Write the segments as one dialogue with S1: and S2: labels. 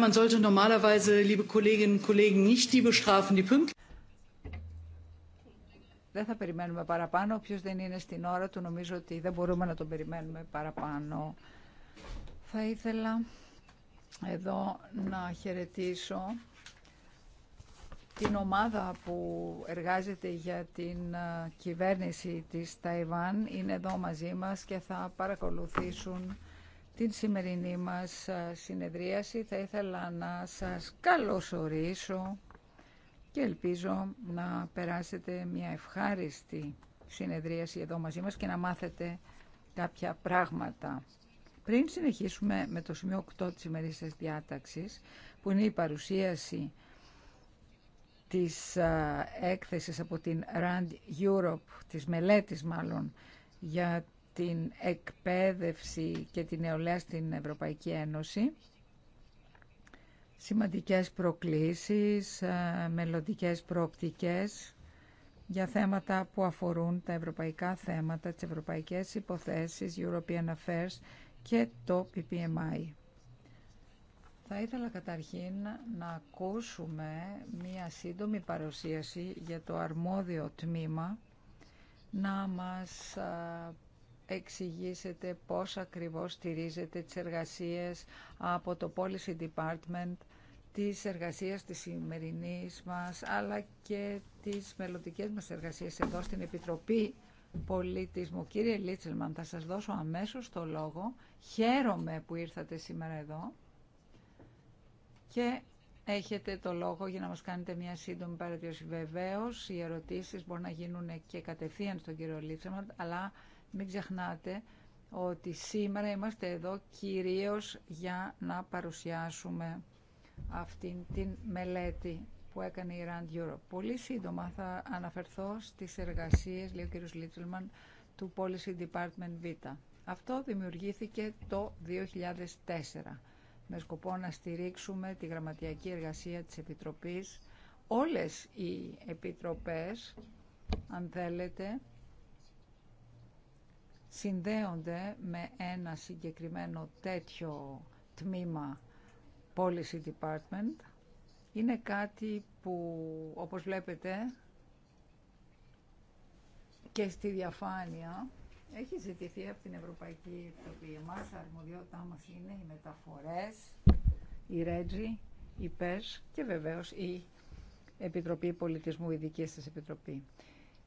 S1: Man sollte normalerweise, liebe Kolleginnen Kollegen, nicht die bestrafen, die
S2: Δεν θα περιμένουμε παραπάνω. Όποιο δεν είναι στην ώρα του, νομίζω ότι δεν μπορούμε να τον περιμένουμε παραπάνω. Θα ήθελα εδώ να χαιρετήσω την ομάδα που εργάζεται για την ε, κυβέρνηση της Ταϊβάν. Είναι εδώ μαζί μας και θα παρακολουθήσουν την σημερινή μας ε, συνεδρίαση. Θα ήθελα να σας καλωσορίσω και ελπίζω να περάσετε μια ευχάριστη συνεδρίαση εδώ μαζί μας και να μάθετε κάποια πράγματα. Πριν συνεχίσουμε με το σημείο 8 της ημερήσιας διάταξης, που είναι η παρουσίαση της ε, έκθεσης από την Rand Europe, της μελέτης μάλλον, για την εκπαίδευση και την νεολαία στην Ευρωπαϊκή Ένωση. Σημαντικές προκλήσεις, ε, μελλοντικές προοπτικές για θέματα που αφορούν τα ευρωπαϊκά θέματα, τις ευρωπαϊκές υποθέσεις, European Affairs και το PPMI. Θα ήθελα καταρχήν να ακούσουμε μία σύντομη παρουσίαση για το αρμόδιο τμήμα να μας ε, εξηγήσετε πώς ακριβώς στηρίζετε τις εργασίες από το Policy Department, τις εργασίες της σημερινής μας, αλλά και τις μελλοντικές μας εργασίες εδώ στην Επιτροπή Πολιτισμού. Κύριε Λίτσελμαν, θα σας δώσω αμέσως το λόγο. Χαίρομαι που ήρθατε σήμερα εδώ και έχετε το λόγο για να μας κάνετε μια σύντομη παρατήρηση. Βεβαίως, οι ερωτήσεις μπορούν να γίνουν και κατευθείαν στον κύριο Λίτσελμαν, αλλά μην ξεχνάτε ότι σήμερα είμαστε εδώ κυρίως για να παρουσιάσουμε αυτήν την μελέτη που έκανε η Rand Europe. Πολύ σύντομα θα αναφερθώ στις εργασίες, λέει ο κ. Λίτλμαν, του Policy Department Β. Αυτό δημιουργήθηκε το 2004 με σκοπό να στηρίξουμε τη γραμματιακή εργασία της Επιτροπής. Όλες οι επιτροπές, αν θέλετε, συνδέονται με ένα συγκεκριμένο τέτοιο τμήμα Policy Department. Είναι κάτι που, όπως βλέπετε, και στη διαφάνεια έχει ζητηθεί από την Ευρωπαϊκή Επιτροπή. Εμάς, αρμοδιότητά μας είναι οι μεταφορές, η Ρέτζη, η ΠΕΣ και βεβαίως η Επιτροπή Πολιτισμού, η δική σας Επιτροπή.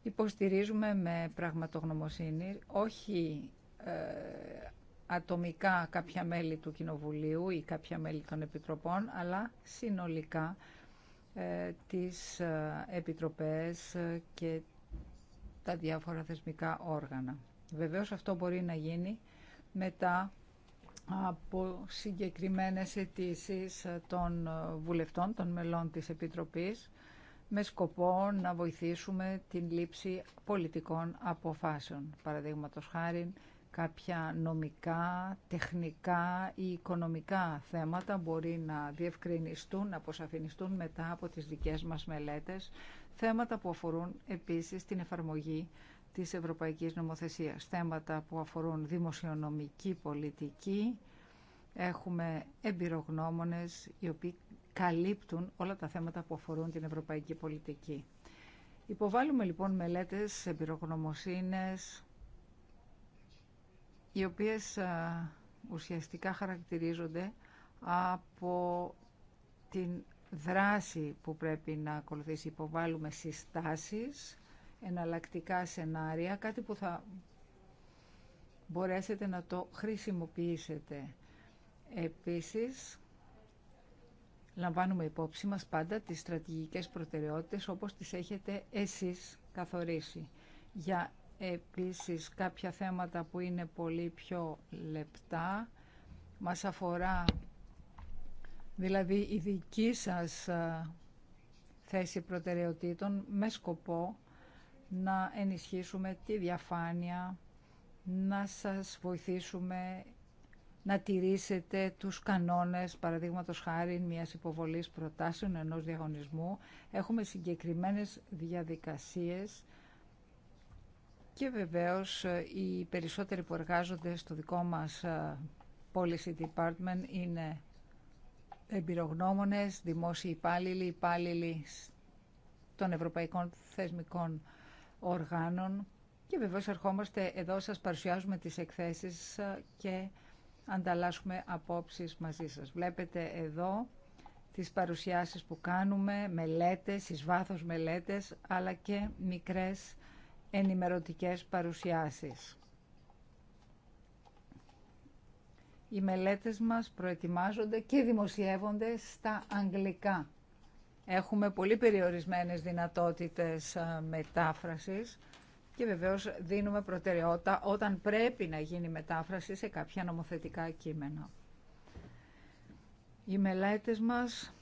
S2: Υποστηρίζουμε με πραγματογνωμοσύνη όχι ε, ατομικά κάποια μέλη του Κοινοβουλίου ή κάποια μέλη των Επιτροπών, αλλά συνολικά ε, τις ε, Επιτροπές ε, και τα διάφορα θεσμικά όργανα. Βεβαίως αυτό μπορεί να γίνει μετά από συγκεκριμένες αιτήσει των βουλευτών, των μελών της Επιτροπής με σκοπό να βοηθήσουμε την λήψη πολιτικών αποφάσεων. Παραδείγματο χάρη κάποια νομικά, τεχνικά ή οικονομικά θέματα μπορεί να διευκρινιστούν, να αποσαφινιστούν μετά από τις δικές μας μελέτες, θέματα που αφορούν επίσης την εφαρμογή της Ευρωπαϊκής Νομοθεσίας, θέματα που αφορούν δημοσιονομική πολιτική, Έχουμε εμπειρογνώμονες οι οποίοι καλύπτουν όλα τα θέματα που αφορούν την ευρωπαϊκή πολιτική. Υποβάλλουμε λοιπόν μελέτες, εμπειρογνωμοσύνες, οι οποίες ουσιαστικά χαρακτηρίζονται από την δράση που πρέπει να ακολουθήσει. Υποβάλλουμε συστάσεις, εναλλακτικά σενάρια, κάτι που θα μπορέσετε να το χρησιμοποιήσετε. Επίσης, λαμβάνουμε υπόψη μας πάντα τις στρατηγικές προτεραιότητες όπως τις έχετε εσείς καθορίσει. Για επίσης κάποια θέματα που είναι πολύ πιο λεπτά μας αφορά δηλαδή η δική σας ε, θέση προτεραιοτήτων με σκοπό να ενισχύσουμε τη διαφάνεια, να σας βοηθήσουμε να τηρήσετε τους κανόνες, παραδείγματος χάρη μιας υποβολής προτάσεων ενός διαγωνισμού. Έχουμε συγκεκριμένες διαδικασίες και βεβαίως ε, οι περισσότεροι που εργάζονται στο δικό μας ε, Policy Department είναι εμπειρογνώμονες, δημόσιοι υπάλληλοι, υπάλληλοι των ευρωπαϊκών θεσμικών οργάνων και βεβαίως ερχόμαστε εδώ, σας παρουσιάζουμε τις εκθέσεις ε, και ανταλλάσσουμε απόψεις μαζί σας. Βλέπετε εδώ τις παρουσιάσεις που κάνουμε, μελέτες, εις βάθος μελέτες, αλλά και μικρές ενημερωτικές παρουσιάσεις. Οι μελέτες μας προετοιμάζονται και δημοσιεύονται στα αγγλικά. Έχουμε πολύ περιορισμένες δυνατότητες ε, μετάφρασης και βεβαίως δίνουμε προτεραιότητα όταν πρέπει να γίνει μετάφραση σε κάποια νομοθετικά κείμενα. Οι μελέτες μας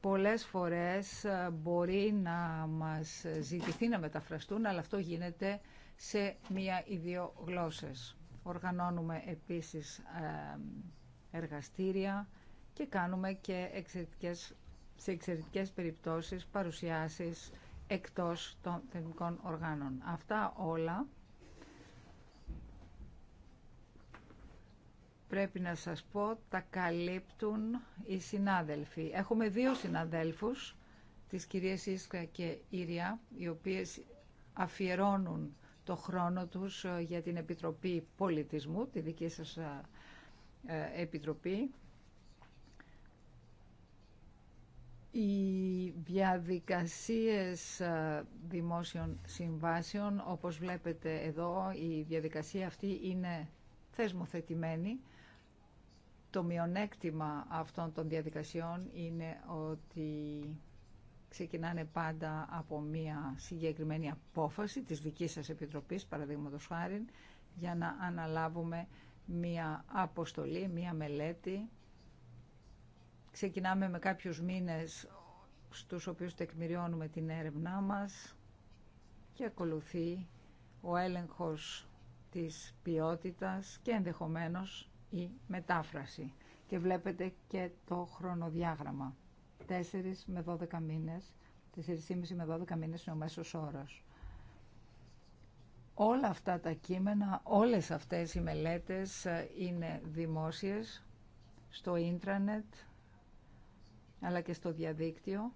S2: πολλές φορές ε, μπορεί να μας ζητηθεί να μεταφραστούν, αλλά αυτό γίνεται σε μία ή δύο γλώσσες. Οργανώνουμε επίσης ε, εργαστήρια και κάνουμε και εξαιρετικές, σε εξαιρετικές περιπτώσεις παρουσιάσεις εκτός των θεσμικών οργάνων. Αυτά όλα πρέπει να σας πω τα καλύπτουν οι συνάδελφοι. Έχουμε δύο συναδέλφους, τις κυρίες Ίσκα και Ήρια, οι οποίες αφιερώνουν το χρόνο τους ε, για την Επιτροπή Πολιτισμού, τη δική σας ε, ε, Επιτροπή. Οι διαδικασίες ε, δημόσιων συμβάσεων, όπως βλέπετε εδώ, η διαδικασία αυτή είναι θεσμοθετημένη. Το μειονέκτημα αυτών των διαδικασιών είναι ότι ξεκινάνε πάντα από μια συγκεκριμένη απόφαση της δικής σας Επιτροπής, παραδείγματος χάρη, για να αναλάβουμε μια αποστολή, μια μελέτη Ξεκινάμε με κάποιους μήνες στους οποίους τεκμηριώνουμε την έρευνά μας και ακολουθεί ο έλεγχος της ποιότητας και ενδεχομένως η μετάφραση. Και βλέπετε και το χρονοδιάγραμμα. 4 με 12 μήνες, 4,5 με 12 μήνες είναι ο μέσος όρος. Όλα αυτά τα κείμενα, όλες αυτές οι μελέτες ε, είναι δημόσιες στο ίντρανετ, αλλά και στο διαδίκτυο.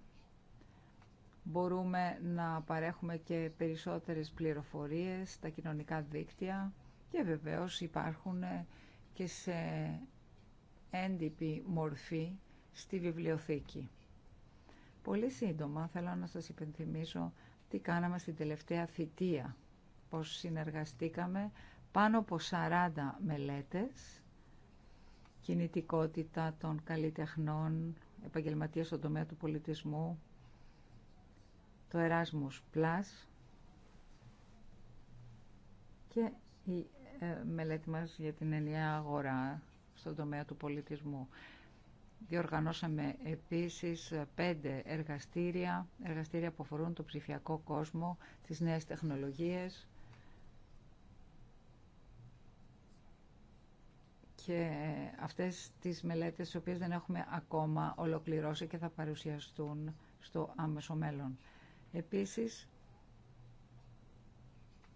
S2: Μπορούμε να παρέχουμε και περισσότερες πληροφορίες στα κοινωνικά δίκτυα και βεβαίως υπάρχουν και σε έντυπη μορφή στη βιβλιοθήκη. Πολύ σύντομα θέλω να σας υπενθυμίσω τι κάναμε στην τελευταία θητεία, πώς συνεργαστήκαμε πάνω από 40 μελέτες, κινητικότητα των καλλιτεχνών, επαγγελματίες στον τομέα του πολιτισμού, το Erasmus Plus και η ε, μελέτη μας για την ενιαία αγορά στον τομέα του πολιτισμού. Διοργανώσαμε επίσης πέντε εργαστήρια, εργαστήρια που αφορούν το ψηφιακό κόσμο, τις νέες τεχνολογίες, και αυτές τις μελέτες τις οποίες δεν έχουμε ακόμα ολοκληρώσει και θα παρουσιαστούν στο άμεσο μέλλον. Επίσης,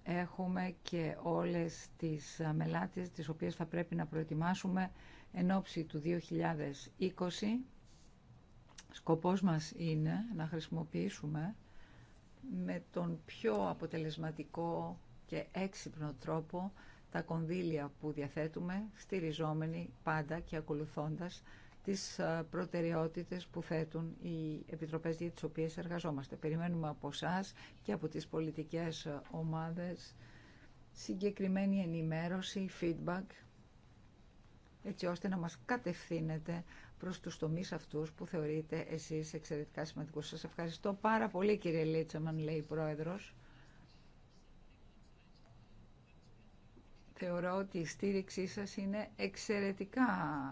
S2: έχουμε και όλες τις μελάτες τις οποίες θα πρέπει να προετοιμάσουμε εν ώψη του 2020. Σκοπός μας είναι να χρησιμοποιήσουμε με τον πιο αποτελεσματικό και έξυπνο τρόπο τα κονδύλια που διαθέτουμε, στηριζόμενοι πάντα και ακολουθώντας τις ε, προτεραιότητες που θέτουν οι επιτροπές για τις οποίες εργαζόμαστε. Περιμένουμε από εσά και από τις πολιτικές ομάδες συγκεκριμένη ενημέρωση, feedback, έτσι ώστε να μας κατευθύνετε προς τους τομείς αυτούς που θεωρείτε εσείς εξαιρετικά σημαντικούς. Σας ευχαριστώ πάρα πολύ κύριε Λίτσαμαν, λέει η Πρόεδρος. Θεωρώ ότι η στήριξή σας είναι εξαιρετικά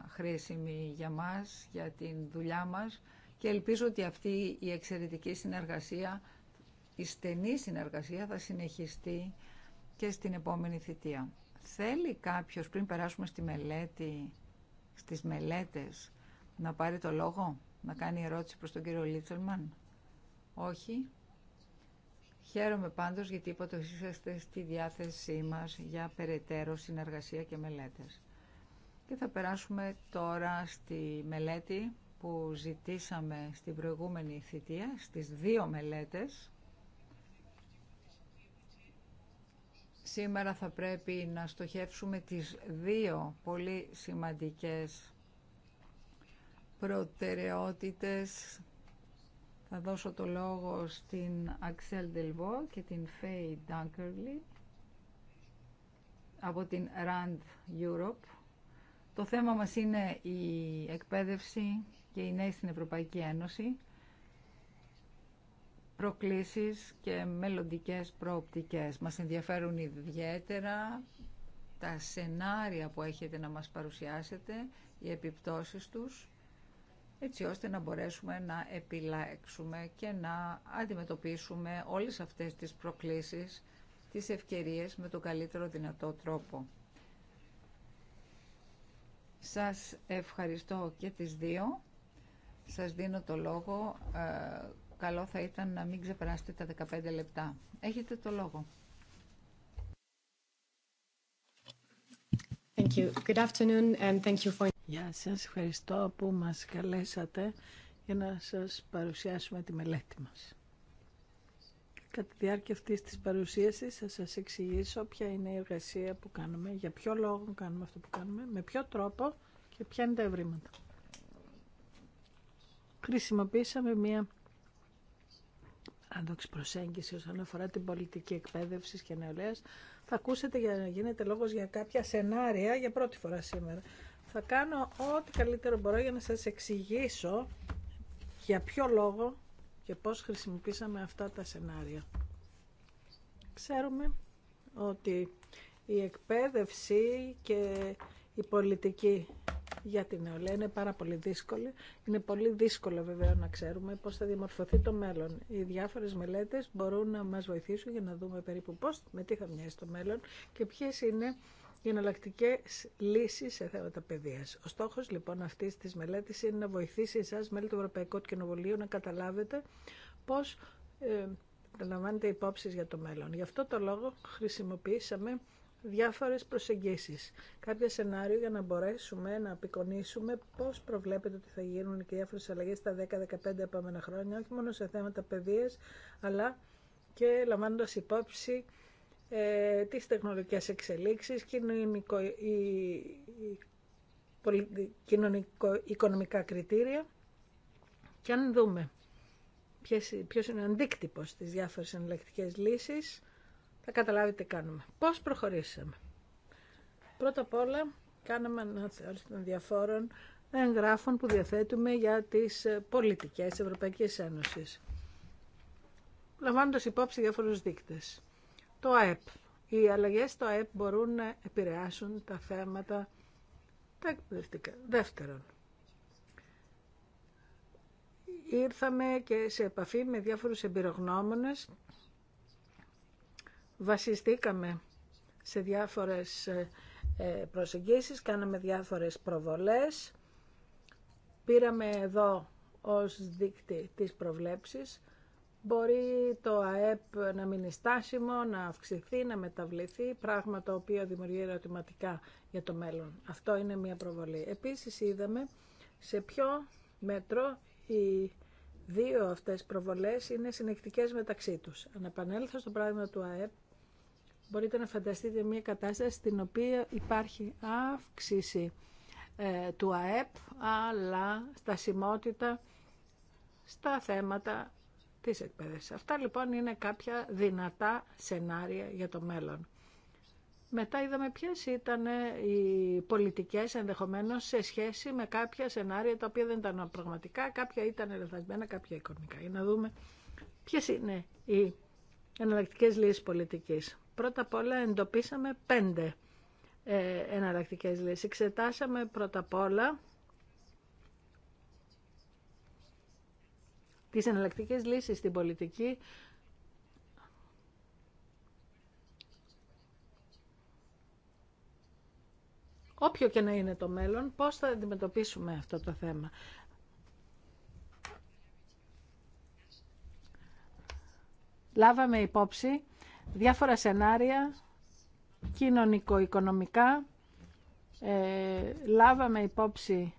S2: χρήσιμη για μας, για την δουλειά μας και ελπίζω ότι αυτή η εξαιρετική συνεργασία, η στενή συνεργασία θα συνεχιστεί και στην επόμενη θητεία. Θέλει κάποιος πριν περάσουμε στη μελέτη, στις μελέτες, να πάρει το λόγο, να κάνει ερώτηση προς τον κύριο Λίτσελμαν. Όχι. Χαίρομαι πάντως γιατί είπατε είσαστε στη διάθεσή μας για περαιτέρω συνεργασία και μελέτες. Και θα περάσουμε τώρα στη μελέτη που ζητήσαμε στην προηγούμενη θητεία, στις δύο μελέτες. Σήμερα θα πρέπει να στοχεύσουμε τις δύο πολύ σημαντικές προτεραιότητες θα δώσω το λόγο στην Αξέλ Δελβό και την Φέι Ντάνκερλι από την RAND Europe. Το θέμα μας είναι η εκπαίδευση και οι νέοι στην Ευρωπαϊκή Ένωση, προκλήσεις και μελλοντικές προοπτικές. Μας ενδιαφέρουν ιδιαίτερα τα σενάρια που έχετε να μας παρουσιάσετε, οι επιπτώσεις τους έτσι ώστε να μπορέσουμε να επιλέξουμε και να αντιμετωπίσουμε όλες αυτές τις προκλήσεις, τις ευκαιρίες με τον καλύτερο δυνατό τρόπο. Σας ευχαριστώ και τις δύο. Σας δίνω το λόγο. Ε, καλό θα ήταν να μην ξεπεράσετε τα 15 λεπτά. Έχετε το λόγο.
S3: Thank you. Good afternoon and thank you Γεια σας, ευχαριστώ που μας καλέσατε για να σας παρουσιάσουμε τη μελέτη μας. Κατά τη διάρκεια αυτής της παρουσίασης θα σας εξηγήσω ποια είναι η εργασία που κάνουμε, για ποιο λόγο κάνουμε αυτό που κάνουμε, με ποιο τρόπο και ποια είναι τα ευρήματα. Χρησιμοποίησαμε μία άδοξη προσέγγιση όσον αφορά την πολιτική εκπαίδευση και νεολαία. Θα ακούσετε για να γίνεται λόγος για κάποια σενάρια για πρώτη φορά σήμερα. Θα κάνω ό,τι καλύτερο μπορώ για να σας εξηγήσω για ποιο λόγο και πώς χρησιμοποίησαμε αυτά τα σενάρια. Ξέρουμε ότι η εκπαίδευση και η πολιτική για την νεολαία είναι πάρα πολύ δύσκολη. Είναι πολύ δύσκολο βέβαια να ξέρουμε πώς θα διαμορφωθεί το μέλλον. Οι διάφορες μελέτες μπορούν να μας βοηθήσουν για να δούμε περίπου πώς, με τι θα μοιάζει το μέλλον και ποιες είναι και εναλλακτικέ λύσει σε θέματα παιδεία. Ο στόχο λοιπόν αυτή τη μελέτη είναι να βοηθήσει εσά, μέλη του Ευρωπαϊκού Κοινοβουλίου, να καταλάβετε πώ ε, λαμβάνετε υπόψει για το μέλλον. Γι' αυτό το λόγο χρησιμοποιήσαμε διάφορες προσεγγίσεις, κάποια σενάριο για να μπορέσουμε να απεικονίσουμε πώς προβλέπετε ότι θα γίνουν και διάφορες αλλαγές στα 10-15 επόμενα χρόνια, όχι μόνο σε θέματα παιδείας, αλλά και λαμβάνοντας υπόψη ε, τις τεχνολογικές εξελίξεις, κοινωνικο, κοινωνικο, οικονομικά κριτήρια και αν δούμε ποιος, είναι ο αντίκτυπος της διάφορες εναλλακτικές λύσεις, θα καταλάβετε τι κάνουμε. Πώς προχωρήσαμε. Πρώτα απ' όλα κάναμε αναθεώρηση των διαφόρων εγγράφων που διαθέτουμε για τις πολιτικές Ευρωπαϊκές Ευρωπαϊκής Ένωσης. Λαμβάνοντας υπόψη διάφορους δείκτες το ΑΕΠ. Οι αλλαγές στο ΑΕΠ μπορούν να επηρεάσουν τα θέματα τα εκπαιδευτικά. Δεύτερον, ήρθαμε και σε επαφή με διάφορους εμπειρογνώμονες. Βασιστήκαμε σε διάφορες ε, προσεγγίσεις, κάναμε διάφορες προβολές. Πήραμε εδώ ως δείκτη της προβλέψεις Μπορεί το ΑΕΠ να μείνει στάσιμο, να αυξηθεί, να μεταβληθεί, πράγμα το οποίο δημιουργεί ερωτηματικά για το μέλλον. Αυτό είναι μια προβολή. Επίσης είδαμε σε ποιο μέτρο οι δύο αυτές προβολές είναι συνεχτικές μεταξύ τους. Αν επανέλθω στο πράγμα του ΑΕΠ, μπορείτε να φανταστείτε μια κατάσταση στην οποία υπάρχει αύξηση ε, του ΑΕΠ, αλλά στασιμότητα στα θέματα Αυτά λοιπόν είναι κάποια δυνατά σενάρια για το μέλλον. Μετά είδαμε ποιες ήταν οι πολιτικές ενδεχομένως σε σχέση με κάποια σενάρια τα οποία δεν ήταν πραγματικά, κάποια ήταν ελευθερισμένα, κάποια οικονομικά. Για να δούμε ποιες είναι οι εναλλακτικές λύσεις πολιτικής. Πρώτα απ' όλα εντοπίσαμε πέντε ε, εναλλακτικές Εξετάσαμε πρώτα απ' όλα τις εναλλακτικές λύσεις στην πολιτική όποιο και να είναι το μέλλον, πώς θα αντιμετωπίσουμε αυτό το θέμα. Λάβαμε υπόψη διάφορα σενάρια κοινωνικο-οικονομικά, ε, λάβαμε υπόψη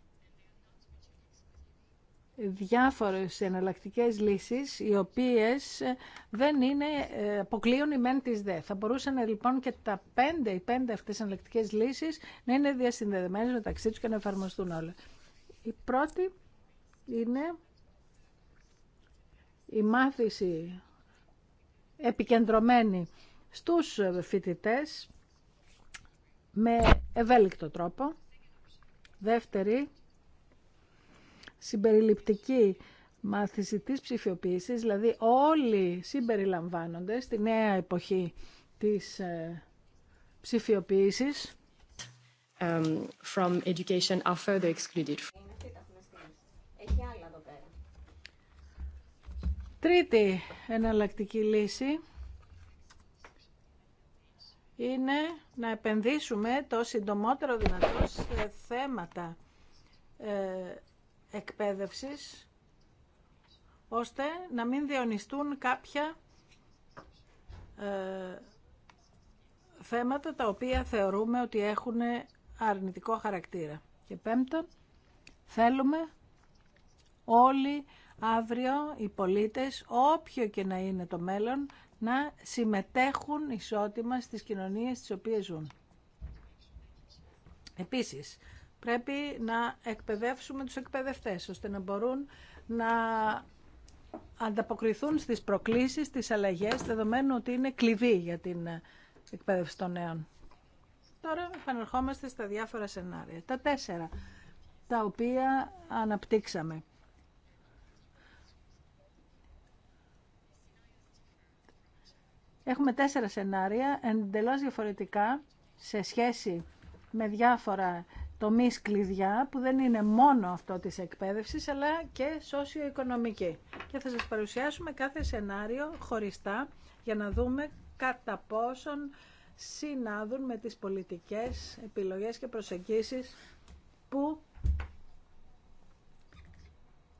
S3: διάφορες εναλλακτικές λύσεις οι οποίες δεν είναι, ε, αποκλείουν μεν τις δε. Θα μπορούσαν λοιπόν και τα πέντε, η πέντε αυτές εναλλακτικές λύσεις να είναι διασυνδεδεμένες μεταξύ τους και να εφαρμοστούν όλα. Η πρώτη είναι η μάθηση επικεντρωμένη στους φοιτητές με ευέλικτο τρόπο. Δεύτερη, συμπεριληπτική μάθηση της ψηφιοποίησης, δηλαδή όλοι συμπεριλαμβάνονται στη νέα εποχή της ε, ψηφιοποίησης. from education are further excluded. Τρίτη εναλλακτική λύση είναι να επενδύσουμε το συντομότερο δυνατό σε θέματα ε, εκπαίδευσης ώστε να μην διονυστούν κάποια ε, θέματα τα οποία θεωρούμε ότι έχουν αρνητικό χαρακτήρα. Και πέμπτον, θέλουμε όλοι αύριο οι πολίτες, όποιο και να είναι το μέλλον, να συμμετέχουν ισότιμα στις κοινωνίες τις οποίες ζουν. Επίσης, Πρέπει να εκπαιδεύσουμε τους εκπαιδευτές, ώστε να μπορούν να ανταποκριθούν στις προκλήσεις, στις αλλαγές, δεδομένου ότι είναι κλειδί για την εκπαίδευση των νέων. Τώρα επανερχόμαστε στα διάφορα σενάρια. Τα τέσσερα, τα οποία αναπτύξαμε. Έχουμε τέσσερα σενάρια εντελώς διαφορετικά σε σχέση με διάφορα τομείς κλειδιά που δεν είναι μόνο αυτό της εκπαίδευσης αλλά και σοσιοοικονομική. Και θα σας παρουσιάσουμε κάθε σενάριο χωριστά για να δούμε κατά πόσον συνάδουν με τις πολιτικές επιλογές και προσεγγίσεις που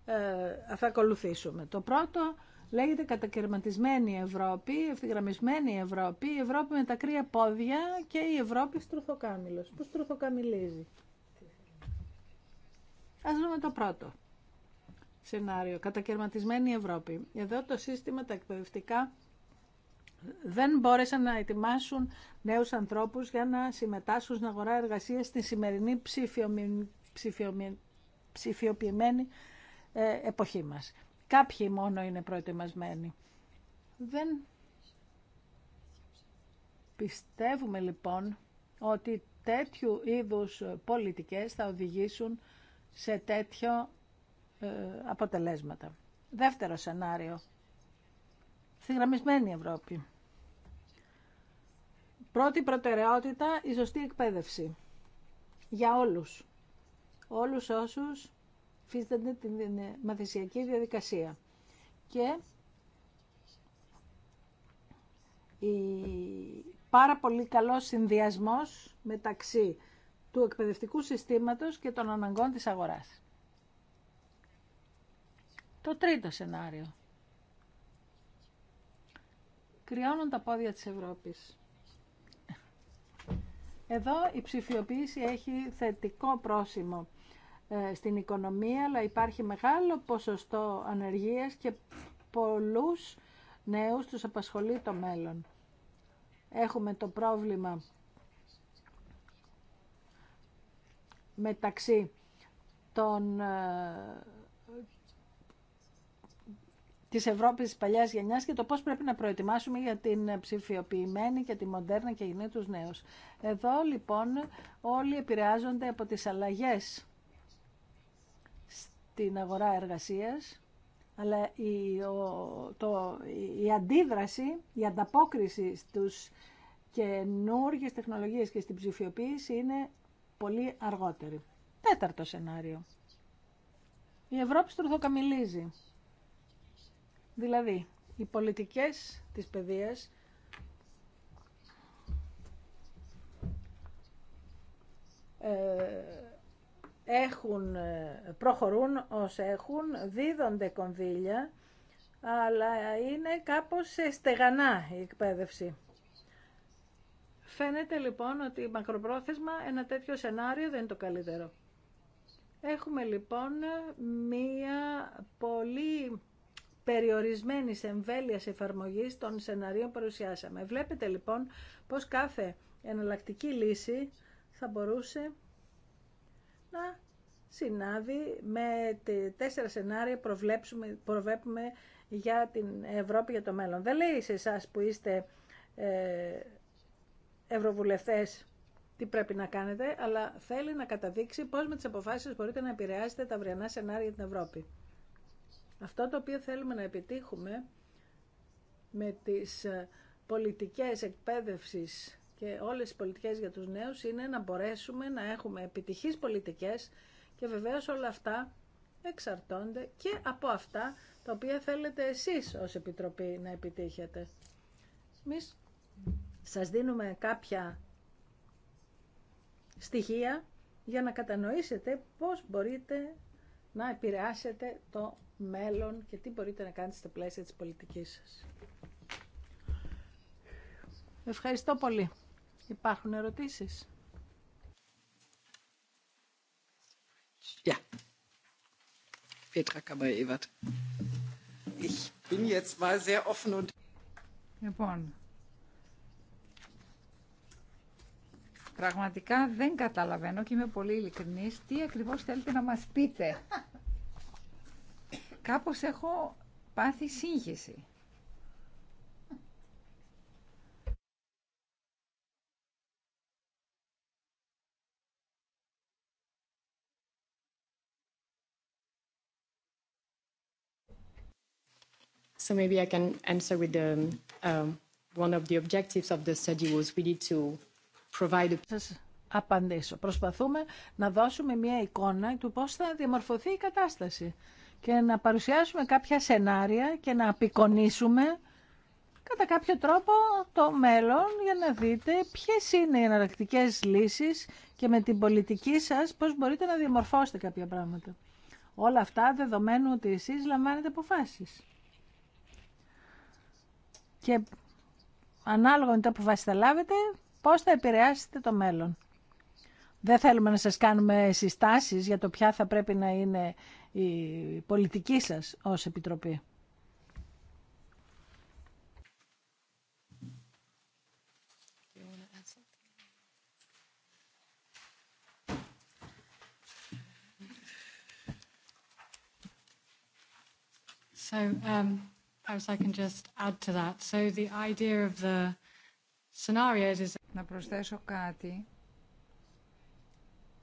S3: ε, θα ακολουθήσουμε. Το πρώτο λέγεται κατακαιρματισμένη Ευρώπη, ευθυγραμμισμένη Ευρώπη, η Ευρώπη με τα κρύα πόδια και η Ευρώπη στρουθοκάμιλος, που στρουθοκαμιλίζει. Ας δούμε το πρώτο σενάριο. Κατακαιρματισμένη Ευρώπη. Εδώ το σύστημα, τα εκπαιδευτικά δεν μπόρεσαν να ετοιμάσουν νέους ανθρώπους για να συμμετάσχουν στην αγορά εργασίας στη σημερινή ψηφιοποιημένη ε, εποχή μας. Κάποιοι μόνο είναι προετοιμασμένοι. Δεν πιστεύουμε λοιπόν ότι τέτοιου είδους πολιτικές θα οδηγήσουν σε τέτοιο ε, αποτελέσματα. Δεύτερο σενάριο. Συγγραμμισμένη Ευρώπη. Πρώτη προτεραιότητα, η σωστή εκπαίδευση. Για όλους. Όλους όσους φύστανται την μαθησιακή διαδικασία. Και η πάρα πολύ καλός συνδυασμός μεταξύ του εκπαιδευτικού συστήματος και των αναγκών της αγοράς. Το τρίτο σενάριο. Κρυώνουν τα πόδια της Ευρώπης. Εδώ η ψηφιοποίηση έχει θετικό πρόσημο ε, στην οικονομία, αλλά υπάρχει μεγάλο ποσοστό ανεργίας και πολλούς νέους τους απασχολεί το μέλλον. Έχουμε το πρόβλημα μεταξύ των, ε, της Ευρώπης της παλιάς γενιάς και το πώς πρέπει να προετοιμάσουμε για την ψηφιοποιημένη και τη μοντέρνα και γεννή τους νέους. Εδώ λοιπόν όλοι επηρεάζονται από τις αλλαγές στην αγορά εργασίας, αλλά η, το, η αντίδραση, η ανταπόκριση στους καινούργιες τεχνολογίες και στην ψηφιοποίηση είναι πολύ αργότερη. Τέταρτο σενάριο. Η Ευρώπη στουρθοκαμιλίζει. Δηλαδή, οι πολιτικές της παιδείας ε, έχουν, ε, προχωρούν ως έχουν, δίδονται κονδύλια, αλλά είναι κάπως στεγανά η εκπαίδευση. Φαίνεται λοιπόν ότι μακροπρόθεσμα ένα τέτοιο σενάριο δεν είναι το καλύτερο. Έχουμε λοιπόν μία πολύ περιορισμένη εμβέλεια εφαρμογή των σενάριων που παρουσιάσαμε. Βλέπετε λοιπόν πως κάθε εναλλακτική λύση θα μπορούσε να συνάδει με τέσσερα σενάρια προβλέψουμε, προβλέπουμε για την Ευρώπη για το μέλλον. Δεν λέει σε εσάς που είστε ε, ευρωβουλευτές τι πρέπει να κάνετε, αλλά θέλει να καταδείξει πώς με τις αποφάσεις μπορείτε να επηρεάσετε τα αυριανά σενάρια την Ευρώπη. Αυτό το οποίο θέλουμε να επιτύχουμε με τις ε, πολιτικές εκπαίδευσης και όλες τις πολιτικές για τους νέους είναι να μπορέσουμε να έχουμε επιτυχείς πολιτικές και βεβαίως όλα αυτά εξαρτώνται και από αυτά τα οποία θέλετε εσείς ως Επιτροπή να επιτύχετε. Εμείς σας δίνουμε κάποια στοιχεία για να κατανοήσετε πώς μπορείτε να επηρεάσετε το μέλλον και τι μπορείτε να κάνετε στα πλαίσια της πολιτικής σας. Ευχαριστώ πολύ. Υπάρχουν ερωτήσεις. Ja. Petra Ich bin jetzt mal
S2: Λοιπόν, Πραγματικά δεν καταλαβαίνω και είμαι πολύ ειλικρινής τι ακριβώς θέλετε να μας πείτε. Κάπως έχω πάθει σύγχυση.
S1: So maybe I can answer with the um, um, one of
S3: the objectives of the study was really to provide... Σας απαντήσω. Προσπαθούμε να δώσουμε μια εικόνα του πώς θα διαμορφωθεί η κατάσταση και να παρουσιάσουμε κάποια σενάρια και να απεικονίσουμε κατά κάποιο τρόπο το μέλλον για να δείτε ποιες είναι οι εναλλακτικές λύσεις και με την πολιτική σας πώς μπορείτε να διαμορφώσετε κάποια πράγματα. Όλα αυτά δεδομένου ότι εσείς λαμβάνετε αποφάσεις. Και ανάλογα με τα αποφάσεις θα λάβετε πώς θα επηρεάσετε το μέλλον. Δεν θέλουμε να σας κάνουμε συστάσεις για το ποια θα πρέπει να είναι η πολιτική σας ως Επιτροπή.
S2: So um, perhaps I can just add to that. So the idea of the να προσθέσω κάτι.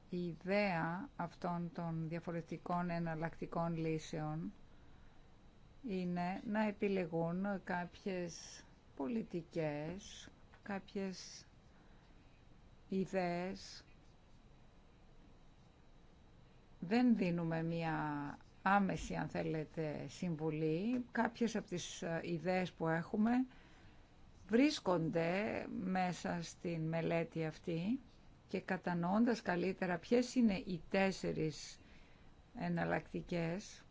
S2: Η ιδέα αυτών των διαφορετικών εναλλακτικών λύσεων είναι να επιλεγούν κάποιες πολιτικές, κάποιες ιδέες. Δεν δίνουμε μία άμεση, αν θέλετε, συμβουλή. Κάποιες από τις ε, ιδέες που έχουμε βρίσκονται μέσα στην μελέτη αυτή και κατανοώντας καλύτερα ποιες είναι οι τέσσερις εναλλακτικές,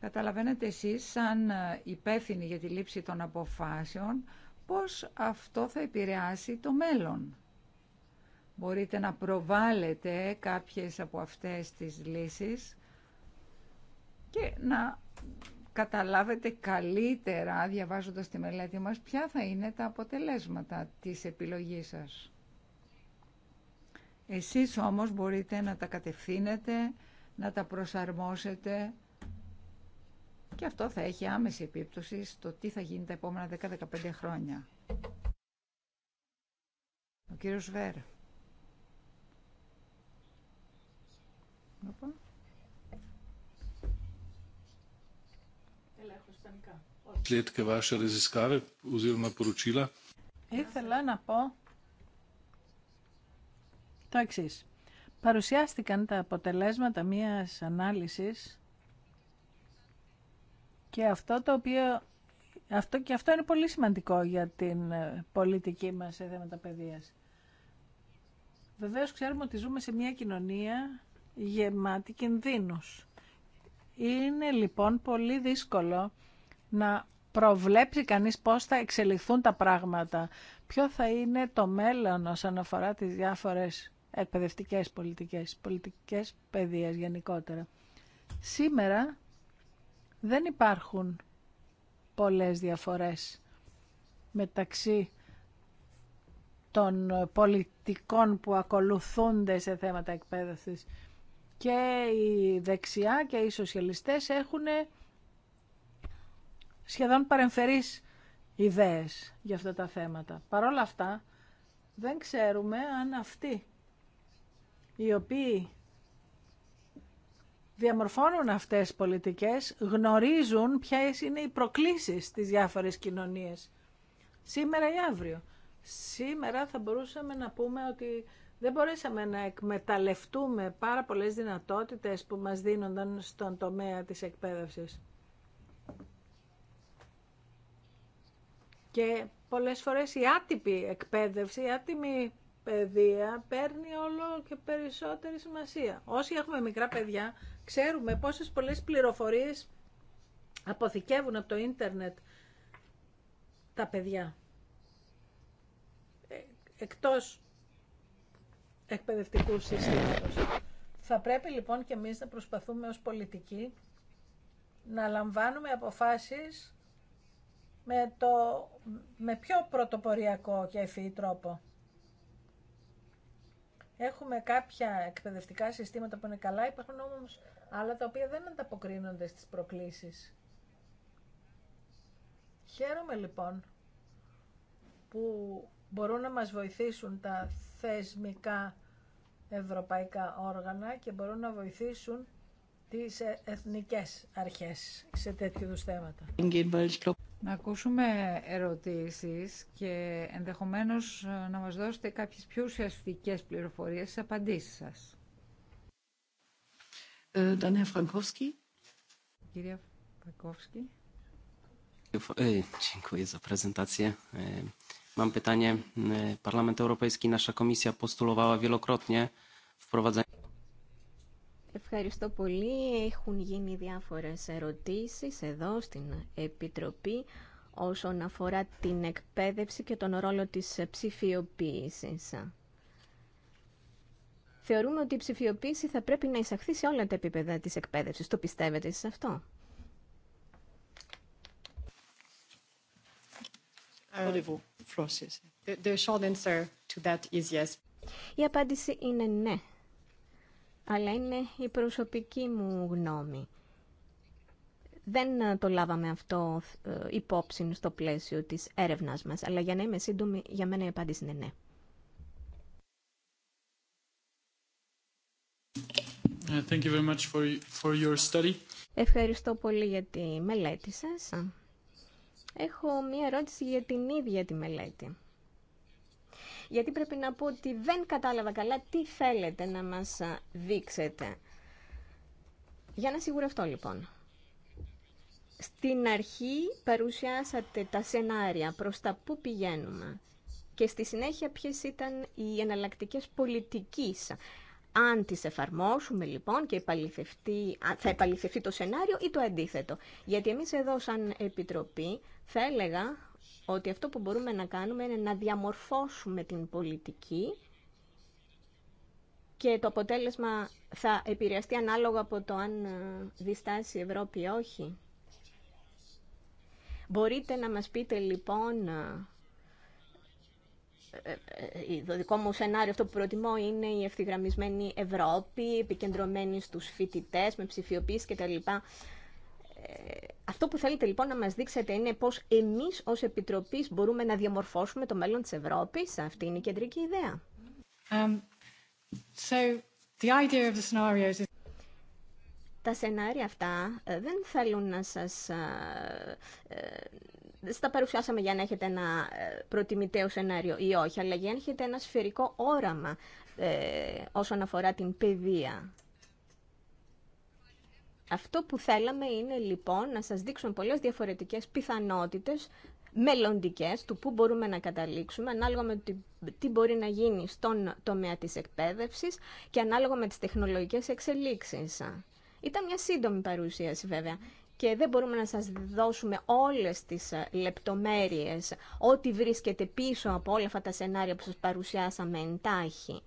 S2: καταλαβαίνετε εσείς σαν υπεύθυνοι για τη λήψη των αποφάσεων πώς αυτό θα επηρεάσει το μέλλον. Μπορείτε να προβάλλετε κάποιες από αυτές τις λύσεις και να καταλάβετε καλύτερα, διαβάζοντας τη μελέτη μας, ποια θα είναι τα αποτελέσματα της επιλογής σας. Εσείς όμως μπορείτε να τα κατευθύνετε, να τα προσαρμόσετε και αυτό θα έχει άμεση επίπτωση στο τι θα γίνει τα επόμενα 10-15 χρόνια. Ο κύριος Βέρ.
S3: Ήθελα να πω το εξή. Παρουσιάστηκαν τα αποτελέσματα μιας ανάλυσης και αυτό το οποίο αυτό και αυτό είναι πολύ σημαντικό για την ε, πολιτική μας σε θέματα παιδείας. Βεβαίως ξέρουμε ότι ζούμε σε μια κοινωνία γεμάτη κινδύνους. Είναι λοιπόν πολύ δύσκολο να προβλέψει κανείς πώς θα εξελιχθούν τα πράγματα. Ποιο θα είναι το μέλλον όσον αφορά τις διάφορες εκπαιδευτικές πολιτικές, πολιτικές παιδείας γενικότερα. Σήμερα δεν υπάρχουν πολλές διαφορές μεταξύ των πολιτικών που ακολουθούνται σε θέματα εκπαίδευσης. Και οι δεξιά και οι σοσιαλιστές έχουν σχεδόν παρεμφερείς ιδέες για αυτά τα θέματα. Παρ' όλα αυτά, δεν ξέρουμε αν αυτοί οι οποίοι διαμορφώνουν αυτές τις πολιτικές γνωρίζουν ποιες είναι οι προκλήσεις στις διάφορες κοινωνίες. Σήμερα ή αύριο. Σήμερα θα μπορούσαμε να πούμε ότι δεν μπορέσαμε να εκμεταλλευτούμε πάρα πολλές δυνατότητες που μας δίνονταν στον τομέα της εκπαίδευσης. Και πολλές φορές η άτυπη εκπαίδευση, η άτιμη παιδεία παίρνει όλο και περισσότερη σημασία. Όσοι έχουμε μικρά παιδιά, ξέρουμε πόσες πολλές πληροφορίες αποθηκεύουν από το ίντερνετ τα παιδιά. Ε, εκτός εκπαιδευτικού συστήματος. Θα πρέπει λοιπόν και εμείς να προσπαθούμε ως πολιτικοί να λαμβάνουμε αποφάσεις με, το, με πιο πρωτοποριακό και ευφυή τρόπο. Έχουμε κάποια εκπαιδευτικά συστήματα που είναι καλά, υπάρχουν όμως άλλα τα οποία δεν ανταποκρίνονται στις προκλήσεις. Χαίρομαι λοιπόν που μπορούν να μας βοηθήσουν τα θεσμικά ευρωπαϊκά όργανα και μπορούν να βοηθήσουν τις εθνικές αρχές σε
S2: τέτοιου θέματα να ακούσουμε ερωτήσεις και ενδεχομένως να μας δώσετε κάποιες πιο ουσιαστικέ πληροφορίες στις απαντήσεις σας. Ε, Herr Frankowski. Κυρία Φραγκόφσκι.
S4: Dziękuję za prezentację. Mam pytanie. Parlament Europejski, nasza komisja postulowała wielokrotnie wprowadzenie...
S5: Ευχαριστώ πολύ. Έχουν γίνει διάφορες ερωτήσεις εδώ στην Επιτροπή όσον αφορά την εκπαίδευση και τον ρόλο της ψηφιοποίησης. Θεωρούμε ότι η ψηφιοποίηση θα πρέπει να εισαχθεί σε όλα τα επίπεδα της εκπαίδευσης. Το πιστεύετε σε αυτό? Η απάντηση είναι ναι αλλά είναι η προσωπική μου γνώμη. Δεν ε, το λάβαμε αυτό ε, υπόψη στο πλαίσιο της έρευνας μας, αλλά για να είμαι σύντομη, για μένα η απάντηση είναι ναι.
S4: Ε,
S5: Ευχαριστώ πολύ για τη μελέτη σας. Έχω μία ερώτηση για την ίδια τη μελέτη γιατί πρέπει να πω ότι δεν κατάλαβα καλά τι θέλετε να μας δείξετε. Για να σιγουρευτώ λοιπόν. Στην αρχή παρουσιάσατε τα σενάρια προς τα που πηγαίνουμε και στη συνέχεια ποιες ήταν οι εναλλακτικέ πολιτικής. Αν τις εφαρμόσουμε λοιπόν και θα επαληθευτεί το σενάριο ή το αντίθετο. Γιατί εμείς εδώ σαν Επιτροπή θα έλεγα ότι αυτό που μπορούμε να κάνουμε είναι να διαμορφώσουμε την πολιτική και το αποτέλεσμα θα επηρεαστεί ανάλογα από το αν ε, διστάσει η Ευρώπη ή όχι. Μπορείτε να μας πείτε λοιπόν, ε, ε, το δικό μου σενάριο αυτό που προτιμώ είναι η ευθυγραμμισμένη Ευρώπη, επικεντρωμένη στους φοιτητές με ψηφιοποίηση κτλ αυτό που θέλετε λοιπόν να μας δείξετε είναι πώς εμείς ως Επιτροπής μπορούμε να διαμορφώσουμε το μέλλον της Ευρώπης. Αυτή είναι η κεντρική ιδέα. Um, so the
S1: idea of the scenarios is...
S5: Τα σενάρια αυτά ε, δεν θέλουν να σας... Ε, ε, στα παρουσιάσαμε για να έχετε ένα προτιμητέο σενάριο ή όχι, αλλά για να έχετε ένα σφαιρικό όραμα όσον αφορά την παιδεία αυτό που θέλαμε είναι λοιπόν να σας δείξουμε πολλές διαφορετικές πιθανότητες μελλοντικέ του πού μπορούμε να καταλήξουμε ανάλογα με τι, τι μπορεί να γίνει στον τομέα της εκπαίδευσης και ανάλογα με τις τεχνολογικές εξελίξεις. Ήταν μια σύντομη παρουσίαση βέβαια και δεν μπορούμε να σας δώσουμε όλες τις ε, λεπτομέρειες, ό,τι βρίσκεται πίσω από όλα αυτά τα σενάρια που σας παρουσιάσαμε εντάχει.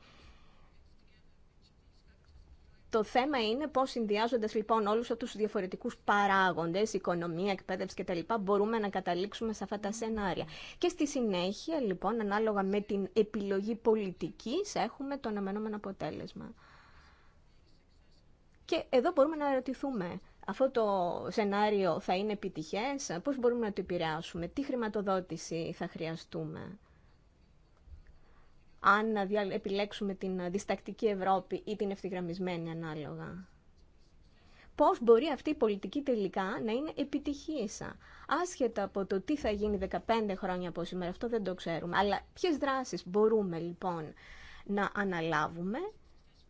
S5: Το θέμα είναι πώς συνδυάζοντας λοιπόν όλους αυτούς τους διαφορετικούς παράγοντες, οικονομία, εκπαίδευση κτλ. μπορούμε να καταλήξουμε σε αυτά τα σενάρια. Και στη συνέχεια λοιπόν ανάλογα με την επιλογή πολιτικής έχουμε το αναμενόμενο αποτέλεσμα. Και εδώ μπορούμε να ερωτηθούμε, αυτό το σενάριο θα είναι επιτυχές, πώς μπορούμε να το επηρεάσουμε, τι χρηματοδότηση θα χρειαστούμε αν επιλέξουμε την διστακτική Ευρώπη ή την ευθυγραμμισμένη ανάλογα. Πώς μπορεί αυτή η πολιτική τελικά να είναι επιτυχήσα, άσχετα από το τι θα γίνει 15 χρόνια από σήμερα, αυτό δεν το ξέρουμε. Αλλά ποιες δράσεις μπορούμε λοιπόν να αναλάβουμε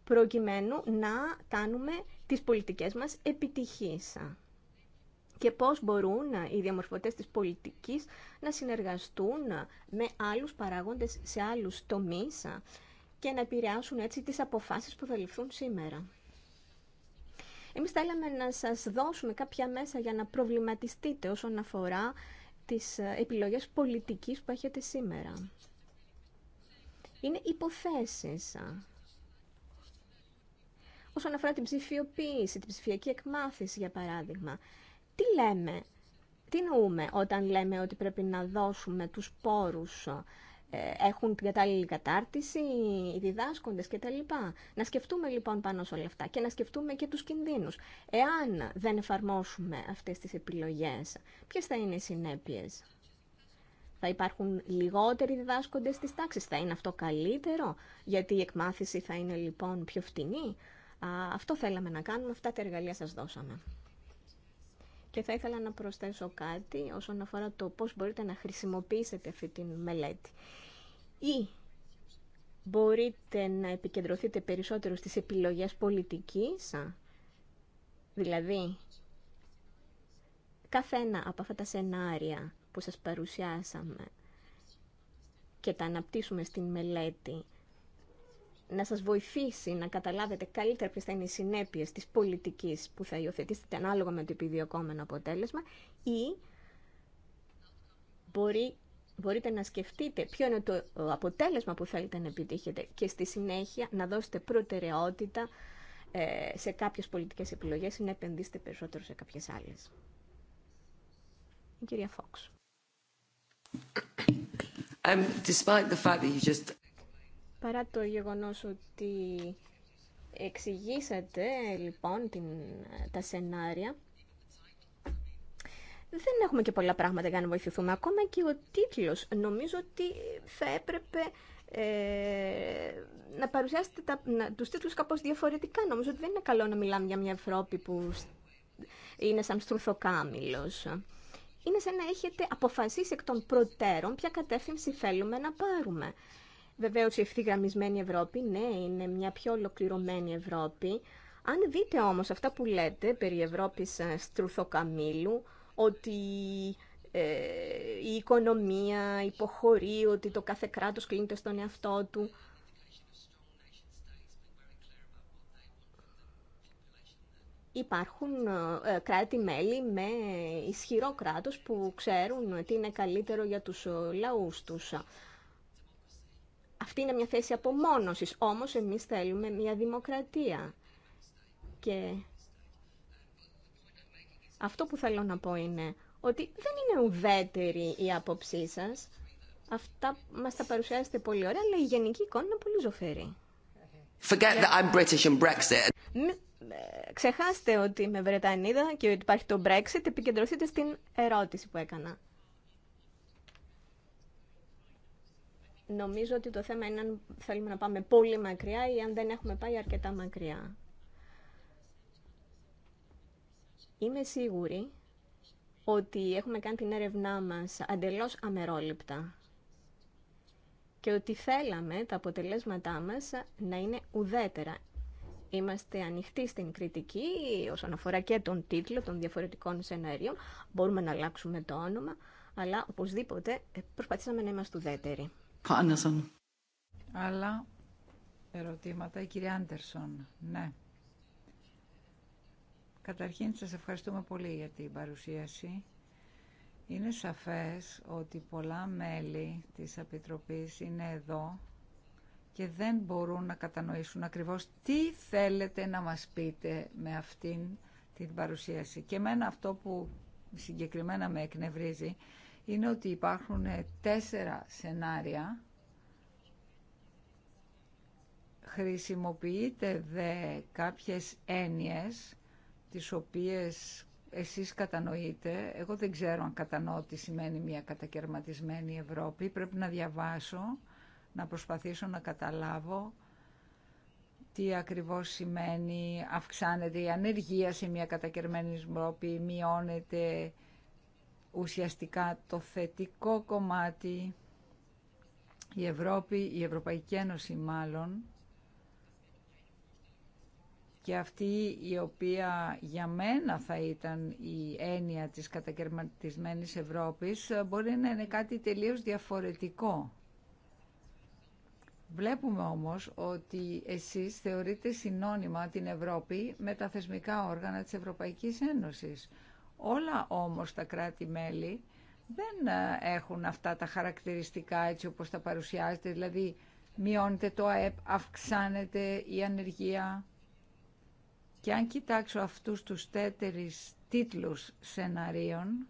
S5: προκειμένου να κάνουμε τις πολιτικές μας επιτυχήσα και πώς μπορούν οι διαμορφωτές της πολιτικής να συνεργαστούν με άλλους παράγοντες σε άλλους τομείς και να επηρεάσουν έτσι τις αποφάσεις που θα ληφθούν σήμερα. Εμείς θέλαμε να σας δώσουμε κάποια μέσα για να προβληματιστείτε όσον αφορά τις επιλογές πολιτικής που έχετε σήμερα. Είναι υποθέσεις. Όσον αφορά την ψηφιοποίηση, την ψηφιακή εκμάθηση, για παράδειγμα, τι λέμε, τι νοούμε όταν λέμε ότι πρέπει να δώσουμε τους πόρους ε, έχουν την κατάλληλη κατάρτιση, οι διδάσκοντες κτλ. Να σκεφτούμε λοιπόν πάνω σε όλα αυτά και να σκεφτούμε και τους κινδύνους. Εάν δεν εφαρμόσουμε αυτές τις επιλογές, ποιε θα είναι οι συνέπειες. Θα υπάρχουν λιγότεροι διδάσκοντες στις τάξεις. Θα είναι αυτό καλύτερο, γιατί η εκμάθηση θα είναι λοιπόν πιο φτηνή. Αυτό θέλαμε να κάνουμε, αυτά τα εργαλεία σας δώσαμε. Και θα ήθελα να προσθέσω κάτι όσον αφορά το πώς μπορείτε να χρησιμοποιήσετε αυτή τη μελέτη. Ή μπορείτε να επικεντρωθείτε περισσότερο στις επιλογές πολιτικής, δηλαδή κάθε ένα από αυτά τα σενάρια που σας παρουσιάσαμε και τα αναπτύσσουμε στην μελέτη να σας βοηθήσει να καταλάβετε καλύτερα ποιες θα είναι οι συνέπειες της πολιτικής που θα υιοθετήσετε ανάλογα με το επιδιωκόμενο αποτέλεσμα ή μπορεί, μπορείτε να σκεφτείτε ποιο είναι το ε, αποτέλεσμα που θέλετε να επιτύχετε και στη συνέχεια να δώσετε προτεραιότητα ε, σε κάποιες πολιτικές επιλογές ή να επενδύσετε περισσότερο σε κάποιες άλλες. Η κυρία Φόξ.
S2: Um, despite the
S5: fact that you just... Παρά το γεγονός ότι εξηγήσατε λοιπόν την, τα σενάρια, δεν έχουμε και πολλά πράγματα για να βοηθηθούμε. Ακόμα και ο τίτλος νομίζω ότι θα έπρεπε ε, να παρουσιάσετε τα, να, τους τίτλους κάπως διαφορετικά. Νομίζω ότι δεν είναι καλό να μιλάμε για μια Ευρώπη που είναι σαν στρουθοκάμιλος. Είναι σαν να έχετε αποφασίσει εκ των προτέρων ποια κατεύθυνση θέλουμε να πάρουμε. Βεβαίω η ευθυγραμμισμένη Ευρώπη, ναι, είναι μια πιο ολοκληρωμένη Ευρώπη. Αν δείτε όμως αυτά που λέτε περί Ευρώπης ε, στρουθοκαμήλου, ότι ε, η οικονομία υποχωρεί, ότι το κάθε κράτο κλείνεται στον εαυτό του, υπάρχουν ε, κράτη-μέλη με ισχυρό κράτος που ξέρουν τι είναι καλύτερο για τους λαούς τους. Αυτή είναι μια θέση απομόνωσης, όμως εμείς θέλουμε μια δημοκρατία. Και αυτό που θέλω να πω είναι ότι δεν είναι ουδέτερη η άποψή σας. Αυτά μας τα παρουσιάζετε πολύ ωραία, αλλά η γενική εικόνα είναι πολύ ζωφερή. Ε, ξεχάστε ότι είμαι Βρετανίδα και ότι υπάρχει το Brexit. Επικεντρωθείτε στην ερώτηση που έκανα. Νομίζω ότι το θέμα είναι αν θέλουμε να πάμε πολύ μακριά ή αν δεν έχουμε πάει αρκετά μακριά. Είμαι σίγουρη ότι έχουμε κάνει την έρευνά μας αντελώς αμερόληπτα και ότι θέλαμε τα αποτελέσματά μας να είναι ουδέτερα. Είμαστε ανοιχτοί στην κριτική όσον αφορά και τον τίτλο των διαφορετικών σενάριων. Μπορούμε να αλλάξουμε το όνομα, αλλά οπωσδήποτε ε, προσπαθήσαμε να είμαστε ουδέτεροι.
S2: Άλλα ερωτήματα. Η κυρία Άντερσον, ναι. Καταρχήν σας ευχαριστούμε πολύ για την παρουσίαση. Είναι σαφές ότι πολλά μέλη της Επιτροπής είναι εδώ και δεν μπορούν να κατανοήσουν ακριβώς τι θέλετε να μας πείτε με αυτήν την παρουσίαση. Και εμένα αυτό που συγκεκριμένα με εκνευρίζει είναι ότι υπάρχουν ε, τέσσερα σενάρια. Χρησιμοποιείτε δε κάποιες έννοιες τις οποίες εσείς κατανοείτε. Εγώ δεν ξέρω αν κατανοώ τι σημαίνει μια κατακαιρματισμένη Ευρώπη. Πρέπει να διαβάσω, να προσπαθήσω να καταλάβω τι ακριβώς σημαίνει αυξάνεται η ανεργία σε μια κατακαιρμένη Ευρώπη, μειώνεται ουσιαστικά το θετικό κομμάτι, η Ευρώπη, η Ευρωπαϊκή Ένωση μάλλον, και αυτή η οποία για μένα θα ήταν η έννοια της κατακαιρματισμένης Ευρώπης μπορεί να είναι κάτι τελείως διαφορετικό. Βλέπουμε όμως ότι εσείς θεωρείτε συνώνυμα την Ευρώπη με τα θεσμικά όργανα της Ευρωπαϊκής Ένωσης. Όλα όμως τα κράτη-μέλη δεν ε, έχουν αυτά τα χαρακτηριστικά έτσι όπως τα παρουσιάζεται, δηλαδή μειώνεται το ΑΕΠ, αυξάνεται η ανεργία. Και αν κοιτάξω αυτούς τους τέτερις τίτλους σεναρίων,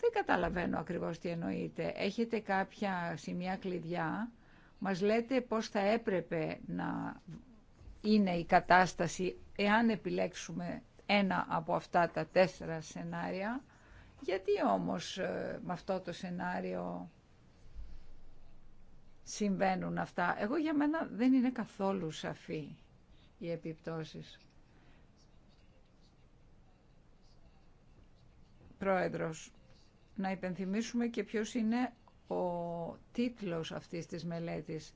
S2: δεν καταλαβαίνω ακριβώς τι εννοείτε. Έχετε κάποια σημεία κλειδιά, μας λέτε πώς θα έπρεπε να είναι η κατάσταση εάν επιλέξουμε ένα από αυτά τα τέσσερα σενάρια. Γιατί όμως ε, με αυτό το σενάριο συμβαίνουν αυτά. Εγώ για μένα δεν είναι καθόλου σαφή οι επιπτώσεις. Πρόεδρος, να υπενθυμίσουμε και ποιος είναι ο τίτλος αυτής της μελέτης.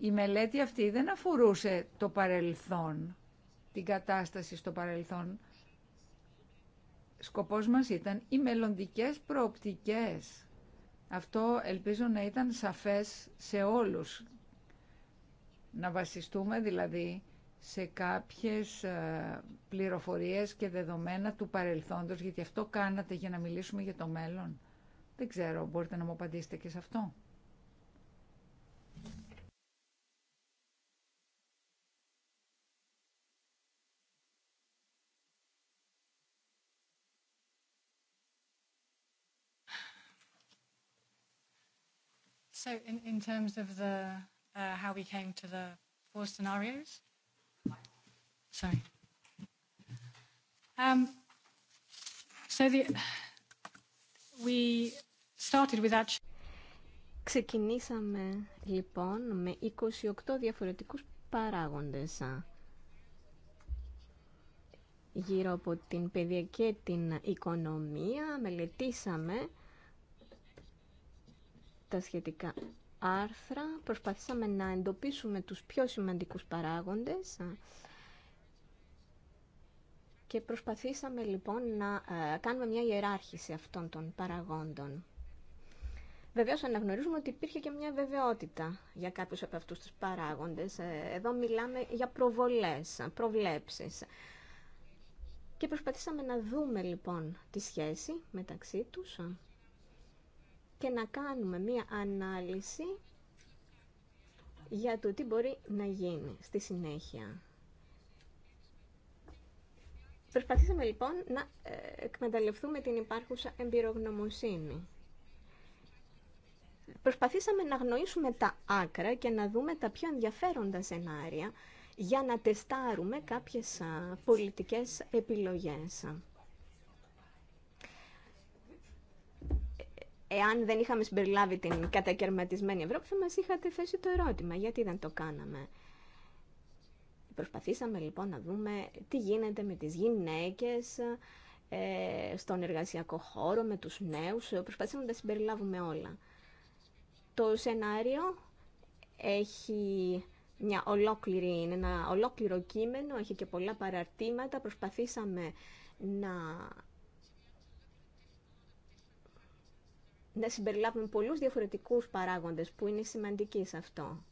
S2: Η μελέτη αυτή δεν αφορούσε το παρελθόν την κατάσταση στο παρελθόν. Σκοπός μας ήταν οι μελλοντικές προοπτικές. Αυτό ελπίζω να ήταν σαφές σε όλους. Να βασιστούμε δηλαδή σε κάποιες ε, πληροφορίες και δεδομένα του παρελθόντος, γιατί αυτό κάνατε για να μιλήσουμε για το μέλλον. Δεν ξέρω, μπορείτε να μου απαντήσετε και σε αυτό.
S1: So
S3: in, in terms of the uh, how we came to the four scenarios. Sorry. Um, so the, we started with actually
S5: Ξεκινήσαμε λοιπόν με 28 διαφορετικούς παράγοντες γύρω από την παιδεία και την οικονομία. Μελετήσαμε τα σχετικά άρθρα. Προσπαθήσαμε να εντοπίσουμε τους πιο σημαντικούς παράγοντες και προσπαθήσαμε λοιπόν να ε, κάνουμε μια ιεράρχηση αυτών των παραγόντων. Βεβαίως αναγνωρίζουμε ότι υπήρχε και μια βεβαιότητα για κάποιους από αυτούς τους παράγοντες. Ε, εδώ μιλάμε για προβολές, προβλέψεις. Και προσπαθήσαμε να δούμε λοιπόν τη σχέση μεταξύ τους και να κάνουμε μία ανάλυση για το τι μπορεί να γίνει στη συνέχεια. Προσπαθήσαμε λοιπόν να ε, εκμεταλλευτούμε την υπάρχουσα εμπειρογνωμοσύνη. Προσπαθήσαμε να γνωρίσουμε τα άκρα και να δούμε τα πιο ενδιαφέροντα σενάρια για να τεστάρουμε κάποιες πολιτικές επιλογές. Εάν δεν είχαμε συμπεριλάβει την κατακαιρματισμένη Ευρώπη, θα μας είχατε θέσει το ερώτημα γιατί δεν το κάναμε. Προσπαθήσαμε λοιπόν να δούμε τι γίνεται με τις γυναίκες ε, στον εργασιακό χώρο, με τους νέους. Προσπαθήσαμε να τα συμπεριλάβουμε όλα. Το σενάριο έχει μια ολόκληρη, είναι ένα ολόκληρο κείμενο, έχει και πολλά παραρτήματα. Προσπαθήσαμε να να συμπεριλάβουμε πολλούς διαφορετικούς παράγοντες που είναι σημαντικοί σε αυτό.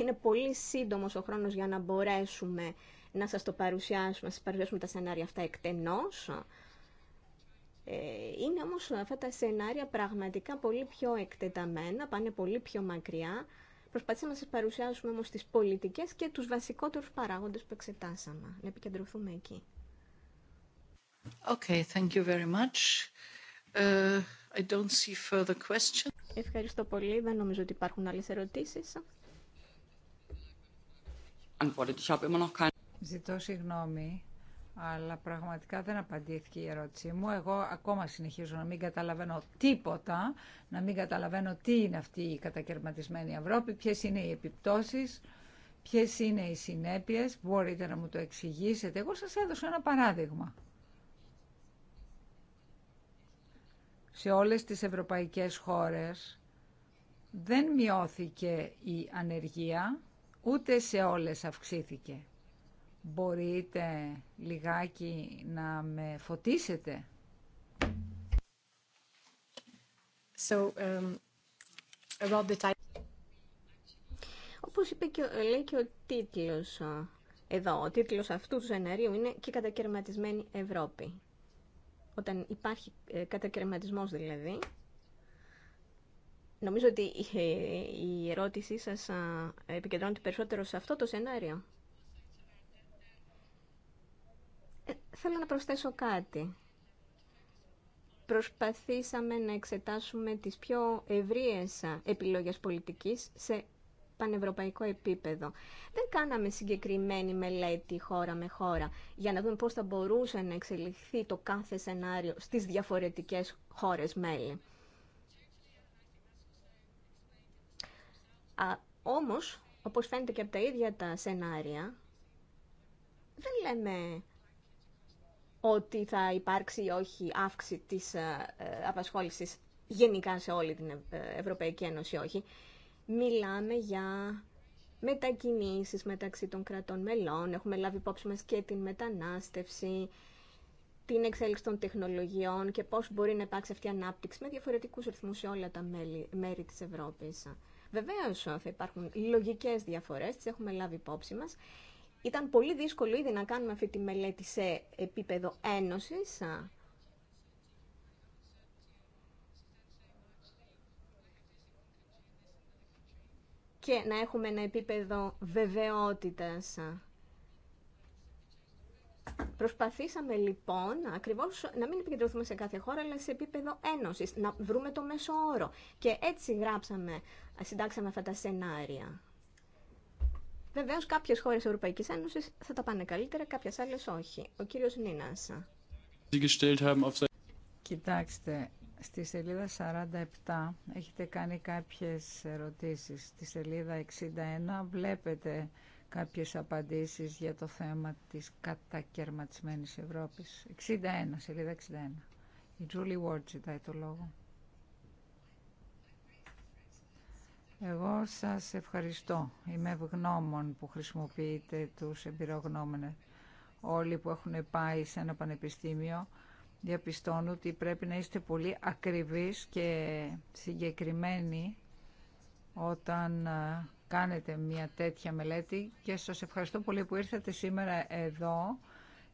S5: Είναι πολύ σύντομος ο χρόνος για να μπορέσουμε να σας το παρουσιάσουμε, να σας παρουσιάσουμε τα σενάρια αυτά εκτενώς. Ε, είναι όμως αυτά τα σενάρια πραγματικά πολύ πιο εκτεταμένα, πάνε πολύ πιο μακριά. Προσπαθήσαμε να σας παρουσιάσουμε όμως τις πολιτικές και τους βασικότερους παράγοντες που εξετάσαμε. Να επικεντρωθούμε εκεί.
S3: Okay, thank you very
S5: much. Uh... Ευχαριστώ πολύ. Δεν νομίζω
S2: ότι υπάρχουν άλλες ερωτήσεις. Ζητώ συγγνώμη, αλλά πραγματικά δεν απαντήθηκε η ερώτησή μου. Εγώ ακόμα συνεχίζω να μην καταλαβαίνω τίποτα, να μην καταλαβαίνω τι είναι αυτή η κατακαιρματισμένη Ευρώπη, ποιες είναι οι επιπτώσεις, ποιες είναι οι συνέπειες. Μπορείτε να μου το εξηγήσετε. Εγώ σας έδωσα ένα παράδειγμα. σε όλες τις ευρωπαϊκές χώρες δεν μειώθηκε η ανεργία, ούτε σε όλες αυξήθηκε. Μπορείτε λιγάκι να με φωτίσετε. So, um,
S5: Όπως είπε και, λέει και ο τίτλος εδώ, ο τίτλος αυτού του σενάριου είναι «Και κατακαιρματισμένη Ευρώπη» όταν υπάρχει ε, κατακαιρματισμός δηλαδή, νομίζω ότι ε, η ερώτησή σας επικεντρώνεται περισσότερο σε αυτό το σενάριο. Ε, θέλω να προσθέσω κάτι. Προσπαθήσαμε να εξετάσουμε τις πιο ευρείες επιλογές πολιτικής σε πανευρωπαϊκό επίπεδο. Δεν κάναμε συγκεκριμένη μελέτη χώρα με χώρα για να δούμε πώς θα μπορούσε να εξελιχθεί το κάθε σενάριο στις διαφορετικές χώρες μέλη. Α, όμως, όπως φαίνεται και από τα ίδια τα σενάρια, δεν λέμε ότι θα υπάρξει ή όχι αύξηση της ε, ε, απασχόλησης γενικά σε όλη την ε, Ευρωπαϊκή Ένωση, όχι μιλάμε για μετακινήσεις μεταξύ των κρατών μελών, έχουμε λάβει υπόψη μας και την μετανάστευση, την εξέλιξη των τεχνολογιών και πώς μπορεί να υπάρξει αυτή η ανάπτυξη με διαφορετικούς ρυθμούς σε όλα τα μέρη της Ευρώπης. Βεβαίως θα υπάρχουν λογικές διαφορές, τις έχουμε λάβει υπόψη μας. Ήταν πολύ δύσκολο ήδη να κάνουμε αυτή τη μελέτη σε επίπεδο ένωσης, και να έχουμε ένα επίπεδο βεβαιότητας. Προσπαθήσαμε λοιπόν ακριβώς να μην επικεντρωθούμε σε κάθε χώρα αλλά σε επίπεδο ένωσης, να βρούμε το μέσο όρο και έτσι γράψαμε, συντάξαμε αυτά τα σενάρια. Βεβαίως κάποιες χώρες Ευρωπαϊκής Ένωσης θα τα πάνε καλύτερα, κάποιες άλλες όχι. Ο κύριος Νίνας.
S2: Κοιτάξτε, Στη σελίδα 47 έχετε κάνει κάποιες ερωτήσεις. Στη σελίδα 61 βλέπετε κάποιες απαντήσεις για το θέμα της κατακαιρματισμένης Ευρώπης. 61, σελίδα 61. Η Julie Βόρτ ζητάει το λόγο. Εγώ σας ευχαριστώ. Είμαι ευγνώμων που χρησιμοποιείτε τους εμπειρογνώμενες. Όλοι που έχουν πάει σε ένα πανεπιστήμιο διαπιστώνω ότι πρέπει να είστε πολύ ακριβείς και συγκεκριμένοι όταν ε, κάνετε μια τέτοια μελέτη και σας ευχαριστώ πολύ που ήρθατε σήμερα εδώ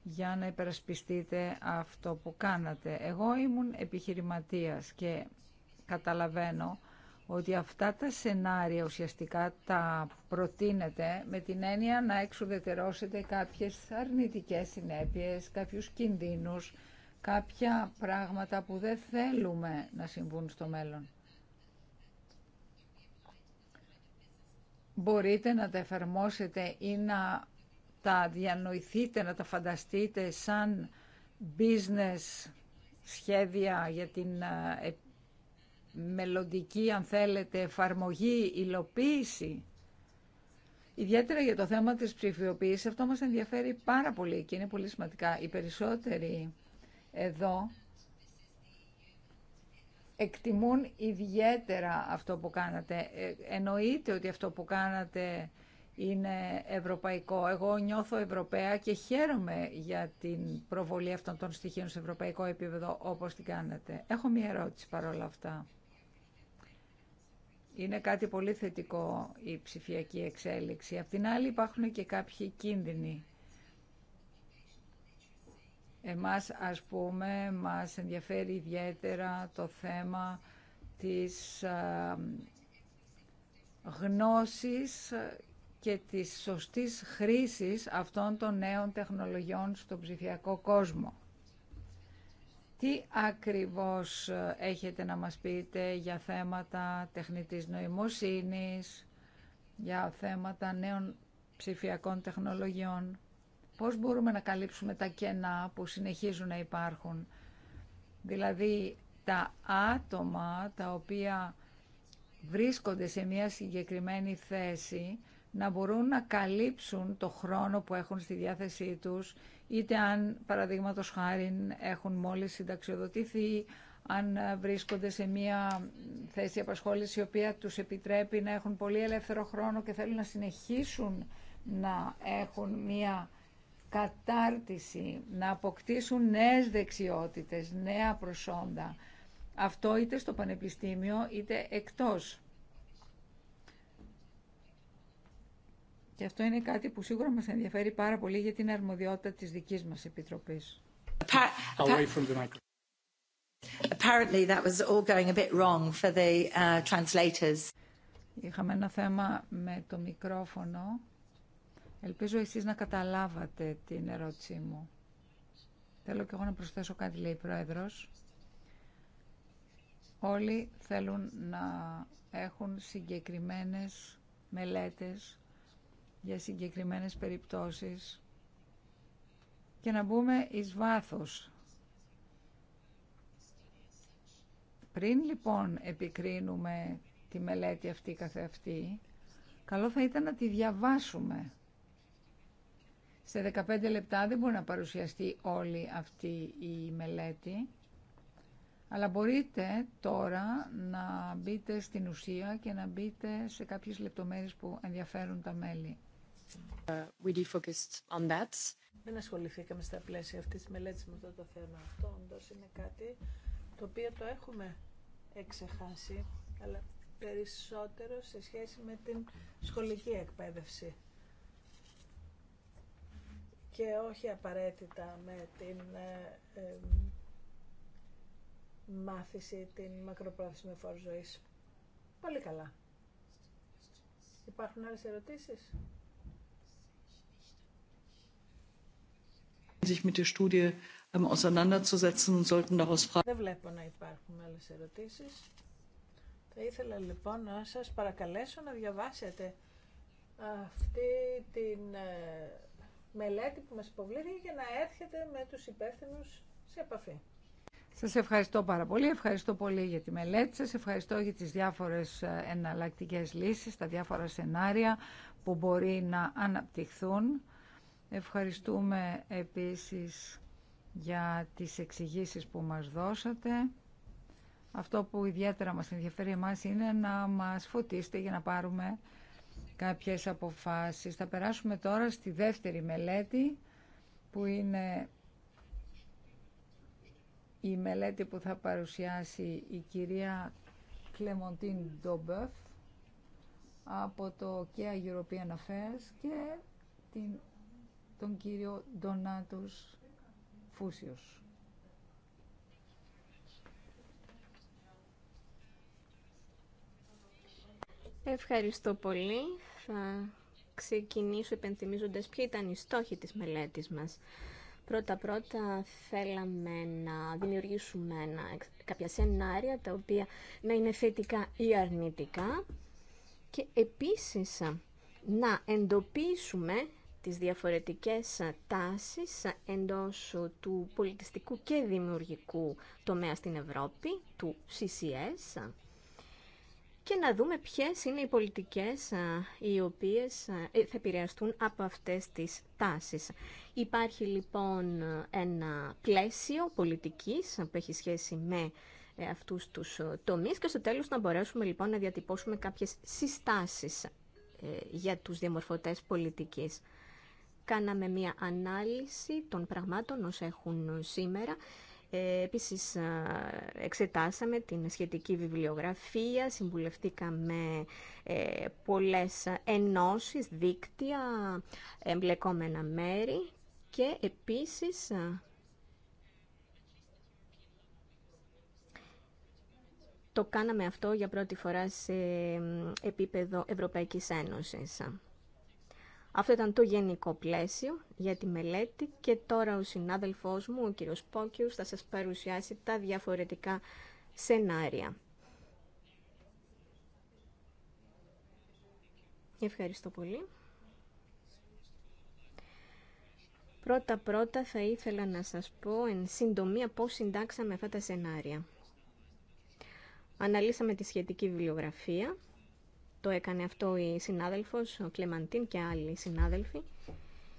S2: για να υπερασπιστείτε αυτό που κάνατε. Εγώ ήμουν επιχειρηματίας και καταλαβαίνω ότι αυτά τα σενάρια ουσιαστικά τα προτείνετε με την έννοια να εξουδετερώσετε κάποιες αρνητικές συνέπειες, κάποιους κινδύνους, κάποια πράγματα που δεν θέλουμε να συμβούν στο μέλλον. Μπορείτε να τα εφαρμόσετε ή να τα διανοηθείτε, να τα φανταστείτε σαν business σχέδια για την ε, ε, μελλοντική, αν θέλετε, εφαρμογή, υλοποίηση. Ιδιαίτερα για το θέμα της ψηφιοποίησης, αυτό μας ενδιαφέρει πάρα πολύ και είναι πολύ σημαντικά. Οι περισσότεροι εδώ εκτιμούν ιδιαίτερα αυτό που κάνατε. Ε, εννοείται ότι αυτό που κάνατε είναι ευρωπαϊκό. Εγώ νιώθω Ευρωπαία και χαίρομαι για την προβολή αυτών των στοιχείων σε ευρωπαϊκό επίπεδο όπως την κάνετε. Έχω μία ερώτηση παρόλα αυτά. Είναι κάτι πολύ θετικό η ψηφιακή εξέλιξη. Απ' την άλλη υπάρχουν και κάποιοι κίνδυνοι. Εμάς, ας πούμε, μας ενδιαφέρει ιδιαίτερα το θέμα της γνώσης και της σωστής χρήσης αυτών των νέων τεχνολογιών στον ψηφιακό κόσμο. Τι ακριβώς έχετε να μας πείτε για θέματα τεχνητής νοημοσύνης, για θέματα νέων ψηφιακών τεχνολογιών. Πώς μπορούμε να καλύψουμε τα κενά που συνεχίζουν να υπάρχουν. Δηλαδή τα άτομα τα οποία βρίσκονται σε μια συγκεκριμένη θέση να μπορούν να καλύψουν το χρόνο που έχουν στη διάθεσή τους είτε αν παραδείγματο χάρη έχουν μόλις συνταξιοδοτηθεί αν βρίσκονται σε μια θέση απασχόληση η οποία τους επιτρέπει να έχουν πολύ ελεύθερο χρόνο και θέλουν να συνεχίσουν να έχουν μια κατάρτιση, να αποκτήσουν νέες δεξιότητες, νέα προσόντα. Αυτό είτε στο πανεπιστήμιο είτε εκτός. Και αυτό είναι κάτι που σίγουρα μας ενδιαφέρει πάρα πολύ για την αρμοδιότητα της δικής μας Επιτροπής. Apparently that was all going a bit wrong for the uh, translators. Είχαμε ένα θέμα με το μικρόφωνο. Ελπίζω εσείς να καταλάβατε την ερώτησή μου. Θέλω και εγώ να προσθέσω κάτι, λέει η Πρόεδρος. Όλοι θέλουν να έχουν συγκεκριμένες μελέτες για συγκεκριμένες περιπτώσεις και να μπούμε εις βάθος. Πριν λοιπόν επικρίνουμε τη μελέτη αυτή καθεαυτή, καλό θα ήταν να τη διαβάσουμε σε 15 λεπτά δεν μπορεί να παρουσιαστεί όλη αυτή η μελέτη, αλλά μπορείτε τώρα να μπείτε στην ουσία και να μπείτε σε κάποιες λεπτομέρειες που ενδιαφέρουν τα μέλη. Uh, we
S3: on that. Δεν ασχοληθήκαμε στα πλαίσια αυτής της μελέτης με αυτό το θέμα. Αυτό όντως είναι κάτι το οποίο το έχουμε εξεχάσει, αλλά περισσότερο σε σχέση με την σχολική εκπαίδευση και όχι απαραίτητα με την ε, ε, μάθηση, την με φόρου ζωή. Πολύ καλά. Υπάρχουν άλλες ερωτήσεις?
S2: sich mit der Studie ähm, auseinanderzusetzen und sollten daraus Fragen.
S3: Δεν βλέπω να υπάρχουν άλλες ερωτήσεις. Θα ήθελα λοιπόν να σας παρακαλέσω να διαβάσετε αυτή την ε, μελέτη που μας υποβλήθηκε για να έρχεται με τους υπεύθυνου σε επαφή.
S2: Σας ευχαριστώ πάρα πολύ. Ευχαριστώ πολύ για τη μελέτη σας. Ευχαριστώ για τις διάφορες ε, εναλλακτικέ λύσεις, τα διάφορα σενάρια που μπορεί να αναπτυχθούν. Ευχαριστούμε επίσης για τις εξηγήσει που μας δώσατε. Αυτό που ιδιαίτερα μας ενδιαφέρει εμάς είναι να μας φωτίσετε για να πάρουμε κάποιες αποφάσεις. Θα περάσουμε τώρα στη δεύτερη μελέτη που είναι η μελέτη που θα παρουσιάσει η κυρία Κλεμοντίν Ντομπεφ από το ΚΕΑ European Affairs και τον κύριο Ντονάτος Φούσιος.
S5: Ευχαριστώ πολύ. Θα ξεκινήσω υπενθυμίζοντας ποιοι ήταν οι στόχοι της μελέτης μας. Πρώτα-πρώτα θέλαμε να δημιουργήσουμε κάποια σενάρια τα οποία να είναι θετικά ή αρνητικά και επίσης να εντοπίσουμε τις διαφορετικές τάσεις εντός του πολιτιστικού και δημιουργικού τομέα στην Ευρώπη, του CCS, και να δούμε ποιες είναι οι πολιτικές οι οποίες ε, θα επηρεαστούν από αυτές τις τάσεις. Υπάρχει λοιπόν ένα πλαίσιο πολιτικής που έχει σχέση με ε, αυτούς τους ε, τομείς και στο τέλος να μπορέσουμε λοιπόν να διατυπώσουμε κάποιες συστάσεις για τους διαμορφωτές πολιτικής. Κάναμε μία ανάλυση των πραγμάτων όσα έχουν σήμερα ε, επίσης εξετάσαμε την σχετική βιβλιογραφία, συμβουλευτήκαμε ε, πολλές ενώσεις, δίκτυα, εμπλεκόμενα μέρη και επίσης το κάναμε αυτό για πρώτη φορά σε επίπεδο Ευρωπαϊκής Ένωσης. Αυτό ήταν το γενικό πλαίσιο για τη μελέτη και τώρα ο συνάδελφός μου, ο κύριος Πόκιους, θα σας παρουσιάσει τα διαφορετικά σενάρια. Ευχαριστώ πολύ. Πρώτα-πρώτα θα ήθελα να σας πω εν συντομία πώς συντάξαμε αυτά τα σενάρια. Αναλύσαμε τη σχετική βιβλιογραφία το έκανε αυτό η συνάδελφος, ο Κλεμαντίν και άλλοι συνάδελφοι.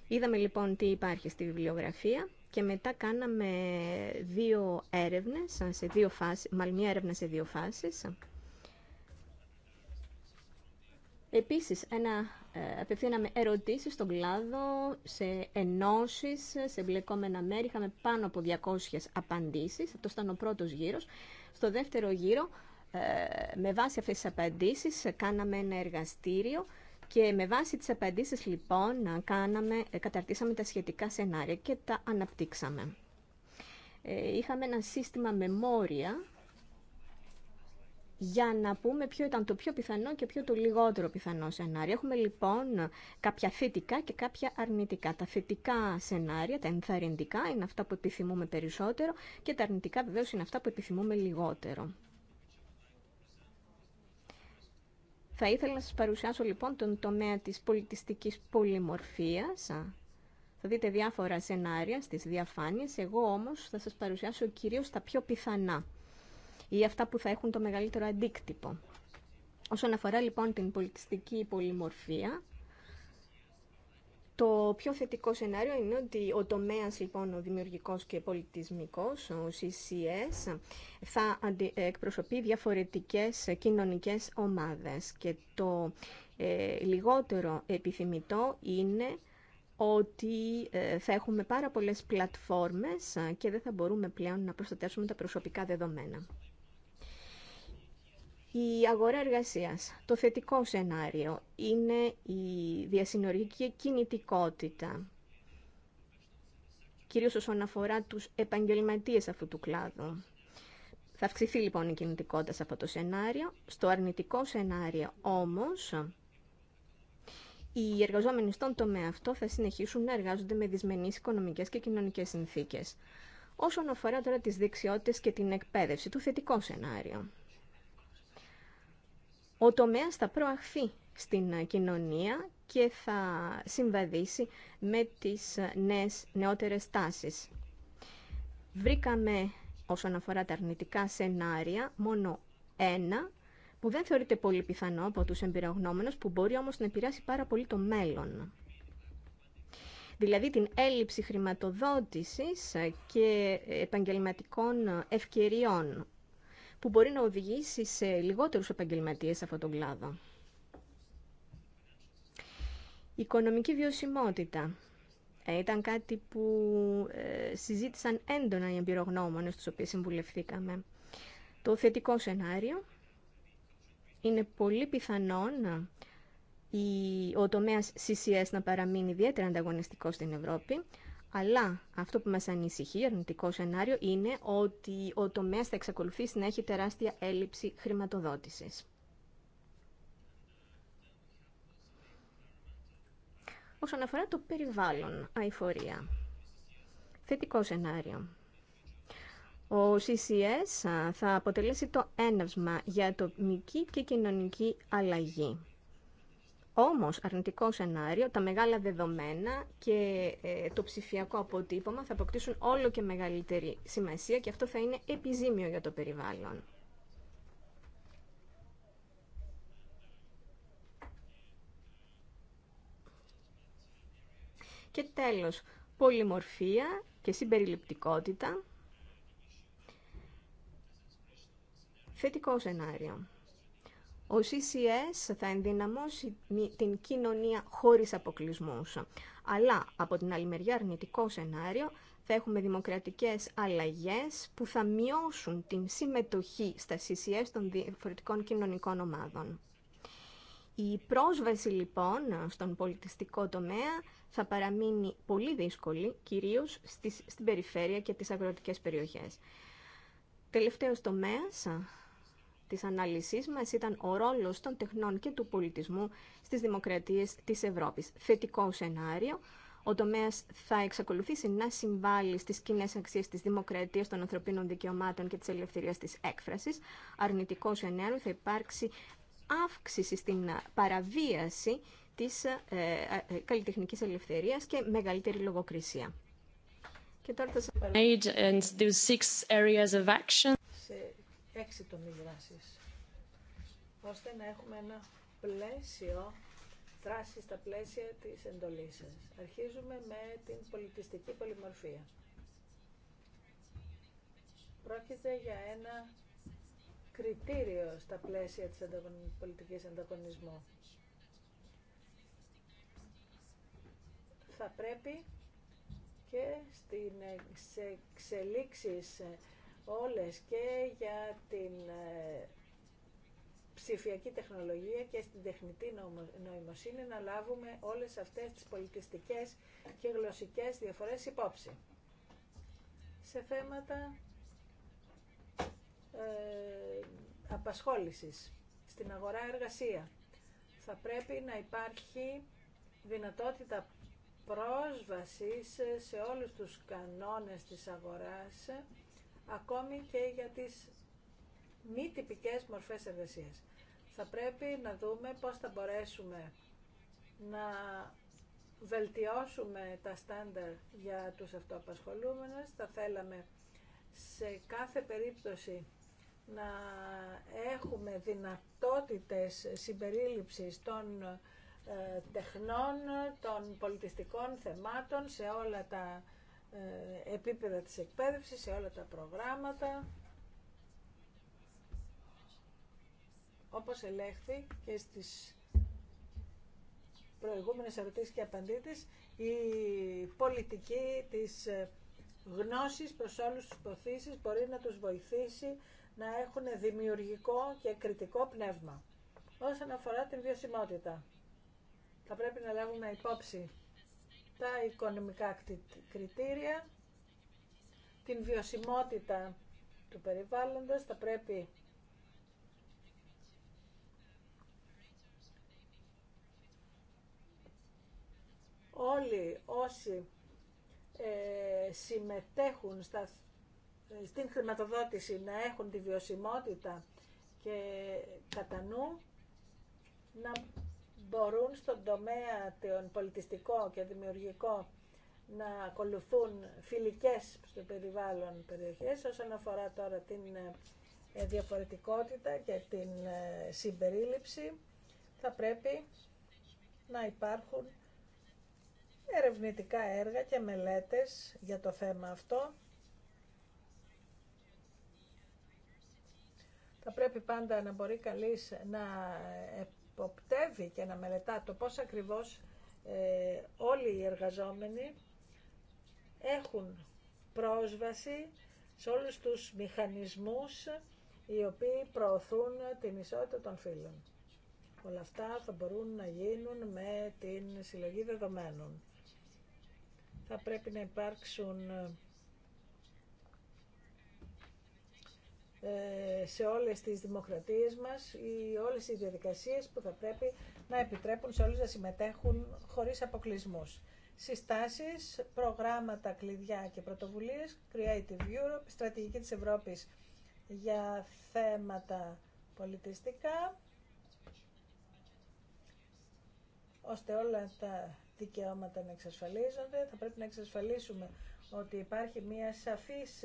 S5: Είδαμε λοιπόν τι υπάρχει στη βιβλιογραφία και μετά κάναμε δύο έρευνες, σε δύο φάσεις, μάλλον μία έρευνα σε δύο φάσεις. Επίσης, ένα, ε, απευθύναμε ερωτήσεις στον κλάδο, σε ενώσεις, σε εμπλεκόμενα μέρη. Είχαμε πάνω από 200 απαντήσεις. Αυτό ήταν ο πρώτος γύρος. Στο δεύτερο γύρο ε, με βάση αυτές τις απαντήσεις ε, κάναμε ένα εργαστήριο και με βάση τις απαντήσεις λοιπόν κάναμε, ε, καταρτήσαμε τα σχετικά σενάρια και τα αναπτύξαμε. Είχαμε ένα σύστημα μεμόρια για να πούμε ποιο ήταν το πιο πιθανό και ποιο το λιγότερο πιθανό σενάριο. Έχουμε λοιπόν κάποια θετικά και κάποια αρνητικά. Τα θετικά σενάρια, τα ενθαρρυντικά, είναι αυτά που επιθυμούμε περισσότερο και τα αρνητικά βεβαίως είναι αυτά που επιθυμούμε λιγότερο. Θα ήθελα να σας παρουσιάσω λοιπόν τον τομέα της πολιτιστικής πολυμορφίας. Θα δείτε διάφορα σενάρια στις διαφάνειες, εγώ όμως θα σας παρουσιάσω κυρίως τα πιο πιθανά ή αυτά που θα έχουν το μεγαλύτερο αντίκτυπο. Όσον αφορά λοιπόν την πολιτιστική πολυμορφία, το πιο θετικό σενάριο είναι ότι ο τομέας λοιπόν ο δημιουργικός και πολιτισμικός, ο CCS, θα εκπροσωπεί διαφορετικές κοινωνικές ομάδες και το ε, λιγότερο επιθυμητό είναι ότι ε, θα έχουμε πάρα πολλές πλατφόρμες και δεν θα μπορούμε πλέον να προστατεύσουμε τα προσωπικά δεδομένα. Η αγορά εργασίας, το θετικό σενάριο είναι η διασυνορική κινητικότητα, κυρίως όσον αφορά τους επαγγελματίες αυτού του κλάδου. Θα αυξηθεί λοιπόν η κινητικότητα σε αυτό το σενάριο. Στο αρνητικό σενάριο όμως, οι εργαζόμενοι στον τομέα αυτό θα συνεχίσουν να εργάζονται με δυσμενείς οικονομικές και κοινωνικές συνθήκες. Όσον αφορά τώρα τις δεξιότητες και την εκπαίδευση, το θετικό σενάριο ο τομέας θα προαχθεί στην ε, κοινωνία και θα συμβαδίσει με τις ε, νέες, νεότερες τάσεις. Βρήκαμε όσον αφορά τα αρνητικά σενάρια μόνο ένα που δεν θεωρείται πολύ πιθανό από τους εμπειρογνώμενους που μπορεί όμως να επηρεάσει πάρα πολύ το μέλλον. Δηλαδή την έλλειψη χρηματοδότησης ε, και επαγγελματικών ευκαιριών που μπορεί να οδηγήσει σε λιγότερους επαγγελματίες σε αυτόν τον κλάδο. Η οικονομική βιωσιμότητα ε, ήταν κάτι που ε, συζήτησαν έντονα οι εμπειρογνώμονες τους οποίους συμβουλευθήκαμε. Το θετικό σενάριο είναι πολύ πιθανόν ε, ο τομέας CCS να παραμείνει ιδιαίτερα ανταγωνιστικό στην Ευρώπη, αλλά αυτό που μας ανησυχεί, αρνητικό σενάριο, είναι ότι ο τομέας θα εξακολουθήσει να έχει τεράστια έλλειψη χρηματοδότησης. Όσον αφορά το περιβάλλον, αηφορία. Θετικό σενάριο. Ο CCS θα αποτελέσει το έναυσμα για ατομική και κοινωνική αλλαγή. Όμως, αρνητικό σενάριο, τα μεγάλα δεδομένα και ε, το ψηφιακό αποτύπωμα θα αποκτήσουν όλο και μεγαλύτερη σημασία και αυτό θα είναι επιζήμιο για το περιβάλλον. Και τέλος, πολυμορφία και συμπεριληπτικότητα. Θετικό σενάριο. Ο CCS θα ενδυναμώσει την κοινωνία χωρίς αποκλεισμούς. Αλλά από την άλλη μεριά αρνητικό σενάριο θα έχουμε δημοκρατικές αλλαγές που θα μειώσουν την συμμετοχή στα CCS των διαφορετικών κοινωνικών ομάδων. Η πρόσβαση λοιπόν στον πολιτιστικό τομέα θα παραμείνει πολύ δύσκολη, κυρίως στην περιφέρεια και τις αγροτικές περιοχές. Τελευταίος τομέας της ανάλυσής μας ήταν ο ρόλος των τεχνών και του πολιτισμού στις δημοκρατίες της Ευρώπης. Θετικό σενάριο, ο τομέα θα εξακολουθήσει να συμβάλλει στι κοινέ αξίες τη δημοκρατία, των ανθρωπίνων δικαιωμάτων και τη ελευθερία τη έκφραση. Αρνητικό σενάριο θα υπάρξει αύξηση στην παραβίαση τη ε, ε, και μεγαλύτερη λογοκρισία
S3: έξι το δράσης, ώστε να έχουμε ένα πλαίσιο δράση στα πλαίσια της εντολής σας. Αρχίζουμε με την πολιτιστική πολυμορφία. Πρόκειται για ένα κριτήριο στα πλαίσια της πολιτικής ανταγωνισμού. Θα πρέπει και στην εξελίξεις όλες και για την ε, ψηφιακή τεχνολογία και στην τεχνητή νοημοσύνη να λάβουμε όλες αυτές τις πολιτιστικές και γλωσσικές διαφορές υπόψη. Σε θέματα ε, απασχόλησης στην αγορά εργασία θα πρέπει να υπάρχει δυνατότητα πρόσβασης σε όλους τους κανόνες της αγοράς ακόμη και για τις μη τυπικές μορφές εργασίας. Θα πρέπει να δούμε πώς θα μπορέσουμε να βελτιώσουμε τα στάνταρ για τους αυτοαπασχολούμενους. Θα θέλαμε σε κάθε περίπτωση να έχουμε δυνατότητες συμπερίληψης των ε, τεχνών, των πολιτιστικών θεμάτων σε όλα τα ε, επίπεδα της εκπαίδευσης, σε όλα τα προγράμματα. Όπως ελέγχθη και στις προηγούμενες ερωτήσεις και απαντήτες, η πολιτική της ε, γνώσης προς όλους τους προθήσεις μπορεί να τους βοηθήσει να έχουν δημιουργικό και κριτικό πνεύμα. Όσον αφορά την βιωσιμότητα, θα πρέπει να λάβουμε υπόψη τα οικονομικά κριτήρια, την βιωσιμότητα του περιβάλλοντος, θα πρέπει όλοι όσοι ε, συμμετέχουν στα, στην χρηματοδότηση να έχουν τη βιωσιμότητα και κατά νου να μπορούν στον τομέα τον πολιτιστικό και δημιουργικό να ακολουθούν φιλικές στο περιβάλλον περιοχές όσον αφορά τώρα την ε, διαφορετικότητα και την ε, συμπερίληψη θα πρέπει να υπάρχουν ερευνητικά έργα και μελέτες για το θέμα αυτό. Θα πρέπει πάντα να μπορεί καλής να ε, υποπτεύει και να μελετά το πώς ακριβώς ε, όλοι οι εργαζόμενοι έχουν πρόσβαση σε όλους τους μηχανισμούς οι οποίοι προωθούν την ισότητα των φύλων. Όλα αυτά θα μπορούν να γίνουν με την συλλογή δεδομένων. Θα πρέπει να υπάρξουν Ε, σε όλες τις δημοκρατίες μας ή όλες οι διαδικασίες που θα πρέπει να επιτρέπουν σε όλους να συμμετέχουν χωρίς αποκλεισμούς. Συστάσεις, προγράμματα, κλειδιά και πρωτοβουλίες, Creative Europe, Στρατηγική της Ευρώπης για θέματα πολιτιστικά, ώστε όλα τα δικαιώματα να εξασφαλίζονται. Θα πρέπει να εξασφαλίσουμε ότι υπάρχει μια σαφής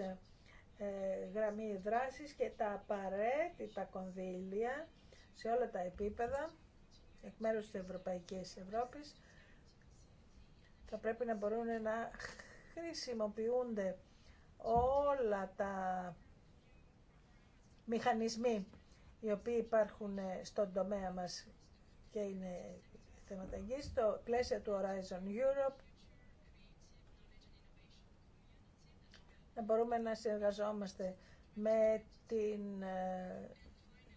S3: ε, γραμμή δράσης και τα απαραίτητα κονδύλια σε όλα τα επίπεδα εκ μέρους της Ευρωπαϊκής Ευρώπης θα πρέπει να μπορούν να χρησιμοποιούνται όλα τα μηχανισμοί οι οποίοι υπάρχουν στον τομέα μας και είναι θέματα στο πλαίσιο του Horizon Europe να μπορούμε να συνεργαζόμαστε με την ε,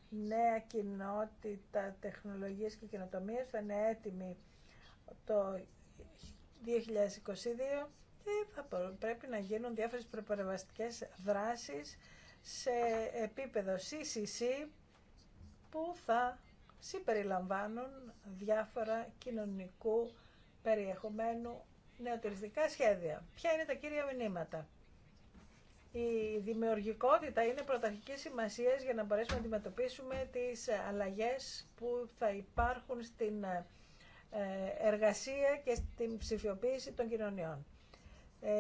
S3: νέα κοινότητα τεχνολογίας και καινοτομίας θα είναι έτοιμη το 2022 και θα πρέπει να γίνουν διάφορες προπαραβαστικές δράσεις σε επίπεδο CCC που θα συμπεριλαμβάνουν διάφορα κοινωνικού περιεχομένου νεοτηριστικά σχέδια. Ποια είναι τα κύρια μηνύματα η δημιουργικότητα είναι πρωταρχική σημασία για να μπορέσουμε να αντιμετωπίσουμε τις αλλαγές που θα υπάρχουν στην ε, εργασία και στην ψηφιοποίηση των κοινωνιών. Ε,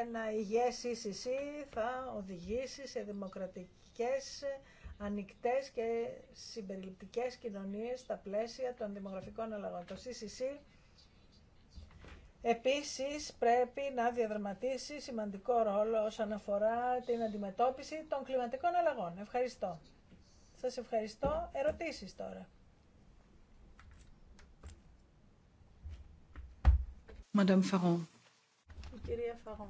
S3: ένα υγιές CCC θα οδηγήσει σε δημοκρατικές, ανοιχτές και συμπεριληπτικές κοινωνίες στα πλαίσια των δημογραφικών αλλαγών. Το CCC Επίσης πρέπει να διαδραματίσει σημαντικό ρόλο όσον αφορά την αντιμετώπιση των κλιματικών αλλαγών. Ευχαριστώ. Σας ευχαριστώ. Ερωτήσεις τώρα.
S2: Madame Faron.
S3: Κυρία Φαγόν,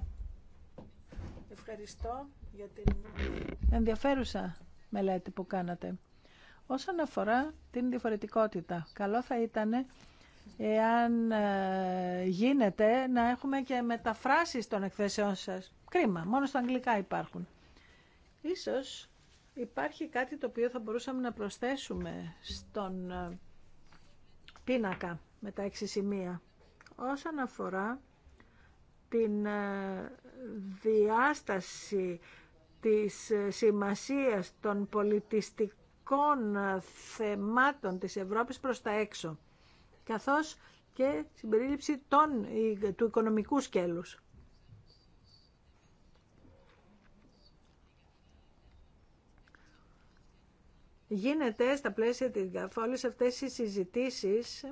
S3: ευχαριστώ για την ενδιαφέρουσα μελέτη που κάνατε. Όσον αφορά την διαφορετικότητα, καλό θα ήταν εάν ε, γίνεται να έχουμε και μεταφράσεις των εκθέσεών σας. Κρίμα, μόνο στα αγγλικά υπάρχουν. Ίσως υπάρχει κάτι το οποίο θα μπορούσαμε να προσθέσουμε στον ε, πίνακα με τα έξι σημεία. Όσον αφορά την ε, διάσταση της σημασίας των πολιτιστικών θεμάτων της Ευρώπης προς τα έξω καθώς και συμπερίληψη των, του οικονομικού σκέλους. Γίνεται στα πλαίσια της ΓΑΦ όλες αυτές οι συζητήσεις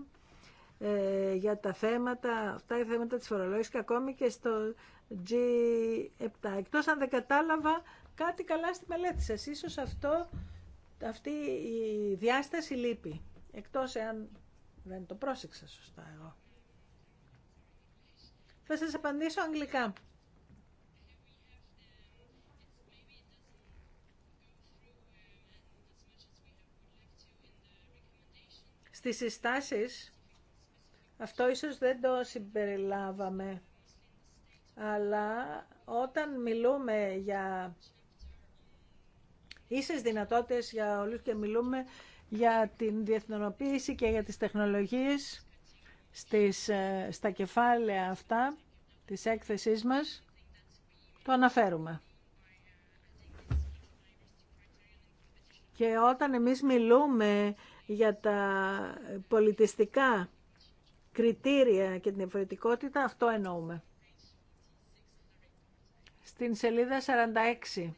S3: ε, για τα θέματα, αυτά τα θέματα της φορολόγησης και ακόμη και στο G7. Εκτός αν δεν κατάλαβα κάτι καλά στη μελέτη σας. Ίσως αυτό, αυτή η διάσταση λείπει. Εκτός εάν δεν το πρόσεξα σωστά εγώ. Θα σας απαντήσω αγγλικά. Στις συστάσεις, αυτό ίσως δεν το συμπεριλάβαμε, αλλά όταν μιλούμε για ίσες δυνατότητες για όλους και μιλούμε για την διεθνοποίηση και για τις τεχνολογίες στις, ε, στα κεφάλαια αυτά της έκθεσής μας το αναφέρουμε. Και όταν εμείς μιλούμε για τα πολιτιστικά κριτήρια και την διαφορετικότητα, αυτό εννοούμε. Στην σελίδα 46,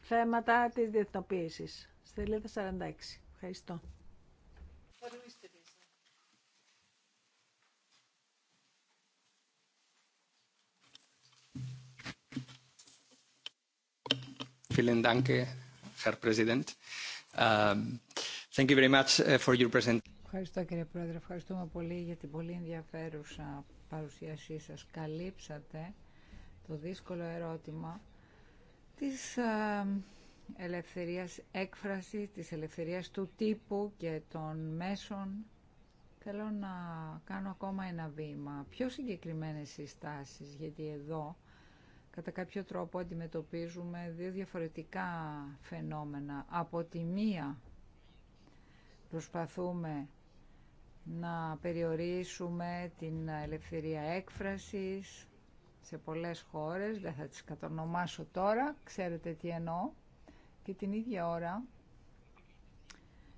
S3: θέματα της διεθνοποίησης. Σελίδα 46. Ευχαριστώ.
S2: Ευχαριστώ κύριε Πρόεδρε. Ευχαριστούμε πολύ για την πολύ ενδιαφέρουσα παρουσίασή σας. Καλύψατε το δύσκολο ερώτημα της ε, ελευθερίας έκφρασης, της ελευθερίας του τύπου και των μέσων, θέλω να κάνω ακόμα ένα βήμα. Πιο συγκεκριμένες συστάσεις, γιατί εδώ κατά κάποιο τρόπο αντιμετωπίζουμε δύο διαφορετικά φαινόμενα. Από τη μία προσπαθούμε να περιορίσουμε την ελευθερία έκφρασης σε πολλές χώρες, δεν θα τις κατονομάσω τώρα, ξέρετε τι εννοώ και την ίδια ώρα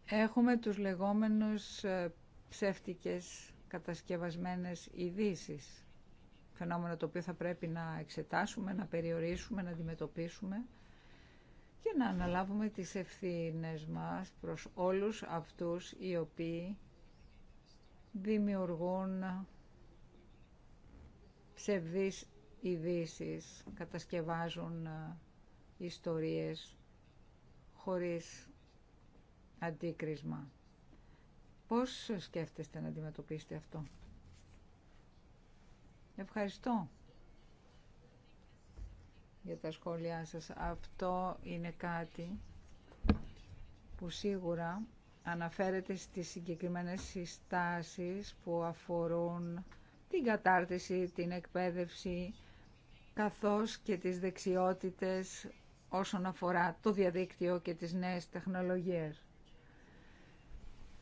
S2: έχουμε τους λεγόμενους ε, ψεύτικες κατασκευασμένες ειδήσει. Φαινόμενο το οποίο θα πρέπει να εξετάσουμε, να περιορίσουμε, να αντιμετωπίσουμε και να αναλάβουμε τις ευθύνες μας προς όλους αυτούς οι οποίοι δημιουργούν ψευδείς ειδήσει, κατασκευάζουν ε, ιστορίες χωρίς αντίκρισμα. Πώς σκέφτεστε να αντιμετωπίσετε αυτό. Ευχαριστώ για τα σχόλιά σας. Αυτό είναι κάτι που σίγουρα αναφέρεται στις συγκεκριμένες συστάσεις που αφορούν την κατάρτιση, την εκπαίδευση, καθώς και τις δεξιότητες όσον αφορά το διαδίκτυο και τις νέες τεχνολογίες.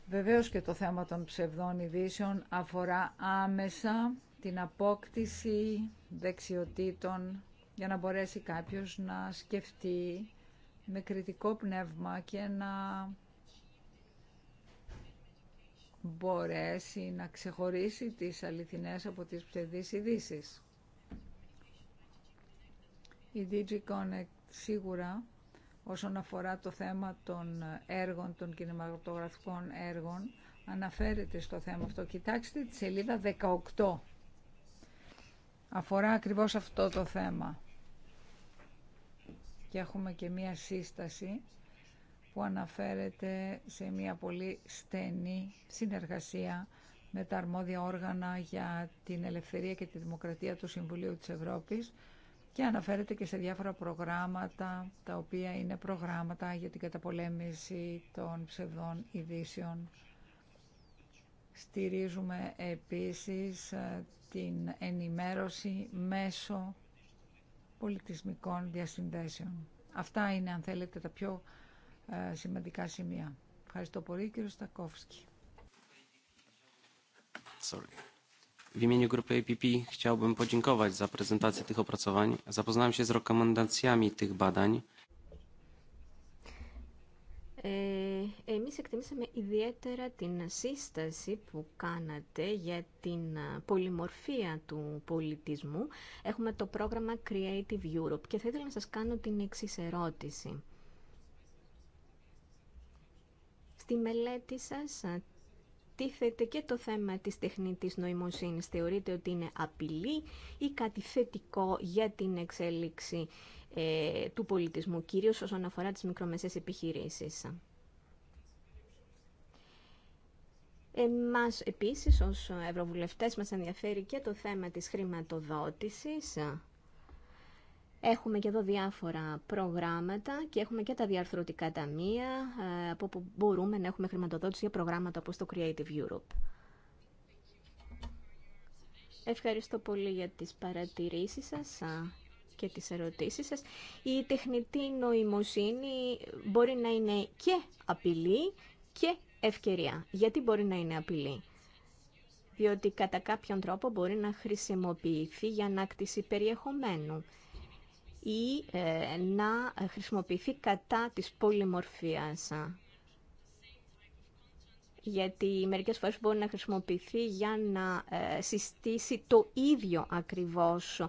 S2: Βεβαίως και το θέμα των ψευδών ειδήσεων αφορά άμεσα την απόκτηση δεξιοτήτων για να μπορέσει κάποιος να σκεφτεί με κριτικό πνεύμα και να μπορέσει να ξεχωρίσει τις αληθινές από τις ψευδείς ειδήσει. Η DigiConnect σίγουρα όσον αφορά το θέμα των έργων, των κινηματογραφικών έργων, αναφέρεται στο θέμα αυτό. Κοιτάξτε τη σελίδα 18. Αφορά ακριβώς αυτό το θέμα. Και έχουμε και μία σύσταση που αναφέρεται σε μία πολύ στενή συνεργασία με τα αρμόδια όργανα για την ελευθερία και τη δημοκρατία του Συμβουλίου της Ευρώπης και αναφέρεται και σε διάφορα προγράμματα, τα οποία είναι προγράμματα για την καταπολέμηση των ψευδών ειδήσεων. Στηρίζουμε επίσης ε, την ενημέρωση μέσω πολιτισμικών διασυνδέσεων. Αυτά είναι, αν θέλετε, τα πιο ε, σημαντικά σημεία. Ευχαριστώ πολύ, κύριο Στακόφσκι.
S4: W imieniu grupy APP chciałbym podziękować za prezentację tych opracowań. Zapoznałem się z rekomendacjami tych badań.
S5: Ε, εμείς εκτιμήσαμε ιδιαίτερα την σύσταση που κάνατε για την ε, πολυμορφία του πολιτισμού. Έχουμε το πρόγραμμα Creative Europe και θα ήθελα να σας κάνω την εξή ερώτηση. Στη μελέτη σας τίθεται και το θέμα της τεχνητής νοημοσύνης. Θεωρείται ότι είναι απειλή ή κάτι θετικό για την εξέλιξη ε, του πολιτισμού, κυρίως όσον αφορά τις μικρομεσαίες επιχειρήσεις. Εμάς επίσης ως Ευρωβουλευτές μας ενδιαφέρει και το θέμα της χρηματοδότησης Έχουμε και εδώ διάφορα προγράμματα και έχουμε και τα διαρθρωτικά ταμεία ε, από που μπορούμε να έχουμε χρηματοδότηση για προγράμματα όπως το Creative Europe. Ευχαριστώ πολύ για τις παρατηρήσεις σας και τις ερωτήσεις σας. Η τεχνητή νοημοσύνη μπορεί να είναι και απειλή και ευκαιρία. Γιατί μπορεί να είναι απειλή. Διότι κατά κάποιον τρόπο μπορεί να χρησιμοποιηθεί για ανάκτηση περιεχομένου ή ε, να χρησιμοποιηθεί κατά της πολυμορφίας. Γιατί μερικές φορές μπορεί να χρησιμοποιηθεί για να ε, συστήσει το ίδιο ακριβώς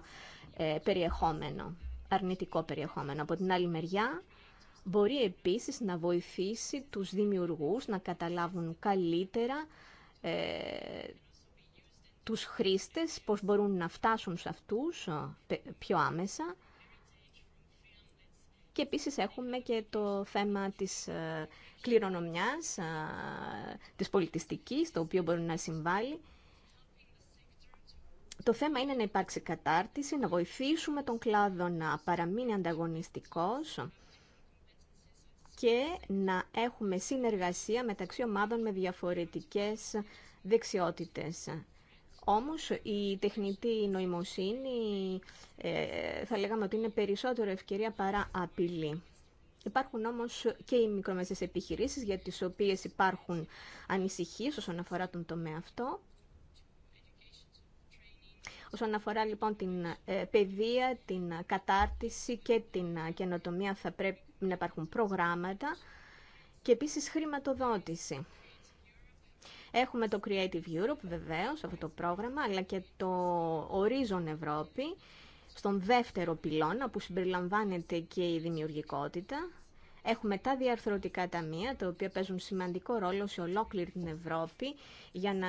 S5: ε, περιεχόμενο, αρνητικό περιεχόμενο. Από την άλλη μεριά, μπορεί επίσης να βοηθήσει τους δημιουργούς να καταλάβουν καλύτερα τους χρήστες, πώς μπορούν να φτάσουν σε αυτούς πιο άμεσα και επίσης έχουμε και το θέμα της ε, κληρονομιάς, ε, της πολιτιστικής, το οποίο μπορεί να συμβάλλει. Το θέμα είναι να υπάρξει κατάρτιση, να βοηθήσουμε τον κλάδο να παραμείνει ανταγωνιστικός και να έχουμε συνεργασία μεταξύ ομάδων με διαφορετικές δεξιότητες. Όμως η τεχνητή νοημοσύνη ε, θα λέγαμε ότι είναι περισσότερο ευκαιρία παρά απειλή. Υπάρχουν όμως και οι μικρομεσαίες επιχειρήσεις για τις οποίες υπάρχουν ανησυχίες όσον αφορά τον τομέα αυτό. Όσον αφορά λοιπόν την ε, παιδεία, την κατάρτιση και την ε, καινοτομία θα πρέπει να υπάρχουν προγράμματα και επίσης χρηματοδότηση. Έχουμε το Creative Europe βεβαίως, αυτό το πρόγραμμα, αλλά και το Horizon Ευρώπη, στον δεύτερο πυλώνα που συμπεριλαμβάνεται και η δημιουργικότητα. Έχουμε τα διαρθρωτικά ταμεία, τα οποία παίζουν σημαντικό ρόλο σε ολόκληρη την Ευρώπη για, να,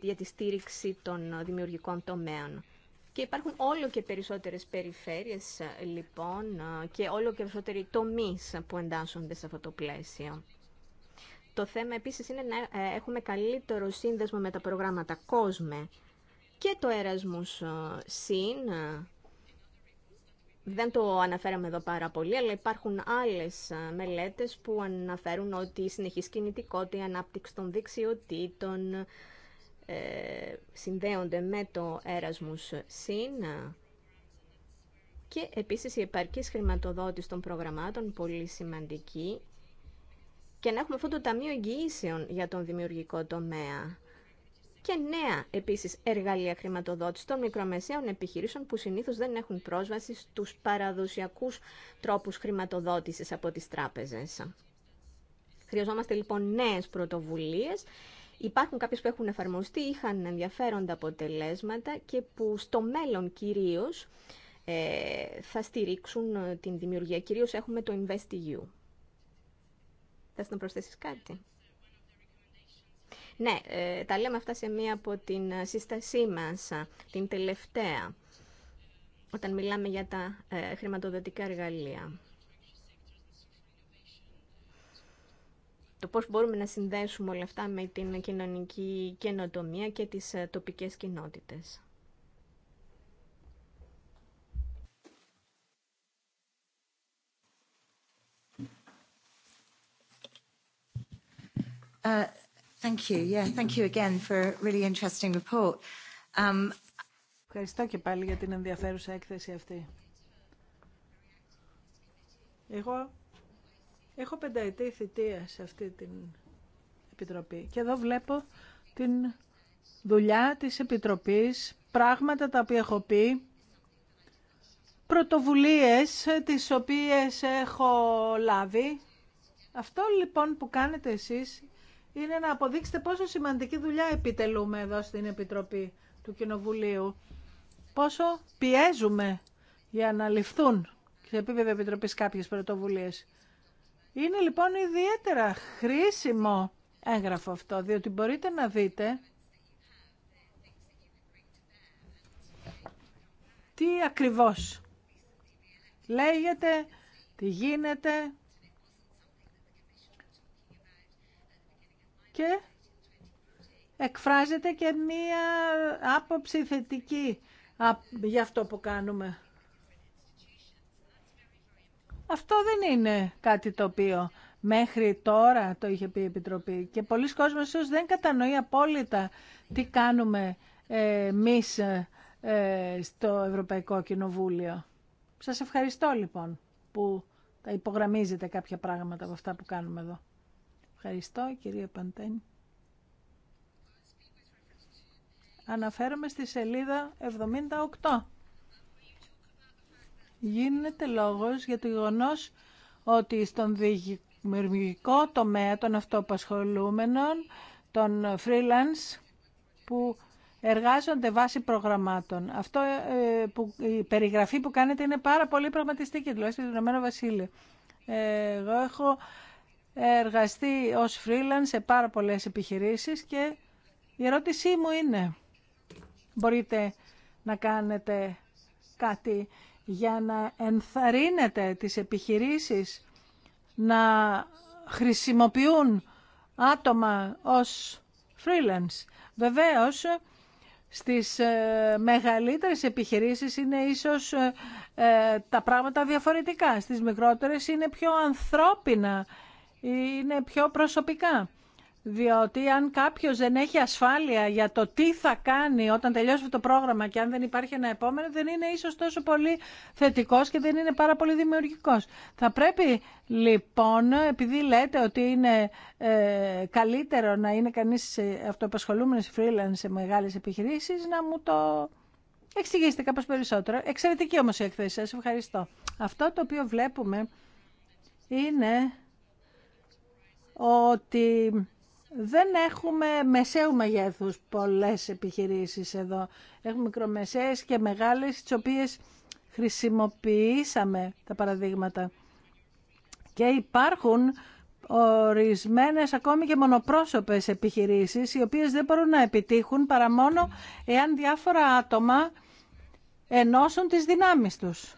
S5: για τη στήριξη των δημιουργικών τομέων. Και υπάρχουν όλο και περισσότερες περιφέρειες, λοιπόν, και όλο και περισσότεροι τομείς που εντάσσονται σε αυτό το πλαίσιο. Το θέμα επίσης είναι να ε, έχουμε καλύτερο σύνδεσμο με τα προγράμματα COSME και το Erasmus ε, Συν. Ε, δεν το αναφέραμε εδώ πάρα πολύ, αλλά υπάρχουν άλλες μελέτες που αναφέρουν ότι η συνεχής κινητικότητα, η ανάπτυξη των δεξιοτήτων συνδέονται με το Erasmus Συν και επίσης η επαρκής χρηματοδότηση των προγραμμάτων, πολύ σημαντική, και να έχουμε αυτό το Ταμείο Εγγυήσεων για τον δημιουργικό τομέα. Και νέα επίσης εργαλεία χρηματοδότηση των μικρομεσαίων επιχειρήσεων που συνήθως δεν έχουν πρόσβαση στους παραδοσιακούς τρόπους χρηματοδότησης από τις τράπεζες. Χρειαζόμαστε λοιπόν νέες πρωτοβουλίες. Υπάρχουν κάποιες που έχουν εφαρμοστεί, είχαν ενδιαφέροντα αποτελέσματα και που στο μέλλον κυρίως ε, θα στηρίξουν ε, την δημιουργία. Κυρίως έχουμε το InvestEU. Θες να προσθέσεις κάτι. Ναι, ε, τα λέμε αυτά σε μία από την ε, σύστασή μας, ε, την τελευταία, όταν μιλάμε για τα χρηματοδοτικά εργαλεία. Το πώς μπορούμε να συνδέσουμε όλα αυτά με την κοινωνική καινοτομία και τις τοπικές κοινότητες.
S1: Uh, thank you. Yeah,
S3: thank you again for really interesting report. Um... Ευχαριστώ και πάλι για την ενδιαφέρουσα έκθεση αυτή. Εγώ έχω πενταετή θητεία σε αυτή την Επιτροπή και εδώ βλέπω την δουλειά της Επιτροπής, πράγματα τα οποία έχω πει, πρωτοβουλίες τις οποίες έχω λάβει. Αυτό λοιπόν που κάνετε εσείς είναι να αποδείξετε πόσο σημαντική δουλειά επιτελούμε εδώ στην Επιτροπή του Κοινοβουλίου. Πόσο πιέζουμε για να ληφθούν σε επίπεδο Επιτροπής κάποιες πρωτοβουλίες. Είναι λοιπόν ιδιαίτερα χρήσιμο έγγραφο αυτό, διότι μπορείτε να δείτε τι ακριβώς λέγεται, τι γίνεται και εκφράζεται και μία άποψη θετική για αυτό που κάνουμε. Αυτό δεν είναι κάτι το οποίο μέχρι τώρα το είχε πει η Επιτροπή και πολλοί κόσμοι ίσως δεν κατανοεί απόλυτα τι κάνουμε ε, εμείς ε, ε, στο Ευρωπαϊκό Κοινοβούλιο. Σας ευχαριστώ λοιπόν που τα υπογραμμίζετε κάποια πράγματα από αυτά που κάνουμε εδώ. Ευχαριστώ, κυρία Παντένη. Αναφέρομαι στη σελίδα 78. Γίνεται λόγος για το γεγονό ότι στον δημιουργικό τομέα των αυτοπασχολούμενων, των freelance που εργάζονται βάσει προγραμμάτων. Αυτό ε, που, η περιγραφή που κάνετε είναι πάρα πολύ πραγματιστική, τουλάχιστον δηλαδή, στο Ηνωμένο Βασίλειο. Ε, εγώ έχω εργαστεί ως freelance σε πάρα πολλές επιχειρήσεις και η ερώτησή μου είναι μπορείτε να κάνετε κάτι για να ενθαρρύνετε τις επιχειρήσεις να χρησιμοποιούν άτομα ως freelance. Βεβαίως, στις ε, μεγαλύτερες επιχειρήσεις είναι ίσως ε, ε, τα πράγματα διαφορετικά. Στις μικρότερες είναι πιο ανθρώπινα είναι πιο προσωπικά. Διότι αν κάποιος δεν έχει ασφάλεια για το τι θα κάνει όταν τελειώσει το πρόγραμμα και αν δεν υπάρχει ένα επόμενο, δεν είναι ίσως τόσο πολύ θετικός και δεν είναι πάρα πολύ δημιουργικός. Θα πρέπει λοιπόν, επειδή λέτε ότι είναι ε, καλύτερο να είναι κανείς αυτοαπασχολούμενος freelance σε μεγάλες επιχειρήσεις, να μου το εξηγήσετε κάπως περισσότερο. Εξαιρετική όμως η εκθέση σας, ευχαριστώ. Αυτό το οποίο βλέπουμε είναι ότι δεν έχουμε μεσαίου μεγέθους πολλές επιχειρήσεις εδώ. Έχουμε μικρομεσαίες και μεγάλες, τις οποίες χρησιμοποιήσαμε τα παραδείγματα. Και υπάρχουν ορισμένες ακόμη και μονοπρόσωπες επιχειρήσεις, οι οποίες δεν μπορούν να επιτύχουν παρά μόνο εάν διάφορα άτομα ενώσουν τις δυνάμεις τους.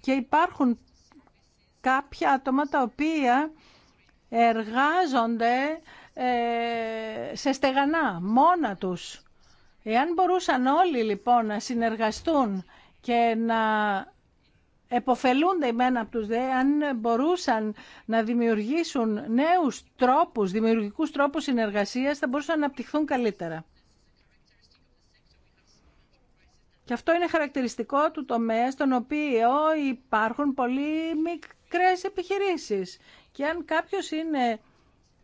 S3: Και υπάρχουν κάποια άτομα τα οποία εργάζονται ε, σε στεγανά, μόνα τους. Εάν μπορούσαν όλοι λοιπόν να συνεργαστούν και να εποφελούνται μένα από τους δε, αν μπορούσαν να δημιουργήσουν νέους τρόπους, δημιουργικούς τρόπους συνεργασίας, θα μπορούσαν να αναπτυχθούν καλύτερα. Και αυτό είναι χαρακτηριστικό του τομέα στον οποίο υπάρχουν πολύ μικρές επιχειρήσεις και αν κάποιος είναι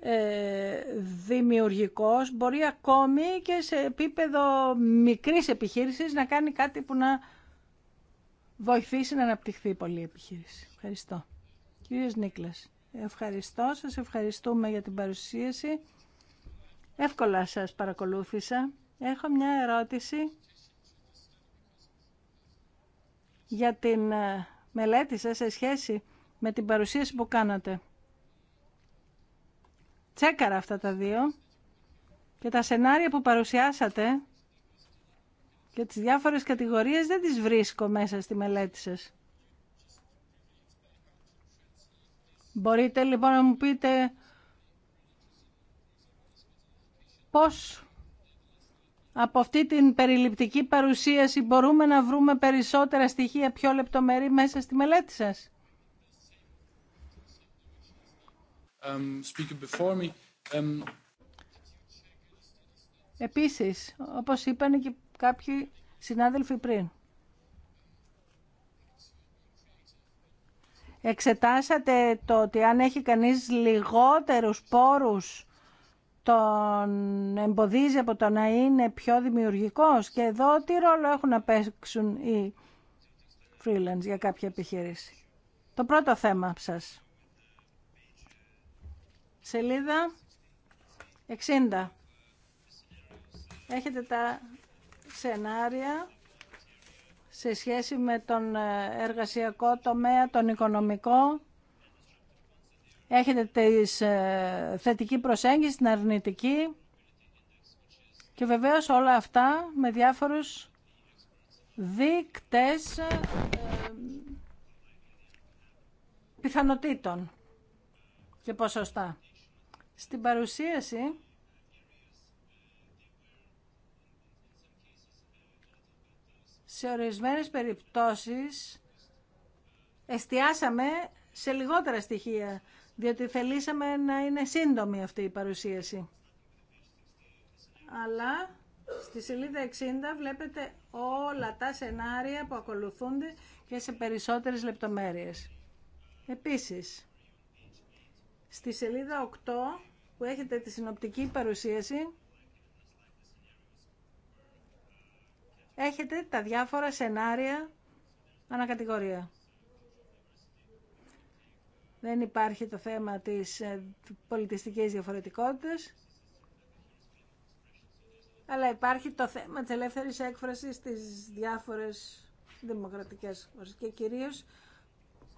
S3: ε, δημιουργικός μπορεί ακόμη και σε επίπεδο μικρής επιχείρησης να κάνει κάτι που να βοηθήσει να αναπτυχθεί πολύ η επιχείρηση. Ευχαριστώ. Κύριε Νίκλας, ευχαριστώ. Σας ευχαριστούμε για την παρουσίαση. Εύκολα σας παρακολούθησα. Έχω μια ερώτηση για την ε, μελέτη σας σε σχέση με την παρουσίαση που κάνατε τσέκαρα αυτά τα δύο και τα σενάρια που παρουσιάσατε και τις διάφορες κατηγορίες δεν τις βρίσκω μέσα στη μελέτη σας. Μπορείτε λοιπόν να μου πείτε πώς από αυτή την περιληπτική παρουσίαση μπορούμε να βρούμε περισσότερα στοιχεία πιο λεπτομερή μέσα στη μελέτη σας.
S4: Um, speaker before me. Um,
S3: Επίσης, όπως είπαν και κάποιοι συνάδελφοι πριν, εξετάσατε το ότι αν έχει κανείς λιγότερους πόρους τον εμποδίζει από το να είναι πιο δημιουργικός και εδώ τι ρόλο έχουν να παίξουν οι freelance για κάποια επιχείρηση. Το πρώτο θέμα σας. Σελίδα 60. Έχετε τα σενάρια σε σχέση με τον ε, εργασιακό τομέα, τον οικονομικό. Έχετε τη ε, θετική προσέγγιση, την αρνητική. Και βεβαίως όλα αυτά με διάφορους δείκτες ε, πιθανοτήτων και ποσοστά. Στην παρουσίαση σε ορισμένες περιπτώσεις εστιάσαμε σε λιγότερα στοιχεία, διότι θελήσαμε να είναι σύντομη αυτή η παρουσίαση. Αλλά στη σελίδα 60 βλέπετε όλα τα σενάρια που ακολουθούνται και σε περισσότερες λεπτομέρειες. Επίσης, στη σελίδα 8 που έχετε τη συνοπτική παρουσίαση έχετε τα διάφορα σενάρια ανακατηγορία. Δεν υπάρχει το θέμα της ε, πολιτιστικής διαφορετικότητας, αλλά υπάρχει το θέμα της ελεύθερης έκφρασης στις διάφορες δημοκρατικές χώρες και κυρίως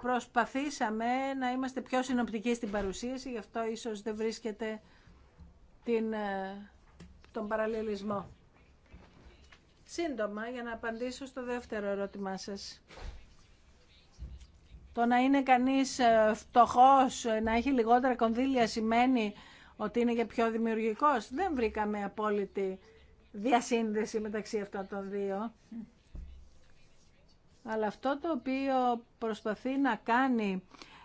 S3: Προσπαθήσαμε να είμαστε πιο συνοπτικοί στην παρουσίαση, γι' αυτό ίσως δεν βρίσκεται την, ε, τον παραλληλισμό. Σύντομα, για να απαντήσω στο δεύτερο ερώτημά σας. Το να είναι κανείς ε, φτωχός, ε, να έχει λιγότερα κονδύλια σημαίνει ότι είναι και πιο δημιουργικός. Δεν βρήκαμε απόλυτη διασύνδεση μεταξύ αυτών των δύο. Αλλά αυτό το οποίο προσπαθεί να κάνει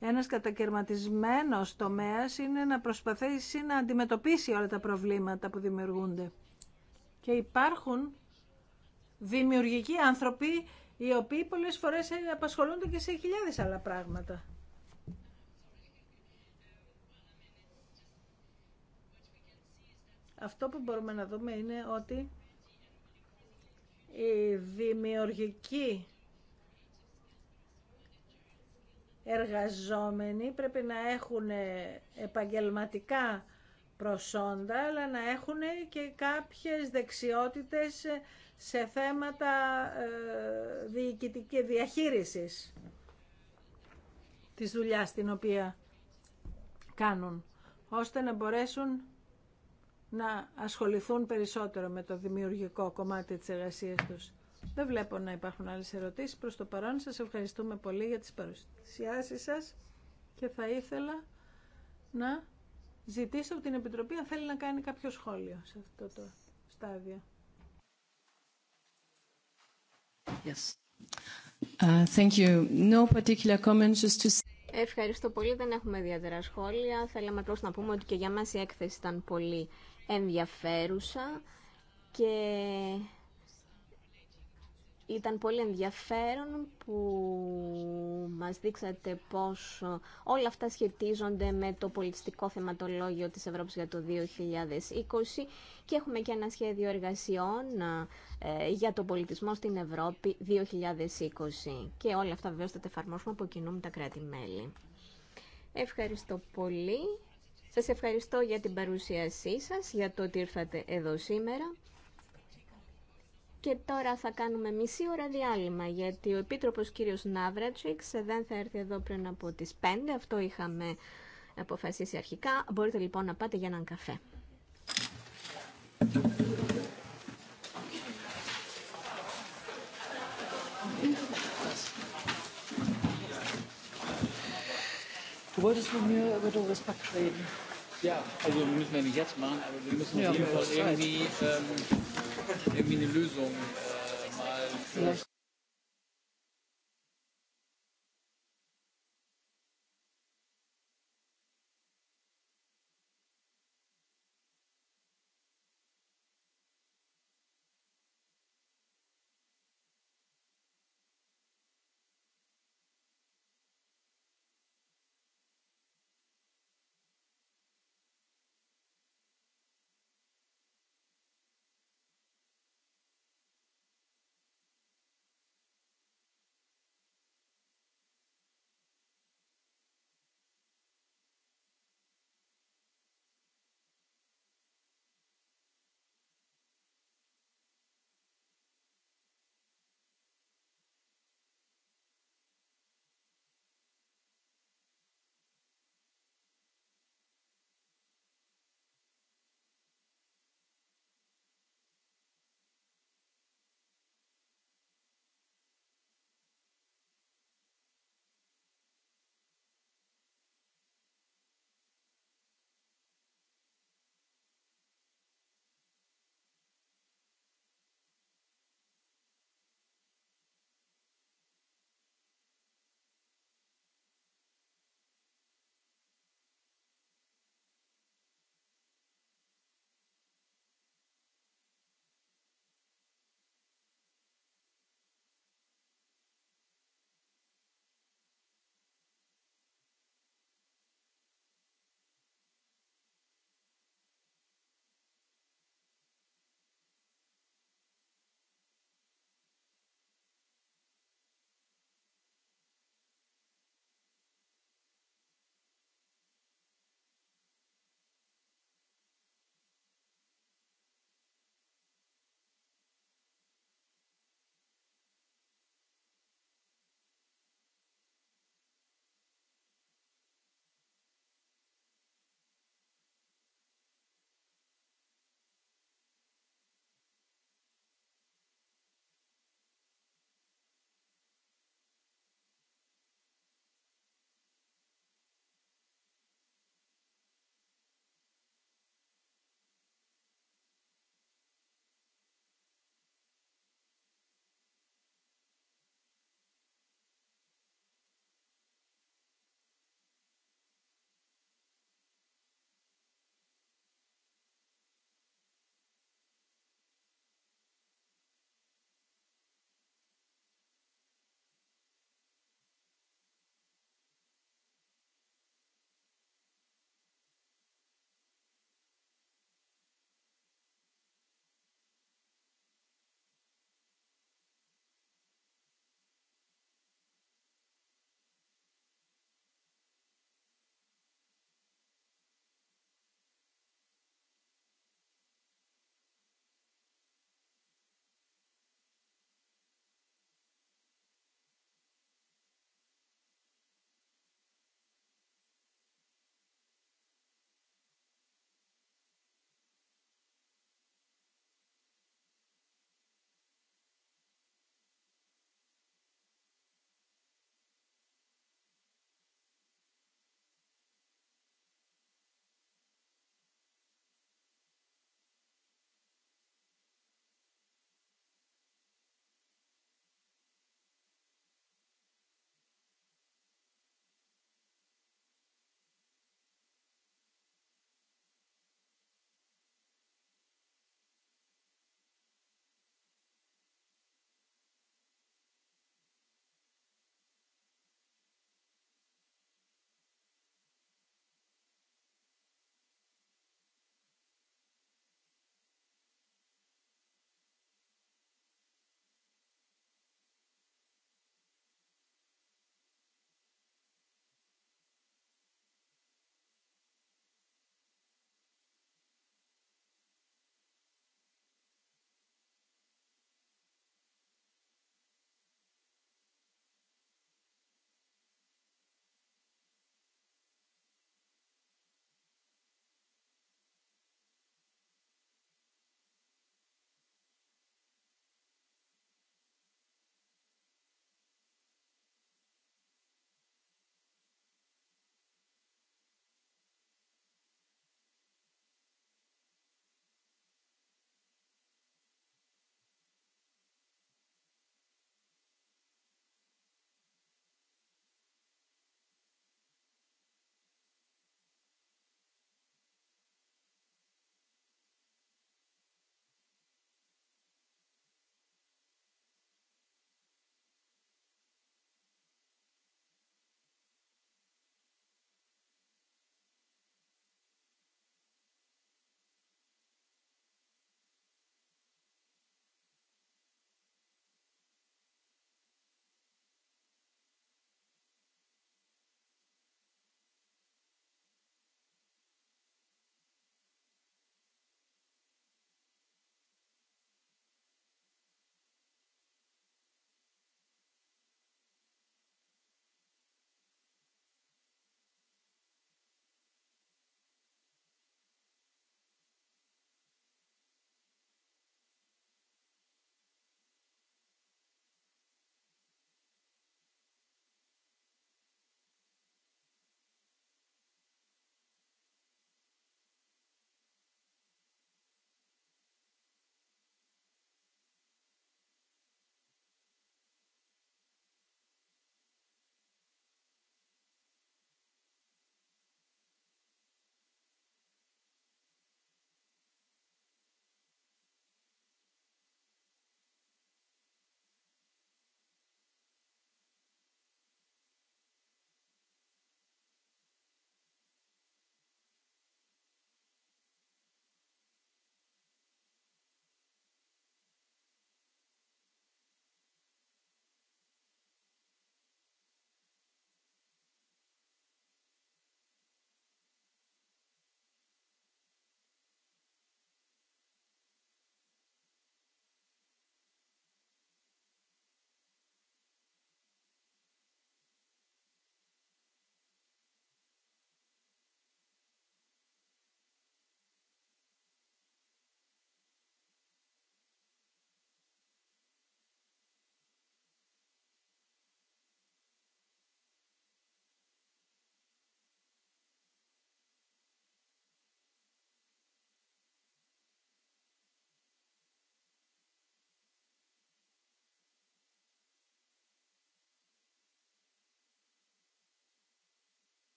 S3: ένας κατακαιρματισμένος τομέας είναι να προσπαθήσει να αντιμετωπίσει όλα τα προβλήματα που δημιουργούνται. Και υπάρχουν δημιουργικοί άνθρωποι οι οποίοι πολλές φορές απασχολούνται και σε χιλιάδες άλλα πράγματα. Αυτό που μπορούμε να δούμε είναι ότι η δημιουργική εργαζόμενοι πρέπει να έχουν ε, επαγγελματικά προσόντα, αλλά να έχουν και κάποιες δεξιότητες σε θέματα ε, διοικητικής διαχείρισης της δουλειά την οποία κάνουν, ώστε να μπορέσουν να ασχοληθούν περισσότερο με το δημιουργικό κομμάτι της εργασίας τους. Δεν βλέπω να υπάρχουν άλλες ερωτήσεις. Προ το παρόν σας ευχαριστούμε πολύ για τι παρουσιάσει σας και θα ήθελα να ζητήσω από την Επιτροπή αν θέλει να κάνει κάποιο σχόλιο σε αυτό το στάδιο. Yes. Uh, thank you. No particular comments just to
S5: Ευχαριστώ πολύ. Δεν έχουμε ιδιαίτερα σχόλια. Θέλαμε απλώ να πούμε ότι και για μας η έκθεση ήταν πολύ ενδιαφέρουσα και ήταν πολύ ενδιαφέρον που μας δείξατε πώς όλα αυτά σχετίζονται με το πολιτιστικό θεματολόγιο της Ευρώπης για το 2020 και έχουμε και ένα σχέδιο εργασιών ε, για τον πολιτισμό στην Ευρώπη 2020 και όλα αυτά βεβαίως θα τα εφαρμόσουμε από κοινού με τα κράτη-μέλη. Ευχαριστώ πολύ. Σας ευχαριστώ για την παρουσίασή σας, για το ότι ήρθατε εδώ σήμερα. Και τώρα θα κάνουμε μισή ώρα διάλειμμα, γιατί ο Επίτροπος κύριος Ναύρατσικς δεν θα έρθει εδώ πριν από τις 5. Αυτό είχαμε αποφασίσει αρχικά. Μπορείτε λοιπόν να πάτε για έναν καφέ.
S1: Du wolltest mit mir über Doris Pack reden.
S2: Ja, also müssen wir nicht jetzt machen, aber wir müssen ja, auf jeden Fall irgendwie... Ähm irgendwie eine Lösung äh, mal für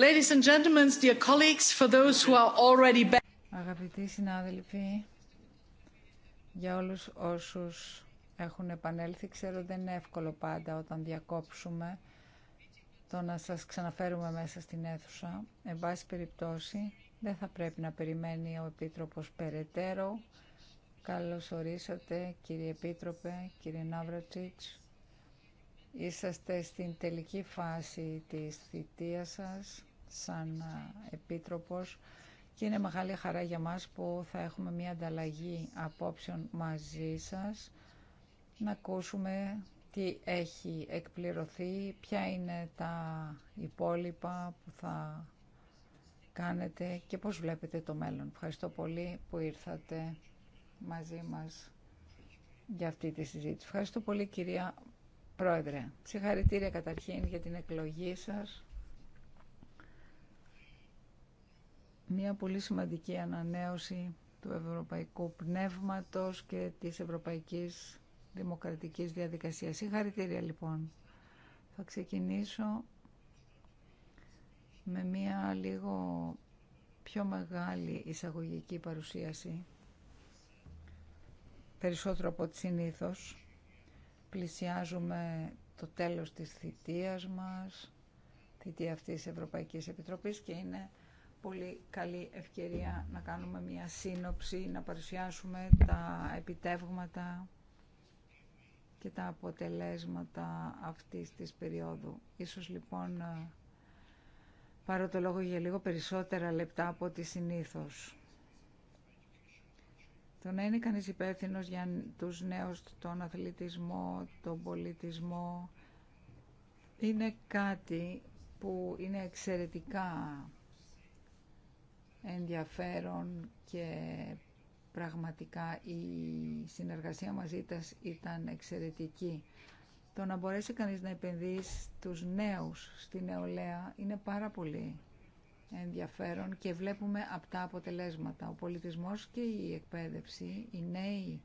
S2: Ladies and Αγαπητοί συνάδελφοι, για όλους όσους έχουν επανέλθει, ξέρω δεν είναι εύκολο πάντα όταν διακόψουμε το να σας ξαναφέρουμε μέσα στην αίθουσα. Εν πάση περιπτώσει, δεν θα πρέπει να περιμένει ο Επίτροπος περαιτέρω. Καλώς ορίσατε, κύριε Επίτροπε, κύριε Ναύρατσιτς. Είσαστε στην τελική φάση της θητείας σας σαν Επίτροπος και είναι μεγάλη χαρά για μας που θα έχουμε μια ανταλλαγή απόψεων μαζί σας να ακούσουμε τι έχει εκπληρωθεί, ποια είναι τα υπόλοιπα που θα κάνετε και πώς βλέπετε το μέλλον. Ευχαριστώ πολύ που ήρθατε μαζί μας για αυτή τη συζήτηση. Ευχαριστώ πολύ κυρία Πρόεδρε. Συγχαρητήρια καταρχήν για την εκλογή σας. μια πολύ σημαντική ανανέωση του ευρωπαϊκού πνεύματος και της ευρωπαϊκής δημοκρατικής διαδικασίας. Συγχαρητήρια λοιπόν. Θα ξεκινήσω με μια λίγο πιο μεγάλη εισαγωγική παρουσίαση, περισσότερο από ό,τι συνήθως. Πλησιάζουμε το τέλος της θητείας μας, θητεία αυτής της Ευρωπαϊκής Επιτροπής και είναι πολύ καλή ευκαιρία να κάνουμε μια σύνοψη, να παρουσιάσουμε τα επιτεύγματα και τα αποτελέσματα αυτής της περίοδου. Ίσως λοιπόν ε, πάρω το λόγο για λίγο περισσότερα λεπτά από ό,τι συνήθως. Το να είναι κανείς υπεύθυνο για τους νέους, τον αθλητισμό, τον πολιτισμό, είναι κάτι που είναι εξαιρετικά ενδιαφέρον και πραγματικά η συνεργασία μαζί τας ήταν εξαιρετική. Το να μπορέσει κανείς να επενδύσει τους νέους, στη νεολαία, είναι πάρα πολύ ενδιαφέρον και βλέπουμε αυτά αποτελέσματα. Ο πολιτισμός και η εκπαίδευση, οι νέοι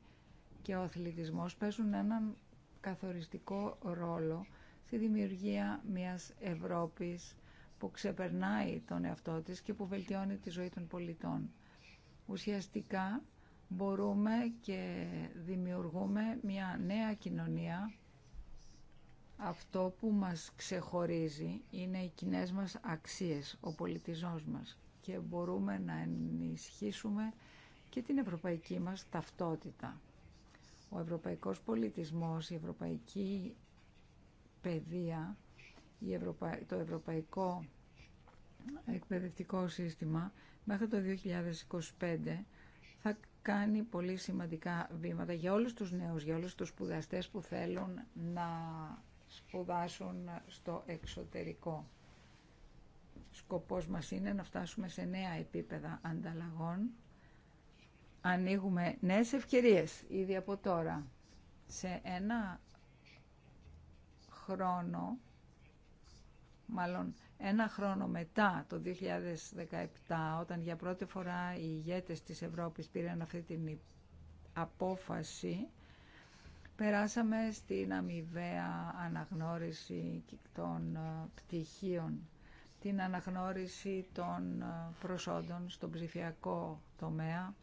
S2: και ο αθλητισμός παίζουν έναν καθοριστικό ρόλο στη δημιουργία μιας Ευρώπης που ξεπερνάει τον εαυτό της και που βελτιώνει τη ζωή των πολιτών. Ουσιαστικά μπορούμε και δημιουργούμε μια νέα κοινωνία. Αυτό που μας ξεχωρίζει είναι οι κοινέ μας αξίες, ο πολιτισμός μας και μπορούμε να ενισχύσουμε και την ευρωπαϊκή μας ταυτότητα. Ο ευρωπαϊκός πολιτισμός, η ευρωπαϊκή παιδεία το Ευρωπαϊκό Εκπαιδευτικό Σύστημα μέχρι το 2025 θα κάνει πολύ σημαντικά βήματα για όλους τους νέους, για όλους τους σπουδαστές που θέλουν να σπουδάσουν στο εξωτερικό. Σκοπός μας είναι να φτάσουμε σε νέα επίπεδα ανταλλαγών. Ανοίγουμε νέες ευκαιρίες ήδη από τώρα. Σε ένα χρόνο μάλλον ένα χρόνο μετά το 2017, όταν για πρώτη φορά οι ηγέτες της Ευρώπης πήραν αυτή την απόφαση, περάσαμε στην αμοιβαία αναγνώριση των ε, πτυχίων, την αναγνώριση των ε, προσόντων στον ψηφιακό τομέα,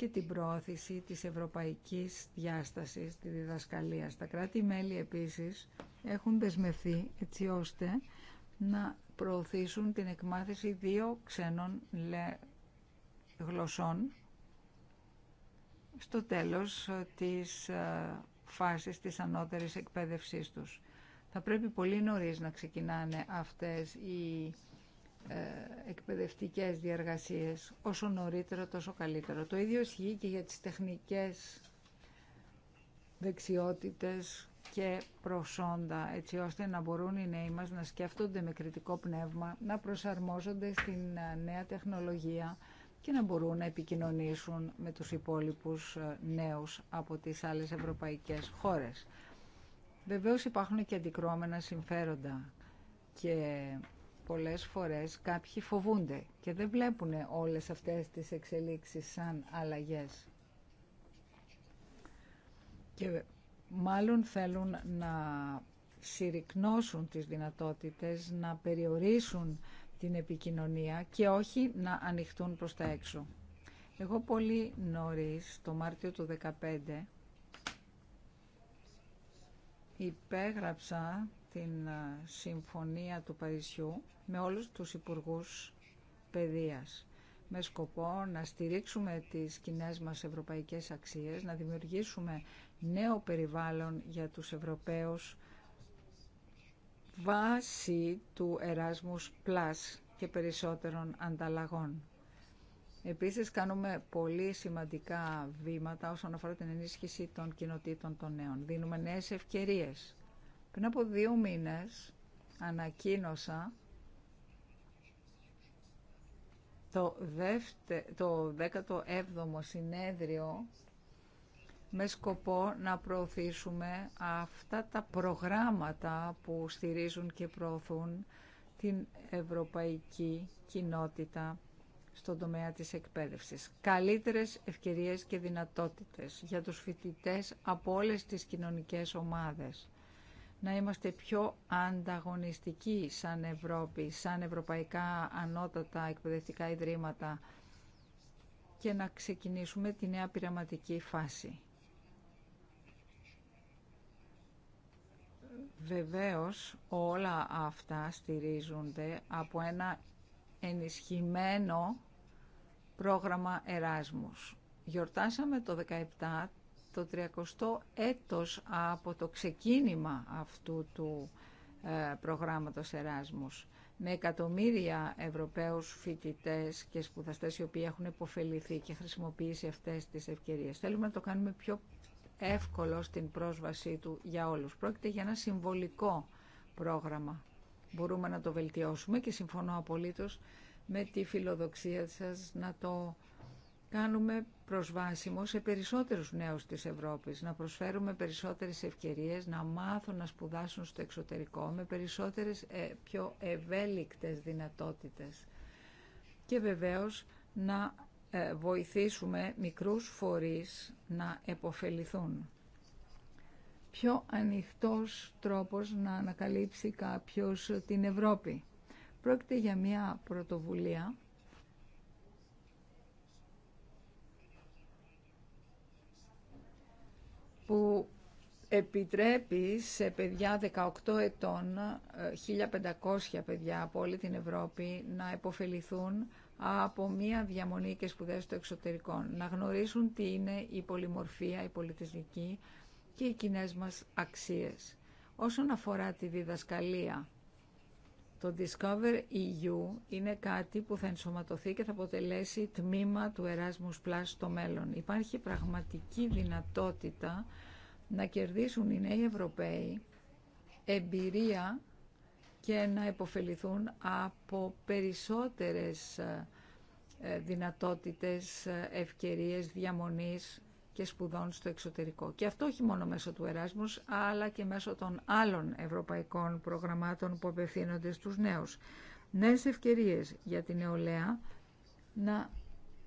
S2: και την προώθηση της ευρωπαϊκής διάστασης τη διδασκαλία. Τα κράτη-μέλη επίσης έχουν δεσμευθεί έτσι ώστε να προωθήσουν την εκμάθηση δύο ξένων γλωσσών στο τέλος ε, της ε, φάσης της ανώτερης εκπαίδευσής τους. Θα πρέπει πολύ νωρίς να ξεκινάνε αυτές οι ε, εκπαιδευτικές διαργασίες. Όσο νωρίτερο, τόσο καλύτερο. Το ίδιο ισχύει και για τις τεχνικές δεξιότητες και προσόντα, έτσι ώστε να μπορούν οι νέοι μας να σκέφτονται με κριτικό πνεύμα, να προσαρμόζονται στην ε, νέα τεχνολογία και να μπορούν να επικοινωνήσουν με τους υπόλοιπους ε, νέους από τις άλλες ευρωπαϊκές χώρες. Βεβαίως υπάρχουν και αντικρώμενα συμφέροντα και πολλές φορές κάποιοι φοβούνται και δεν βλέπουν όλες αυτές τις εξελίξεις σαν αλλαγές. Και μάλλον θέλουν να συρρυκνώσουν τις δυνατότητες, να περιορίσουν την επικοινωνία και όχι να ανοιχτούν προς τα έξω. Εγώ πολύ νωρίς, το Μάρτιο του 2015, υπέγραψα την ε, Συμφωνία του Παρισιού με όλους τους Υπουργούς Παιδείας με σκοπό να στηρίξουμε τις κοινέ μας ευρωπαϊκές αξίες, να δημιουργήσουμε νέο περιβάλλον για τους Ευρωπαίους βάση του Erasmus Plus και περισσότερων ανταλλαγών. Επίσης κάνουμε πολύ σημαντικά βήματα όσον αφορά την ενίσχυση των κοινοτήτων των νέων. Δίνουμε νέες ευκαιρίες πριν από δύο μήνες ανακοίνωσα το, το 17ο συνέδριο με σκοπό να προωθήσουμε αυτά τα προγράμματα που στηρίζουν και προωθούν την ευρωπαϊκή κοινότητα στον τομέα της εκπαίδευσης. Καλύτερες ευκαιρίες και δυνατότητες για τους φοιτητές από όλες τις κοινωνικές ομάδες να είμαστε πιο ανταγωνιστικοί σαν Ευρώπη, σαν ευρωπαϊκά ανώτατα εκπαιδευτικά ιδρύματα και να ξεκινήσουμε τη νέα πειραματική φάση. Βεβαίως όλα αυτά στηρίζονται από ένα ενισχυμένο πρόγραμμα Εράσμους. Γιορτάσαμε το 17 το 30 έτος από το ξεκίνημα αυτού του ε, προγράμματος Εράσμους με εκατομμύρια Ευρωπαίους φοιτητές και σπουδαστές οι οποίοι έχουν υποφεληθεί και χρησιμοποιήσει αυτές τις ευκαιρίες. Θέλουμε να το κάνουμε πιο εύκολο στην πρόσβασή του για όλους. Πρόκειται για ένα συμβολικό πρόγραμμα. Μπορούμε να το βελτιώσουμε και συμφωνώ απολύτως με τη φιλοδοξία σας να το κάνουμε προσβάσιμο σε περισσότερους νέους της Ευρώπης, να προσφέρουμε περισσότερες ευκαιρίες, να μάθουν να σπουδάσουν στο εξωτερικό με περισσότερες ε, πιο ευέλικτες δυνατότητες. Και βεβαίως να ε, βοηθήσουμε μικρούς φορείς να επωφεληθούν. Πιο ανοιχτός τρόπος να ανακαλύψει κάποιος την Ευρώπη. Πρόκειται για μια πρωτοβουλία που επιτρέπει σε παιδιά 18 ετών, 1500 ε, παιδιά από όλη την Ευρώπη, να επωφεληθούν από μία διαμονή και σπουδέ στο εξωτερικό, να γνωρίσουν τι είναι η πολυμορφία, η πολιτισμική και οι κοινέ μας αξίες. Όσον αφορά τη διδασκαλία το Discover EU είναι κάτι που θα ενσωματωθεί και θα αποτελέσει τμήμα του Erasmus Plus στο μέλλον. Υπάρχει πραγματική δυνατότητα να κερδίσουν οι νέοι Ευρωπαίοι εμπειρία και να επωφεληθούν από περισσότερες ε, δυνατότητες, ε, ευκαιρίες διαμονής και σπουδών στο εξωτερικό. Και αυτό όχι μόνο μέσω του Εράσμους, αλλά και μέσω των άλλων ευρωπαϊκών προγραμμάτων που απευθύνονται στους νέους. Νέες ευκαιρίες για την νεολαία να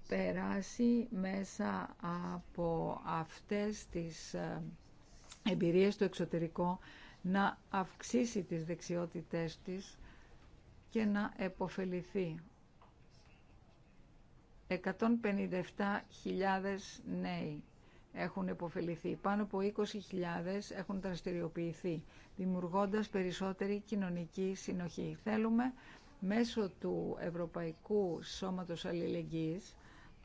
S2: περάσει μέσα από αυτές τις ε, εμπειρίες στο εξωτερικό, να αυξήσει τις δεξιότητές της και να επωφεληθεί 157.000 νέοι έχουν επωφεληθεί. Πάνω από 20.000 έχουν δραστηριοποιηθεί, δημιουργώντας περισσότερη κοινωνική συνοχή. Θέλουμε μέσω του Ευρωπαϊκού Σώματος Αλληλεγγύης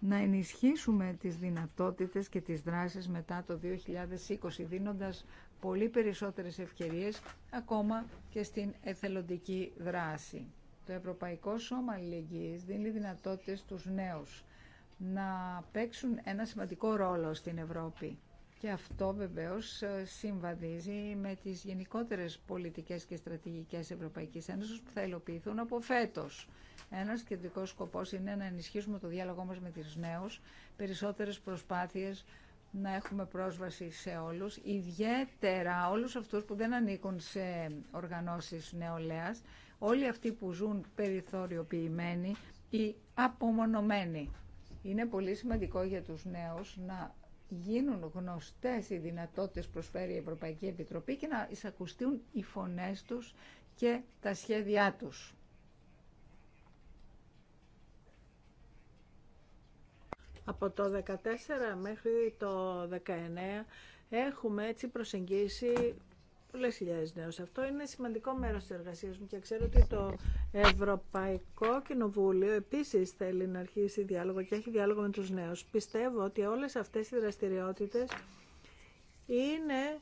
S2: να ενισχύσουμε τις δυνατότητες και τις δράσεις μετά το 2020, δίνοντας πολύ περισσότερες ευκαιρίες ακόμα και στην εθελοντική δράση. Το Ευρωπαϊκό Σώμα Αλληλεγγύης δίνει δυνατότητες στους νέους να παίξουν ένα σημαντικό ρόλο στην Ευρώπη. Και αυτό βεβαίως ε, συμβαδίζει με τις γενικότερες πολιτικές και στρατηγικές Ευρωπαϊκής Ένωσης που θα υλοποιηθούν από φέτος. Ένας κεντρικός σκοπός είναι να ενισχύσουμε το διάλογό μας με τις νέους, περισσότερες προσπάθειες να έχουμε πρόσβαση σε όλους, ιδιαίτερα όλους αυτούς που δεν ανήκουν σε οργανώσεις νεολαίας, όλοι αυτοί που ζουν περιθωριοποιημένοι ή απομονωμένοι. Είναι πολύ σημαντικό για τους νέους να γίνουν γνωστές οι δυνατότητες προσφέρει η Ευρωπαϊκή Επιτροπή και να εισακουστούν οι φωνές τους και τα σχέδιά τους.
S3: Από το 14 μέχρι το 19 έχουμε έτσι προσεγγίσει πολλές χιλιάδες νέους. Αυτό είναι σημαντικό μέρος της εργασίας μου και ξέρω ότι το Ευρωπαϊκό Κοινοβούλιο επίσης θέλει να αρχίσει διάλογο και έχει διάλογο με τους νέους. Πιστεύω ότι όλες αυτές οι δραστηριότητες είναι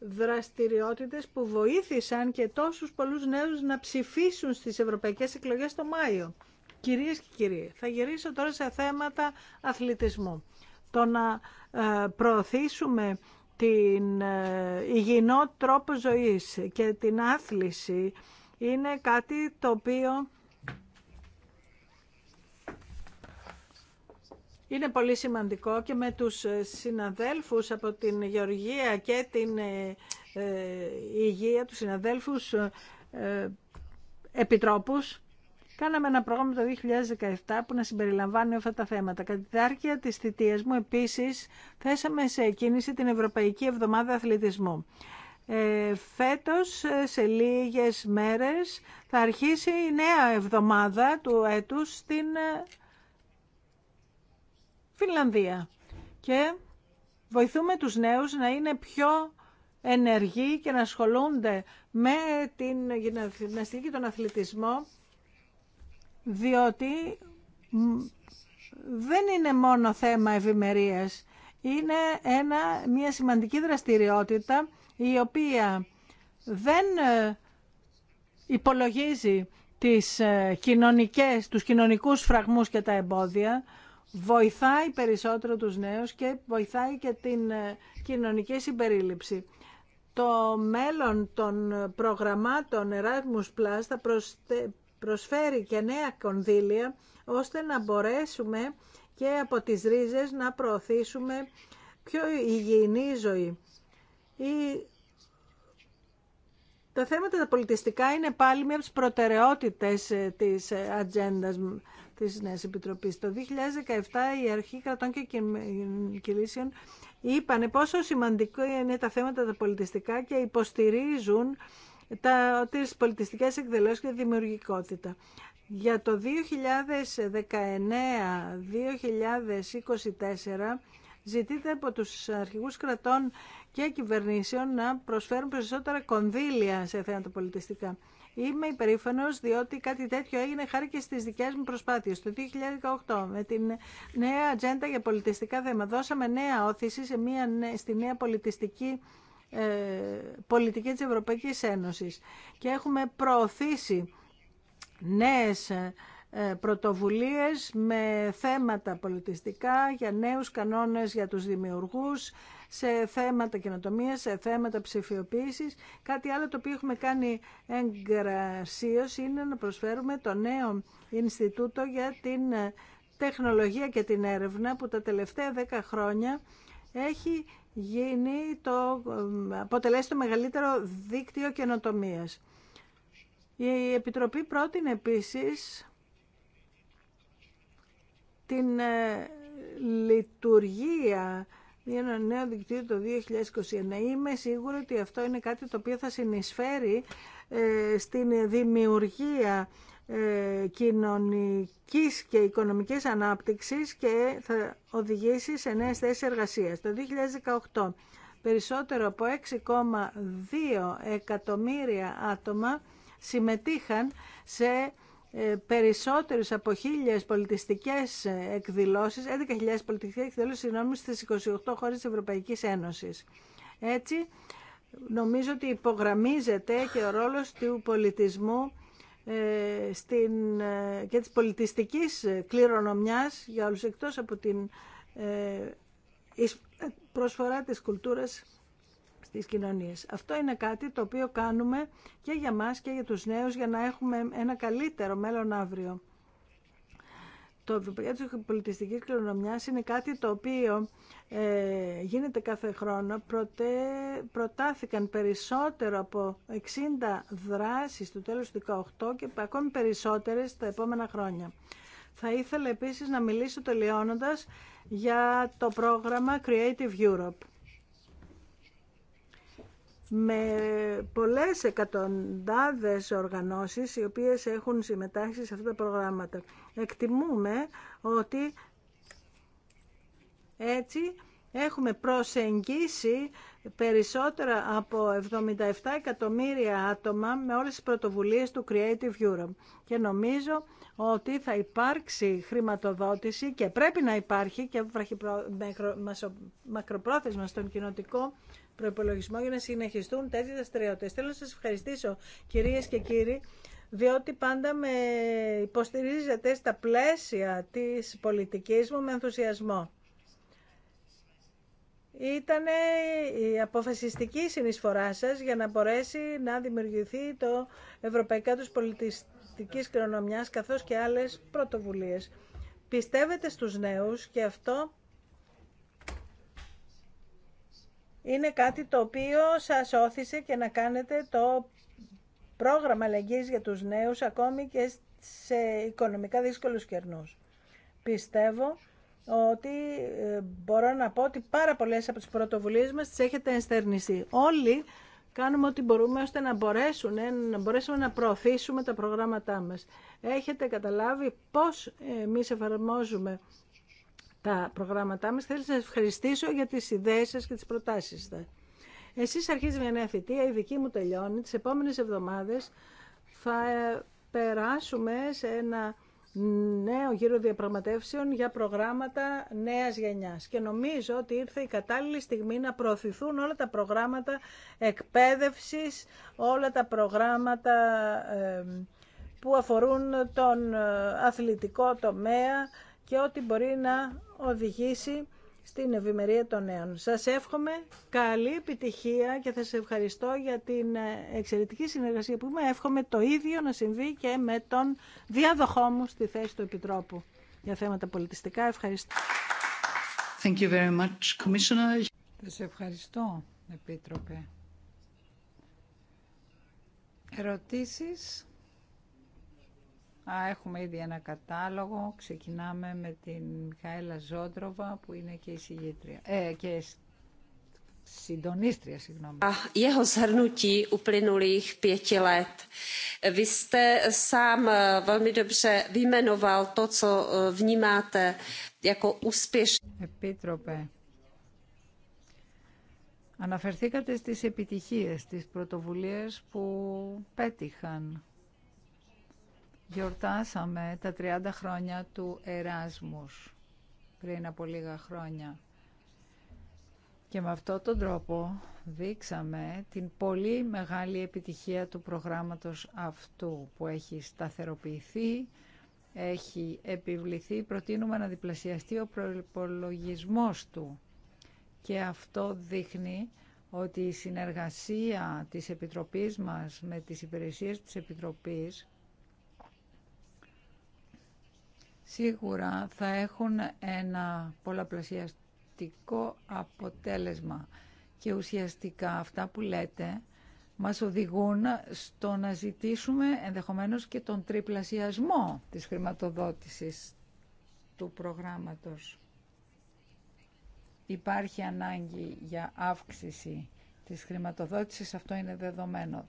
S3: δραστηριότητες που βοήθησαν και τόσους πολλούς νέους να ψηφίσουν στις ευρωπαϊκές εκλογές το Μάιο. Κυρίες και κύριοι, θα γυρίσω τώρα σε θέματα αθλητισμού. Το να ε, προωθήσουμε την ε, υγιεινό τρόπο ζωής και την άθληση είναι κάτι το οποίο είναι πολύ σημαντικό και με τους ε, συναδέλφους από την Γεωργία και την ε, Υγεία, τους συναδέλφους επιτρόπους Κάναμε ένα πρόγραμμα το 2017 που να συμπεριλαμβάνει αυτά τα θέματα. Κατά τη διάρκεια της θητείας μου επίσης θέσαμε σε κίνηση την Ευρωπαϊκή Εβδομάδα Αθλητισμού. Ε, φέτος σε λίγες μέρες θα αρχίσει η νέα εβδομάδα του έτους στην ε, Φινλανδία και βοηθούμε τους νέους να είναι πιο ενεργοί και να ασχολούνται με την γυμναστική και τον αθλητισμό διότι δεν είναι μόνο θέμα ευημερία. Είναι ένα, μια σημαντική δραστηριότητα η οποία δεν ε, υπολογίζει τις ε, κοινωνικές, τους κοινωνικούς φραγμούς και τα εμπόδια, βοηθάει περισσότερο τους νέους και βοηθάει και την ε, κοινωνική συμπερίληψη. Το μέλλον των προγραμμάτων Erasmus Plus θα προστε προσφέρει και νέα κονδύλια ώστε να μπορέσουμε και από τις ρίζες να προωθήσουμε πιο υγιεινή ζωή. Η... Τα θέματα τα πολιτιστικά είναι πάλι μία από τις προτεραιότητες ε, της ε, ατζέντα της Νέας Επιτροπής. Το 2017 η Αρχή Κρατών και Κυλήσεων είπαν πόσο σημαντικό είναι τα θέματα τα πολιτιστικά και υποστηρίζουν τα, τις πολιτιστικές εκδηλώσεις και δημιουργικότητα. Για το 2019-2024 ζητείται από τους αρχηγούς κρατών και κυβερνήσεων να προσφέρουν περισσότερα κονδύλια σε θέματα πολιτιστικά. Είμαι υπερήφανο διότι κάτι τέτοιο έγινε χάρη και στι δικέ μου προσπάθειε. Το 2018, με την νέα ατζέντα για πολιτιστικά θέματα, δώσαμε νέα όθηση σε μια, στη νέα πολιτιστική ε, πολιτική της Ευρωπαϊκής Ένωσης και έχουμε προωθήσει νέες ε, πρωτοβουλίες με θέματα πολιτιστικά για νέους κανόνες για τους δημιουργούς, σε θέματα καινοτομίας, σε θέματα ψηφιοποίησης. Κάτι άλλο το οποίο έχουμε κάνει εγκρασίως είναι να προσφέρουμε το νέο Ινστιτούτο για την ε, τεχνολογία και την έρευνα που τα τελευταία δέκα χρόνια έχει γίνει το, ε, αποτελέσει το μεγαλύτερο δίκτυο καινοτομίας. Η Επιτροπή πρότεινε επίσης την ε, λειτουργία για ένα νέο δικτύο το 2021. Είμαι σίγουρη ότι αυτό είναι κάτι το οποίο θα συνεισφέρει ε, στην δημιουργία ε, κοινωνικής και οικονομικής ανάπτυξης και θα οδηγήσει σε νέες θέσεις εργασίας. Το 2018 περισσότερο από 6,2 εκατομμύρια άτομα συμμετείχαν σε ε, περισσότερους από 1.000 πολιτιστικές εκδηλώσεις, 11.000 πολιτιστικές εκδηλώσεις, συγγνώμη, στις 28 χώρες της Ευρωπαϊκής Ένωσης. Έτσι, νομίζω ότι υπογραμμίζεται και ο ρόλος του πολιτισμού ε, στην, ε, και της πολιτιστικής κληρονομιάς για όλους εκτός από την ε, προσφορά της κουλτούρας στις κοινωνίες. Αυτό είναι κάτι το οποίο κάνουμε και για μας και για τους νέους για να έχουμε ένα καλύτερο μέλλον αύριο το Ευρωπαϊκό της Πολιτιστικής Κληρονομιάς είναι κάτι το οποίο ε, γίνεται κάθε χρόνο. Προτε, προτάθηκαν περισσότερο από 60 δράσεις του τέλους του 2018 και ακόμη περισσότερες τα επόμενα χρόνια. Θα ήθελα επίσης να μιλήσω τελειώνοντας για το πρόγραμμα Creative Europe. Με πολλές εκατοντάδες οργανώσεις οι οποίες έχουν συμμετάσχει σε αυτά τα προγράμματα. Εκτιμούμε ότι έτσι έχουμε προσεγγίσει περισσότερα από 77 εκατομμύρια άτομα με όλες τις πρωτοβουλίες του Creative Europe. Και νομίζω ότι θα υπάρξει χρηματοδότηση και πρέπει να υπάρχει και μακροπρόθεσμα στον κοινοτικό προϋπολογισμό για να συνεχιστούν τέτοιες δραστηριότητες. Θέλω να σας ευχαριστήσω κυρίες και κύριοι διότι πάντα με υποστηρίζετε στα πλαίσια της πολιτικής μου με ενθουσιασμό. Ήταν η αποφασιστική συνεισφορά σας για να μπορέσει να δημιουργηθεί το Ευρωπαϊκά τους πολιτιστικής κληρονομιάς καθώς και άλλες πρωτοβουλίες. Πιστεύετε στους νέους και αυτό είναι κάτι το οποίο σας όθησε και να κάνετε το πρόγραμμα αλλαγής για τους νέους ακόμη και σε οικονομικά δύσκολους κερνούς. Πιστεύω ότι ε, μπορώ να πω ότι πάρα πολλές από τις πρωτοβουλίες μας τις έχετε ενστερνιστεί. Όλοι κάνουμε ό,τι μπορούμε ώστε να, μπορέσουν, ε, να μπορέσουμε να προωθήσουμε τα προγράμματά μας. Έχετε καταλάβει πώς εμείς εφαρμόζουμε τα προγράμματά μας. Θέλω να σας ευχαριστήσω για τις ιδέες σας και τις προτάσεις σας. Εσείς αρχίζει μια νέα θητεία, η δική μου τελειώνει. Τις επόμενες εβδομάδες θα ε, περάσουμε σε ένα νέο γύρο διαπραγματεύσεων για προγράμματα νέας γενιάς. Και νομίζω ότι ήρθε η κατάλληλη στιγμή να προωθηθούν όλα τα προγράμματα εκπαίδευση, όλα τα προγράμματα ε, που αφορούν τον ε, αθλητικό τομέα και ό,τι μπορεί να οδηγήσει στην ευημερία των νέων. Σας εύχομαι καλή επιτυχία και θα σας ευχαριστώ για την ε, εξαιρετική συνεργασία που είμαι. Εύχομαι το ίδιο να συμβεί και με τον διάδοχό μου στη θέση του Επιτρόπου για θέματα πολιτιστικά. Ευχαριστώ. Thank you very much, Commissioner.
S2: Σας ευχαριστώ, Επίτροπε. Ερωτήσεις. Α, έχουμε ήδη ένα κατάλογο. Ξεκινάμε με την Μιχαέλα Ζόντροβα που είναι και η συγγήτρια. Ε, και συντονίστρια, συγγνώμη.
S5: Jeho zhrnutí uplynulých pěti let. Vy jste
S2: sám e, velmi dobře vyjmenoval to, co e, vnímáte jako úspěšný. Επίτροπε, αναφερθήκατε στις επιτυχίες, στις πρωτοβουλίες που πέτυχαν Γιορτάσαμε τα 30 χρόνια του Εράσμους πριν από λίγα χρόνια. Και με αυτόν τον τρόπο δείξαμε την πολύ μεγάλη επιτυχία του προγράμματος αυτού που έχει σταθεροποιηθεί, έχει επιβληθεί, προτείνουμε να διπλασιαστεί ο προπολογισμό του. Και αυτό δείχνει ότι η συνεργασία της Επιτροπής μας με τις υπηρεσίες της Επιτροπής σίγουρα θα έχουν ένα πολλαπλασιαστικό αποτέλεσμα. Και ουσιαστικά αυτά που λέτε μας οδηγούν στο να ζητήσουμε ενδεχομένως και τον τριπλασιασμό της χρηματοδότησης του προγράμματος. Υπάρχει ανάγκη για αύξηση της χρηματοδότησης, αυτό είναι δεδομένο.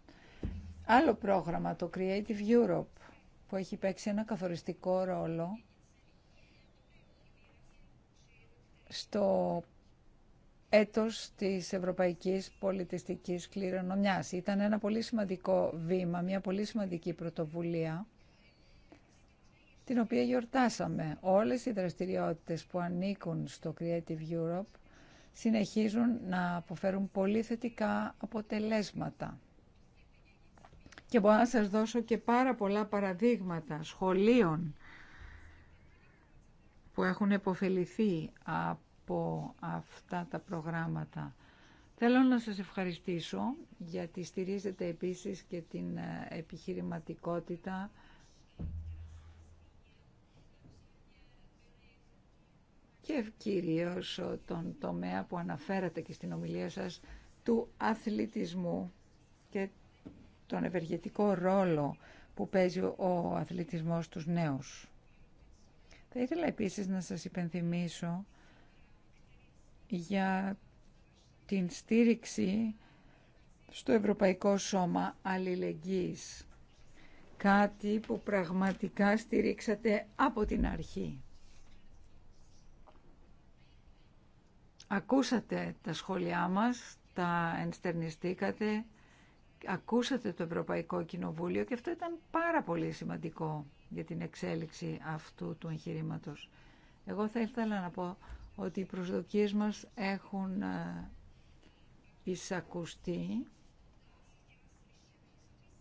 S2: Άλλο πρόγραμμα, το Creative Europe, που έχει παίξει ένα καθοριστικό ρόλο στο έτος της Ευρωπαϊκής Πολιτιστικής Κληρονομιάς. Ήταν ένα πολύ σημαντικό βήμα, μια πολύ σημαντική πρωτοβουλία, την οποία γιορτάσαμε. Όλες οι δραστηριότητες που ανήκουν στο Creative Europe συνεχίζουν να αποφέρουν πολύ θετικά αποτελέσματα και μπορώ να σας δώσω και πάρα πολλά παραδείγματα σχολείων που έχουν επωφεληθεί από αυτά τα προγράμματα. Θέλω να σας ευχαριστήσω γιατί στηρίζετε επίσης και την ε, επιχειρηματικότητα και κυρίως τον τομέα που αναφέρατε και στην ομιλία σας του αθλητισμού και τον ευεργετικό ρόλο που παίζει ο αθλητισμός στους νέους. Θα ήθελα επίσης να σας υπενθυμίσω για την στήριξη στο Ευρωπαϊκό Σώμα Αλληλεγγύης. Κάτι που πραγματικά στηρίξατε από την αρχή. Ακούσατε τα σχόλιά μας, τα ενστερνιστήκατε ακούσατε το Ευρωπαϊκό Κοινοβούλιο και αυτό ήταν πάρα πολύ σημαντικό για την εξέλιξη αυτού του εγχειρήματο. Εγώ θα ήθελα να πω ότι οι προσδοκίες μας έχουν ε, εισακουστεί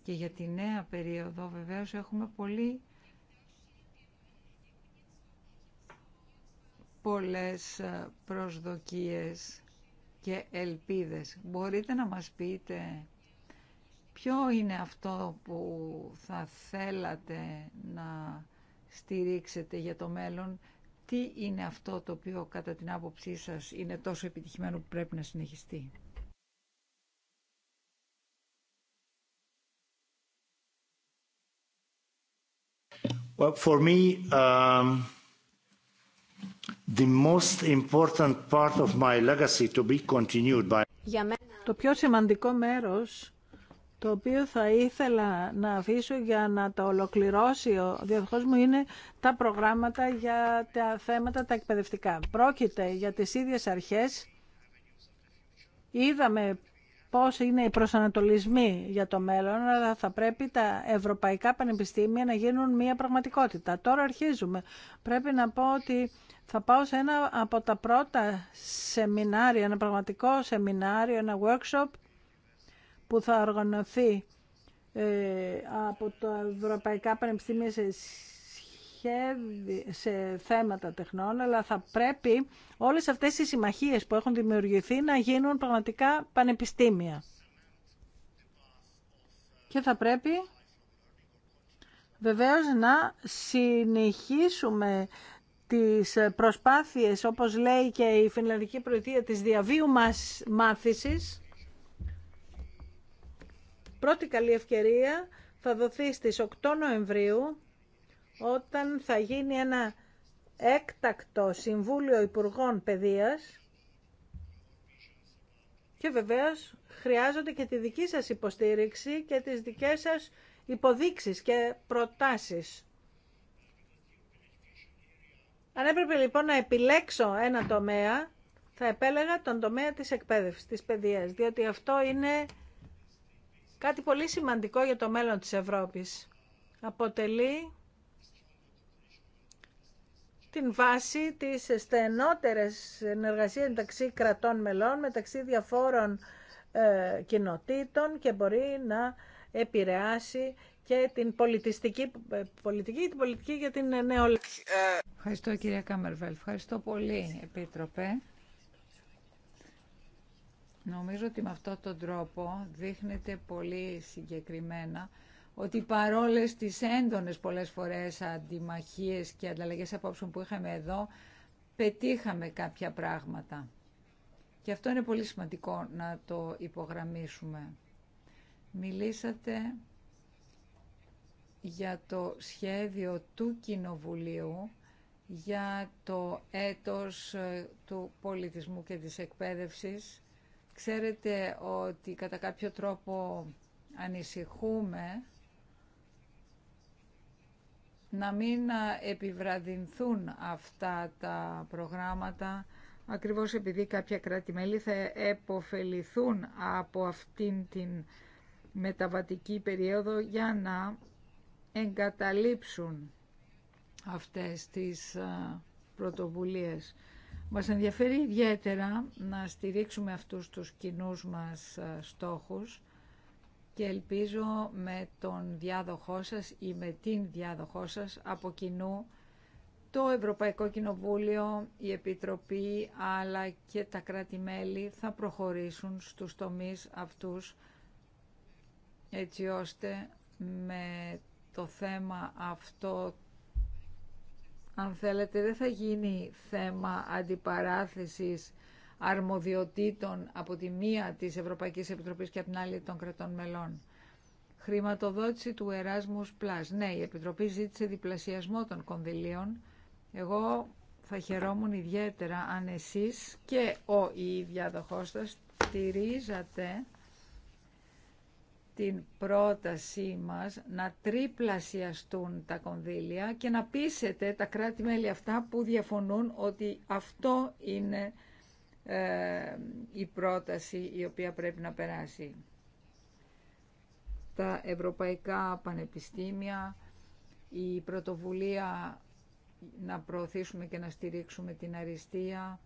S2: και για τη νέα περίοδο βεβαίως έχουμε πολύ πολλές ε, προσδοκίες και ελπίδες. Μπορείτε να μας πείτε Ποιο είναι αυτό που θα θέλατε να στηρίξετε για το μέλλον, τι είναι αυτό το οποίο κατά την άποψή σας είναι τόσο επιτυχημένο που πρέπει να συνεχιστεί.
S4: Um, my legacy to be continued
S3: το πιο σημαντικό μέρος το οποίο θα ήθελα να αφήσω για να το ολοκληρώσει ο διευθυντικός μου είναι τα προγράμματα για τα θέματα τα εκπαιδευτικά. Πρόκειται για τις ίδιες αρχές. Είδαμε πώς είναι οι προσανατολισμοί για το μέλλον, αλλά θα πρέπει τα ευρωπαϊκά πανεπιστήμια να γίνουν μια πραγματικότητα. Τώρα αρχίζουμε. Πρέπει να πω ότι θα πάω σε ένα από τα πρώτα σεμινάρια, ένα πραγματικό σεμινάριο, ένα workshop που θα οργανωθεί ε, από τα Ευρωπαϊκά Πανεπιστήμια σε, θέματα τεχνών, αλλά θα πρέπει όλες αυτές οι συμμαχίες που έχουν δημιουργηθεί να γίνουν πραγματικά πανεπιστήμια. Και θα πρέπει βεβαίως να συνεχίσουμε τις προσπάθειες, όπως λέει και η Φινλανδική Προεδρία, της διαβίου μας μάθησης, Πρώτη καλή ευκαιρία θα δοθεί στις 8 Νοεμβρίου όταν θα γίνει ένα έκτακτο Συμβούλιο Υπουργών Παιδείας και βεβαίως χρειάζονται και τη δική σας υποστήριξη και τις δικές σας υποδείξεις και προτάσεις. Αν έπρεπε λοιπόν να επιλέξω ένα τομέα, θα επέλεγα τον τομέα της εκπαίδευσης, της παιδείας, διότι αυτό είναι κάτι πολύ σημαντικό για το μέλλον της Ευρώπης. Αποτελεί την βάση της στενότερης ενεργασίας μεταξύ κρατών μελών, μεταξύ διαφόρων ε, κοινοτήτων και μπορεί να επηρεάσει και την πολιτιστική
S2: ε, πολιτική, την πολιτική για την νεολαία. Ε, Ευχαριστώ κυρία Κάμερβελ. Ευχαριστώ πολύ, Επίτροπε. Νομίζω ότι με αυτόν τον τρόπο δείχνεται πολύ συγκεκριμένα ότι παρόλες τις έντονες πολλές φορές αντιμαχίες και ανταλλαγές απόψεων που είχαμε εδώ, πετύχαμε κάποια πράγματα. Και αυτό είναι πολύ σημαντικό να το υπογραμμίσουμε. Μιλήσατε για το σχέδιο του Κοινοβουλίου για το έτος ε, του πολιτισμού και της εκπαίδευσης Ξέρετε ότι κατά κάποιο τρόπο ανησυχούμε να μην επιβραδυνθούν αυτά τα προγράμματα ακριβώς επειδή κάποια κράτη-μέλη θα επωφεληθούν από αυτήν την μεταβατική περίοδο για να εγκαταλείψουν αυτές τις ε, πρωτοβουλίες. Μας ενδιαφέρει ιδιαίτερα να στηρίξουμε αυτούς τους κοινούς μας ε, στόχους και ελπίζω με τον διάδοχό σας ή με την διάδοχό σας από κοινού το Ευρωπαϊκό Κοινοβούλιο, η Επιτροπή αλλά και τα κράτη-μέλη θα προχωρήσουν στους τομείς αυτούς έτσι ώστε με το θέμα αυτό αν θέλετε, δεν θα γίνει θέμα αντιπαράθεσης αρμοδιοτήτων από τη μία της Ευρωπαϊκής Επιτροπής και από την άλλη των κρατών μελών. Χρηματοδότηση του Erasmus Plus. Ναι, η Επιτροπή ζήτησε διπλασιασμό των κονδυλίων. Εγώ θα χαιρόμουν ιδιαίτερα αν εσείς και ο η διάδοχός σας στηρίζατε την πρότασή μας να τριπλασιαστούν τα κονδύλια και να πείσετε τα κράτη-μέλη αυτά που διαφωνούν ότι αυτό είναι ε, η πρόταση η οποία πρέπει να περάσει. Τα ευρωπαϊκά πανεπιστήμια, η πρωτοβουλία να προωθήσουμε και να στηρίξουμε την αριστεία,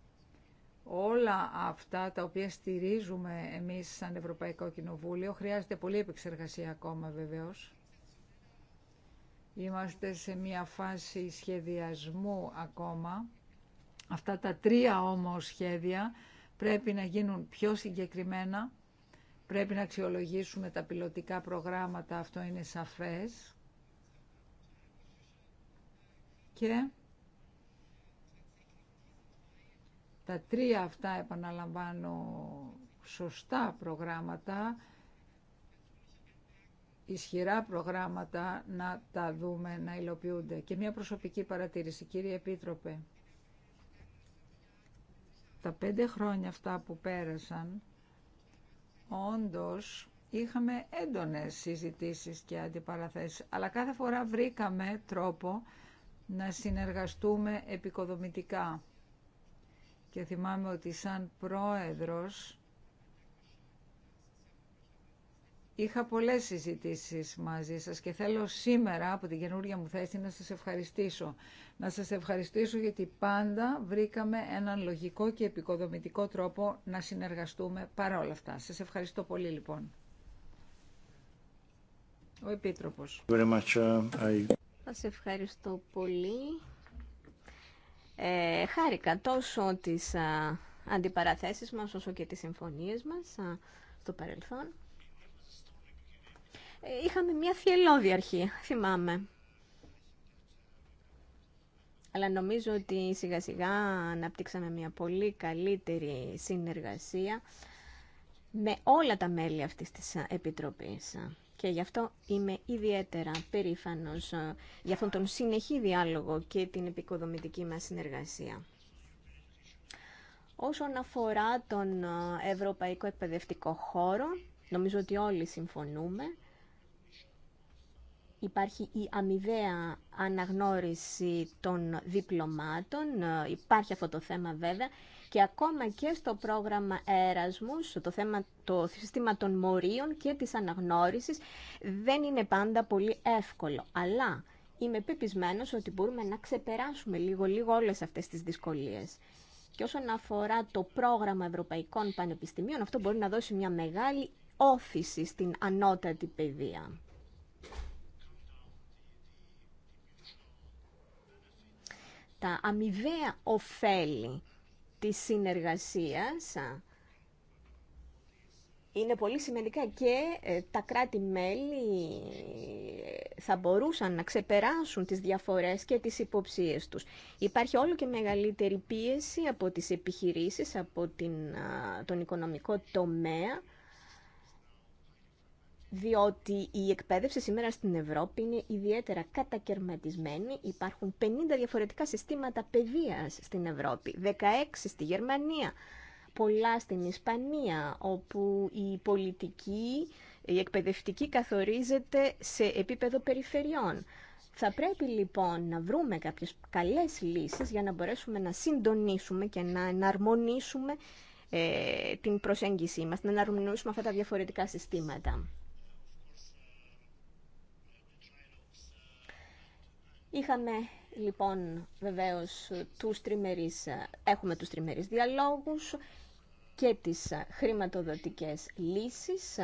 S2: όλα αυτά τα οποία στηρίζουμε εμείς σαν Ευρωπαϊκό Κοινοβούλιο χρειάζεται πολύ επεξεργασία ακόμα βεβαίως. Είμαστε σε μια φάση σχεδιασμού ακόμα. Αυτά τα τρία όμως σχέδια πρέπει να γίνουν πιο συγκεκριμένα. Πρέπει να αξιολογήσουμε τα πιλωτικά προγράμματα, αυτό είναι σαφές. Και Τα τρία αυτά επαναλαμβάνω σωστά προγράμματα, ισχυρά προγράμματα να τα δούμε να υλοποιούνται. Και μια προσωπική παρατήρηση, κύριε Επίτροπε. Τα πέντε χρόνια αυτά που πέρασαν, όντως είχαμε έντονες συζητήσεις και αντιπαραθέσεις, αλλά κάθε φορά βρήκαμε τρόπο να συνεργαστούμε επικοδομητικά και θυμάμαι ότι σαν πρόεδρος είχα πολλές συζητήσεις μαζί σας και θέλω σήμερα από την καινούργια μου θέση να σας ευχαριστήσω. Να σας ευχαριστήσω γιατί πάντα βρήκαμε έναν λογικό και επικοδομητικό τρόπο να συνεργαστούμε παρά όλα αυτά. Σας ευχαριστώ πολύ λοιπόν. Ο Επίτροπος.
S4: Uh,
S5: σας ευχαριστώ πολύ. Ε, χάρηκα τόσο τις α, αντιπαραθέσεις μας όσο και τις συμφωνίες μας στο παρελθόν. Ε, είχαμε μια θυελώδη αρχή, θυμάμαι. Αλλά νομίζω ότι σιγά σιγά αναπτύξαμε μια πολύ καλύτερη συνεργασία με όλα τα μέλη αυτής της Επιτροπής. Και γι' αυτό είμαι ιδιαίτερα περήφανος ε, για αυτόν τον συνεχή διάλογο και την επικοδομητική μας συνεργασία. Όσον αφορά τον ε, Ευρωπαϊκό Εκπαιδευτικό Χώρο, νομίζω ότι όλοι συμφωνούμε Υπάρχει η αμοιβαία αναγνώριση των διπλωμάτων, ε, υπάρχει αυτό το θέμα βέβαια, και ακόμα και στο πρόγραμμα έρασμου, το θέμα το σύστημα των μορίων και της αναγνώρισης δεν είναι πάντα πολύ εύκολο. Αλλά είμαι πεπισμένος ότι μπορούμε να ξεπεράσουμε λίγο-λίγο όλες αυτές τις δυσκολίες. Και όσον αφορά το πρόγραμμα Ευρωπαϊκών Πανεπιστημίων, αυτό μπορεί να δώσει μια μεγάλη όθηση στην ανώτατη παιδεία. τα αμοιβαία ωφέλη της συνεργασίας είναι πολύ σημαντικά και ε, τα κράτη-μέλη ε, θα μπορούσαν να ξεπεράσουν τις διαφορές και τις υποψίες τους. Υπάρχει όλο και μεγαλύτερη πίεση από τις επιχειρήσεις, από την, τον οικονομικό τομέα, διότι η εκπαίδευση σήμερα στην Ευρώπη είναι ιδιαίτερα κατακαιρματισμένη. Υπάρχουν 50 διαφορετικά συστήματα παιδείας στην Ευρώπη, 16 στη Γερμανία, πολλά στην Ισπανία, όπου η πολιτική, η εκπαιδευτική καθορίζεται σε επίπεδο περιφερειών. Θα πρέπει λοιπόν να βρούμε κάποιες καλές λύσεις για να μπορέσουμε να συντονίσουμε και να εναρμονίσουμε ε, την προσέγγιση μας, να εναρμονίσουμε αυτά τα διαφορετικά συστήματα. Είχαμε λοιπόν βεβαίως τους τριμερείς, έχουμε τους τριμερείς διαλόγους και τις χρηματοδοτικές λύσεις.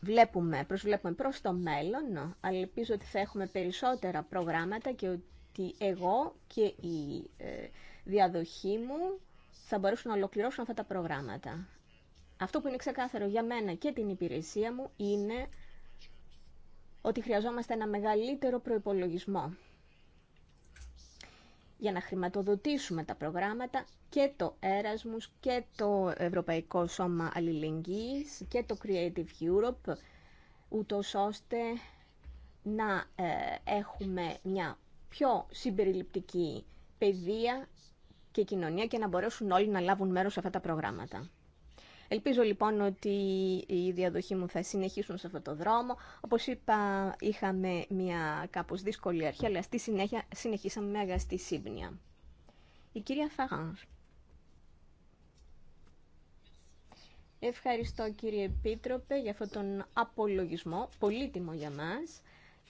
S5: Βλέπουμε, προσβλέπουμε προς το μέλλον, αλλά ελπίζω ότι θα έχουμε περισσότερα προγράμματα και ότι εγώ και η ε, διαδοχή μου θα μπορέσουν να ολοκληρώσουν αυτά τα προγράμματα. Αυτό που είναι ξεκάθαρο για μένα και την υπηρεσία μου είναι ότι χρειαζόμαστε ένα μεγαλύτερο προϋπολογισμό για να χρηματοδοτήσουμε τα προγράμματα και το Erasmus και το Ευρωπαϊκό Σώμα Αλληλεγγύης και το Creative Europe, ούτως ώστε να ε, έχουμε μια πιο συμπεριληπτική παιδεία και κοινωνία και να μπορέσουν όλοι να λάβουν μέρος σε αυτά τα προγράμματα. Ελπίζω λοιπόν ότι οι διαδοχή μου θα συνεχίσουν σε αυτό το δρόμο. Όπως είπα, είχαμε μια κάπως δύσκολη αρχή, αλλά στη συνέχεια συνεχίσαμε με αγαστή σύμπνοια. Η κυρία Φαγάνς. Ευχαριστώ κύριε Επίτροπε για αυτόν τον απολογισμό, πολύτιμο για μας,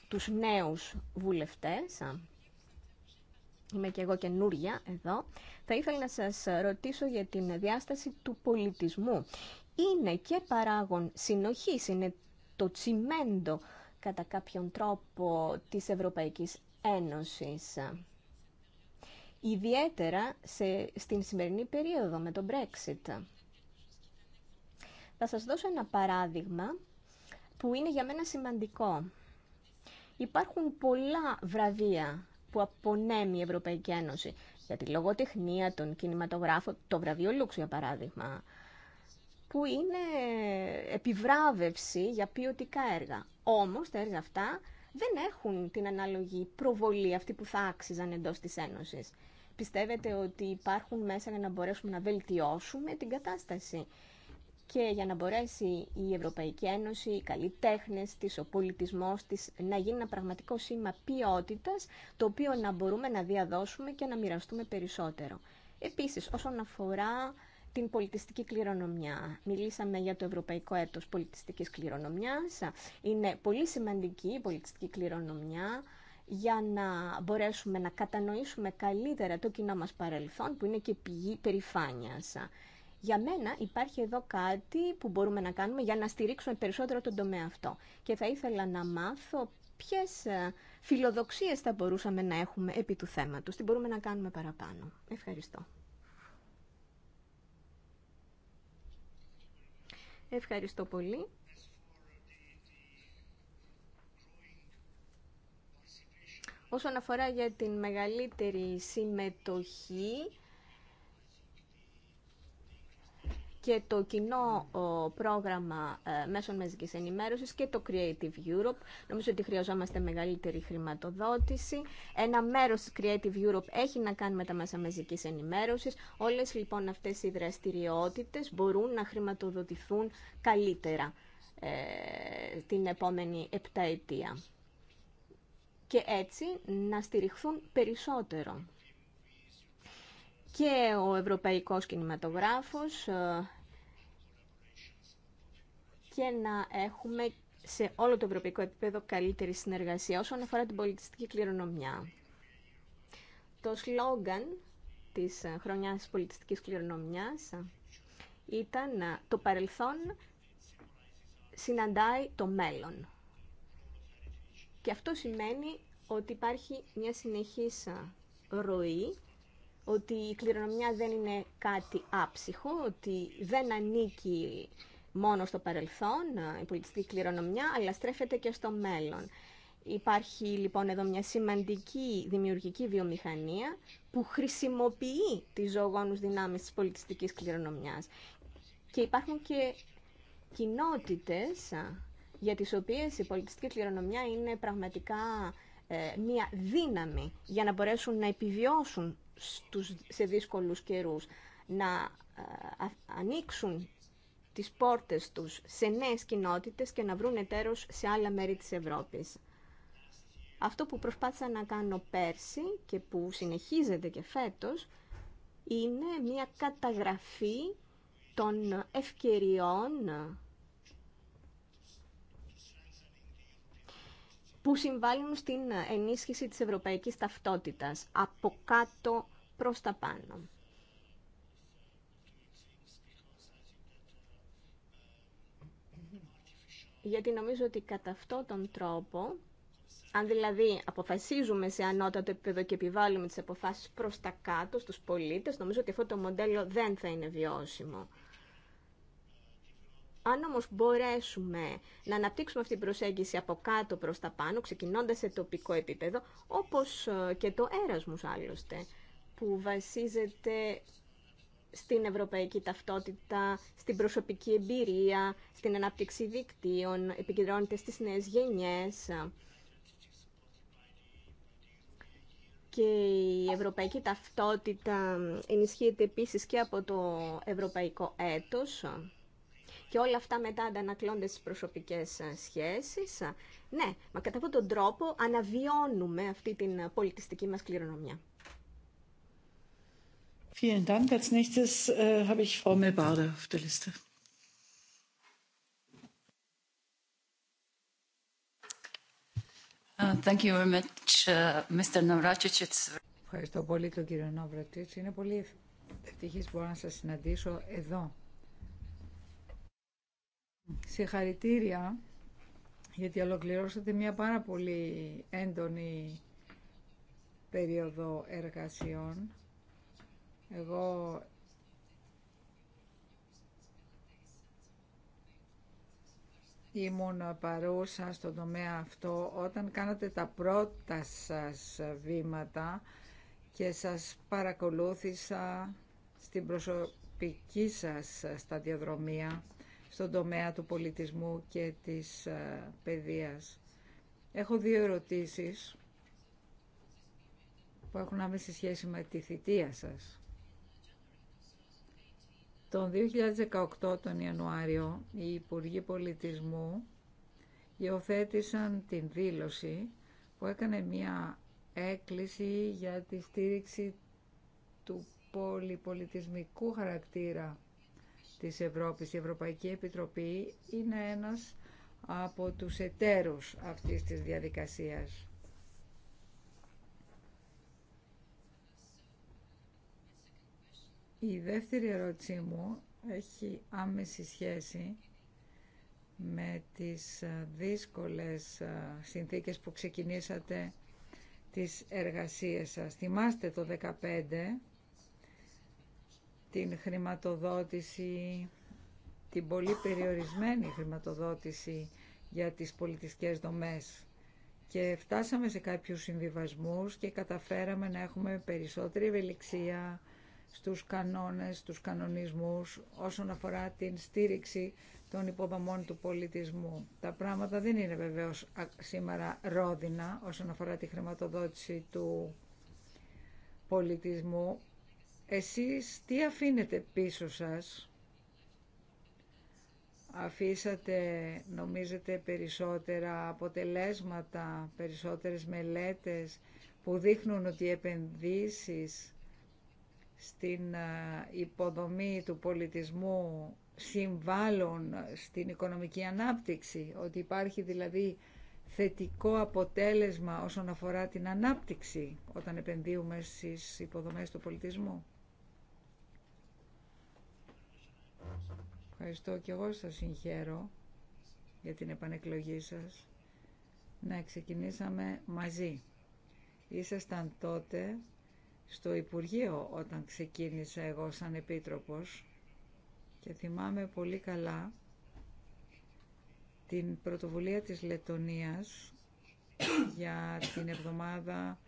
S5: τους νέους βουλευτές είμαι και εγώ καινούρια εδώ, θα ήθελα να σας ρωτήσω για την διάσταση του πολιτισμού. Είναι και παράγον συνοχής, είναι το τσιμέντο κατά κάποιον τρόπο της Ευρωπαϊκής Ένωσης. Ιδιαίτερα σε, στην σημερινή περίοδο με το Brexit. Θα σας δώσω ένα παράδειγμα που είναι για μένα σημαντικό. Υπάρχουν πολλά βραβεία που απονέμει η Ευρωπαϊκή Ένωση. Για τη λογοτεχνία, τον κινηματογράφο, το βραβείο Λούξου για παράδειγμα, που είναι επιβράβευση για ποιοτικά έργα. Όμως τα έργα αυτά δεν έχουν την ανάλογη προβολή αυτή που θα άξιζαν εντός της Ένωσης. Πιστεύετε ότι υπάρχουν μέσα για να μπορέσουμε να βελτιώσουμε την κατάσταση και για να μπορέσει η Ευρωπαϊκή Ένωση, οι καλλιτέχνε τη, ο πολιτισμό τη να γίνει ένα πραγματικό σήμα ποιότητα, το οποίο να μπορούμε να διαδώσουμε και να μοιραστούμε περισσότερο. Επίση, όσον αφορά την πολιτιστική κληρονομιά. Μιλήσαμε για το Ευρωπαϊκό Έτος Πολιτιστικής Κληρονομιάς. Είναι πολύ σημαντική η πολιτιστική κληρονομιά για να μπορέσουμε να κατανοήσουμε καλύτερα το κοινό μας παρελθόν, που είναι και πηγή περηφάνειας. Για μένα υπάρχει εδώ κάτι που μπορούμε να κάνουμε για να στηρίξουμε περισσότερο τον τομέα αυτό. Και θα ήθελα να μάθω ποιες ε, φιλοδοξίες θα μπορούσαμε να έχουμε επί του θέματος. Τι μπορούμε να κάνουμε παραπάνω. Ευχαριστώ. Ευχαριστώ πολύ. Όσον αφορά για την μεγαλύτερη συμμετοχή και το κοινό πρόγραμμα ε, μέσων μαζικής ενημέρωσης και το Creative Europe. Νομίζω ότι χρειαζόμαστε μεγαλύτερη χρηματοδότηση. Ένα μέρος της Creative Europe έχει να κάνει με τα μέσα μαζικής ενημέρωσης. Όλες λοιπόν αυτές οι δραστηριότητες μπορούν να χρηματοδοτηθούν καλύτερα ε, την επόμενη επταετία και έτσι να στηριχθούν περισσότερο. Και ο Ευρωπαϊκός Κινηματογράφος ε, και να έχουμε σε όλο το ευρωπαϊκό επίπεδο καλύτερη συνεργασία όσον αφορά την πολιτιστική κληρονομιά. Το σλόγγαν της χρονιάς πολιτιστικής κληρονομιάς ήταν «Το παρελθόν συναντάει το μέλλον». Και αυτό σημαίνει ότι υπάρχει μια συνεχής ροή, ότι η κληρονομιά δεν είναι κάτι άψυχο, ότι δεν ανήκει μόνο στο παρελθόν, ε, η πολιτιστική κληρονομιά, αλλά στρέφεται και στο μέλλον. Υπάρχει λοιπόν εδώ μια σημαντική δημιουργική βιομηχανία που χρησιμοποιεί τις ζωογόνους δυνάμεις της πολιτιστικής κληρονομιάς. Και υπάρχουν και κοινότητες ε, για τις οποίες η πολιτιστική κληρονομιά είναι πραγματικά ε, μια δύναμη για να μπορέσουν να επιβιώσουν στους, σε δύσκολους καιρούς, να ανοίξουν τις πόρτες τους σε νέες κοινότητες και να βρουν εταίρος σε άλλα μέρη της Ευρώπης. Αυτό που προσπάθησα να κάνω πέρσι και που συνεχίζεται και φέτος είναι μια καταγραφή των ευκαιριών που συμβάλλουν στην ενίσχυση της ευρωπαϊκής ταυτότητας από κάτω προς τα πάνω. γιατί νομίζω ότι κατά αυτόν τον τρόπο, αν δηλαδή αποφασίζουμε σε ανώτατο επίπεδο και επιβάλλουμε τις αποφάσεις προς τα κάτω στους πολίτες, νομίζω ότι αυτό το μοντέλο δεν θα είναι βιώσιμο. Αν όμως μπορέσουμε να αναπτύξουμε αυτή την προσέγγιση από κάτω προς τα πάνω, ξεκινώντας σε τοπικό επίπεδο, όπως ε, και το έρασμος άλλωστε, που βασίζεται στην ευρωπαϊκή ταυτότητα, στην προσωπική εμπειρία, στην ανάπτυξη δικτύων, επικεντρώνεται στις νέες γενιές. Και η ευρωπαϊκή ταυτότητα ενισχύεται επίσης και από το ευρωπαϊκό έτος. Και όλα αυτά μετά αντανακλώνται στις προσωπικές σχέσεις. Ναι, μα κατά αυτόν τον τρόπο αναβιώνουμε αυτή την πολιτιστική μας κληρονομιά.
S3: Ευχαριστώ
S2: πολύ τον κύριο Ναυρατίτς. Είναι πολύ ευτυχής που μπορώ να σας συναντήσω εδώ. Συγχαρητήρια γιατί ολοκληρώσατε μια πάρα πολύ έντονη περίοδο εργασιών εγώ ήμουν παρούσα στον τομέα αυτό όταν κάνατε τα πρώτα σας βήματα και σας παρακολούθησα στην προσωπική σας σταδιοδρομία στον τομέα του πολιτισμού και της ε, παιδείας. Έχω δύο ερωτήσεις που έχουν άμεση σχέση με τη θητεία σας. Τον 2018 τον Ιανουάριο οι Υπουργοί Πολιτισμού υιοθέτησαν την δήλωση που έκανε μια έκκληση για τη στήριξη του πολυπολιτισμικού χαρακτήρα της Ευρώπης. Η Ευρωπαϊκή Επιτροπή είναι ένας από τους εταίρους αυτής της διαδικασίας. Η δεύτερη ερώτησή μου έχει άμεση σχέση με τις ε, δύσκολες ε, συνθήκες που ξεκινήσατε τις εργασίες σας. Θυμάστε το 2015 την χρηματοδότηση, την πολύ περιορισμένη χρηματοδότηση για τις πολιτιστικές δομές. Και φτάσαμε σε κάποιους συμβιβασμούς και καταφέραμε να έχουμε περισσότερη ευελιξία, στους κανόνες, στους κανονισμούς όσον αφορά την στήριξη των υποδομών του πολιτισμού. Τα πράγματα δεν είναι βεβαίως σήμερα ρόδινα όσον αφορά τη χρηματοδότηση του πολιτισμού. Εσείς τι αφήνετε πίσω σας, αφήσατε νομίζετε περισσότερα αποτελέσματα, περισσότερες μελέτες που δείχνουν ότι οι επενδύσεις στην υποδομή του πολιτισμού συμβάλλουν στην οικονομική ανάπτυξη, ότι υπάρχει δηλαδή θετικό αποτέλεσμα όσον αφορά την ανάπτυξη όταν επενδύουμε στις υποδομές του πολιτισμού. Ευχαριστώ και εγώ σας συγχαίρω για την επανεκλογή σας. Να ξεκινήσαμε μαζί. Ήσασταν τότε στο Υπουργείο όταν ξεκίνησα εγώ σαν Επίτροπος και θυμάμαι πολύ καλά την πρωτοβουλία της Λετωνίας για την εβδομάδα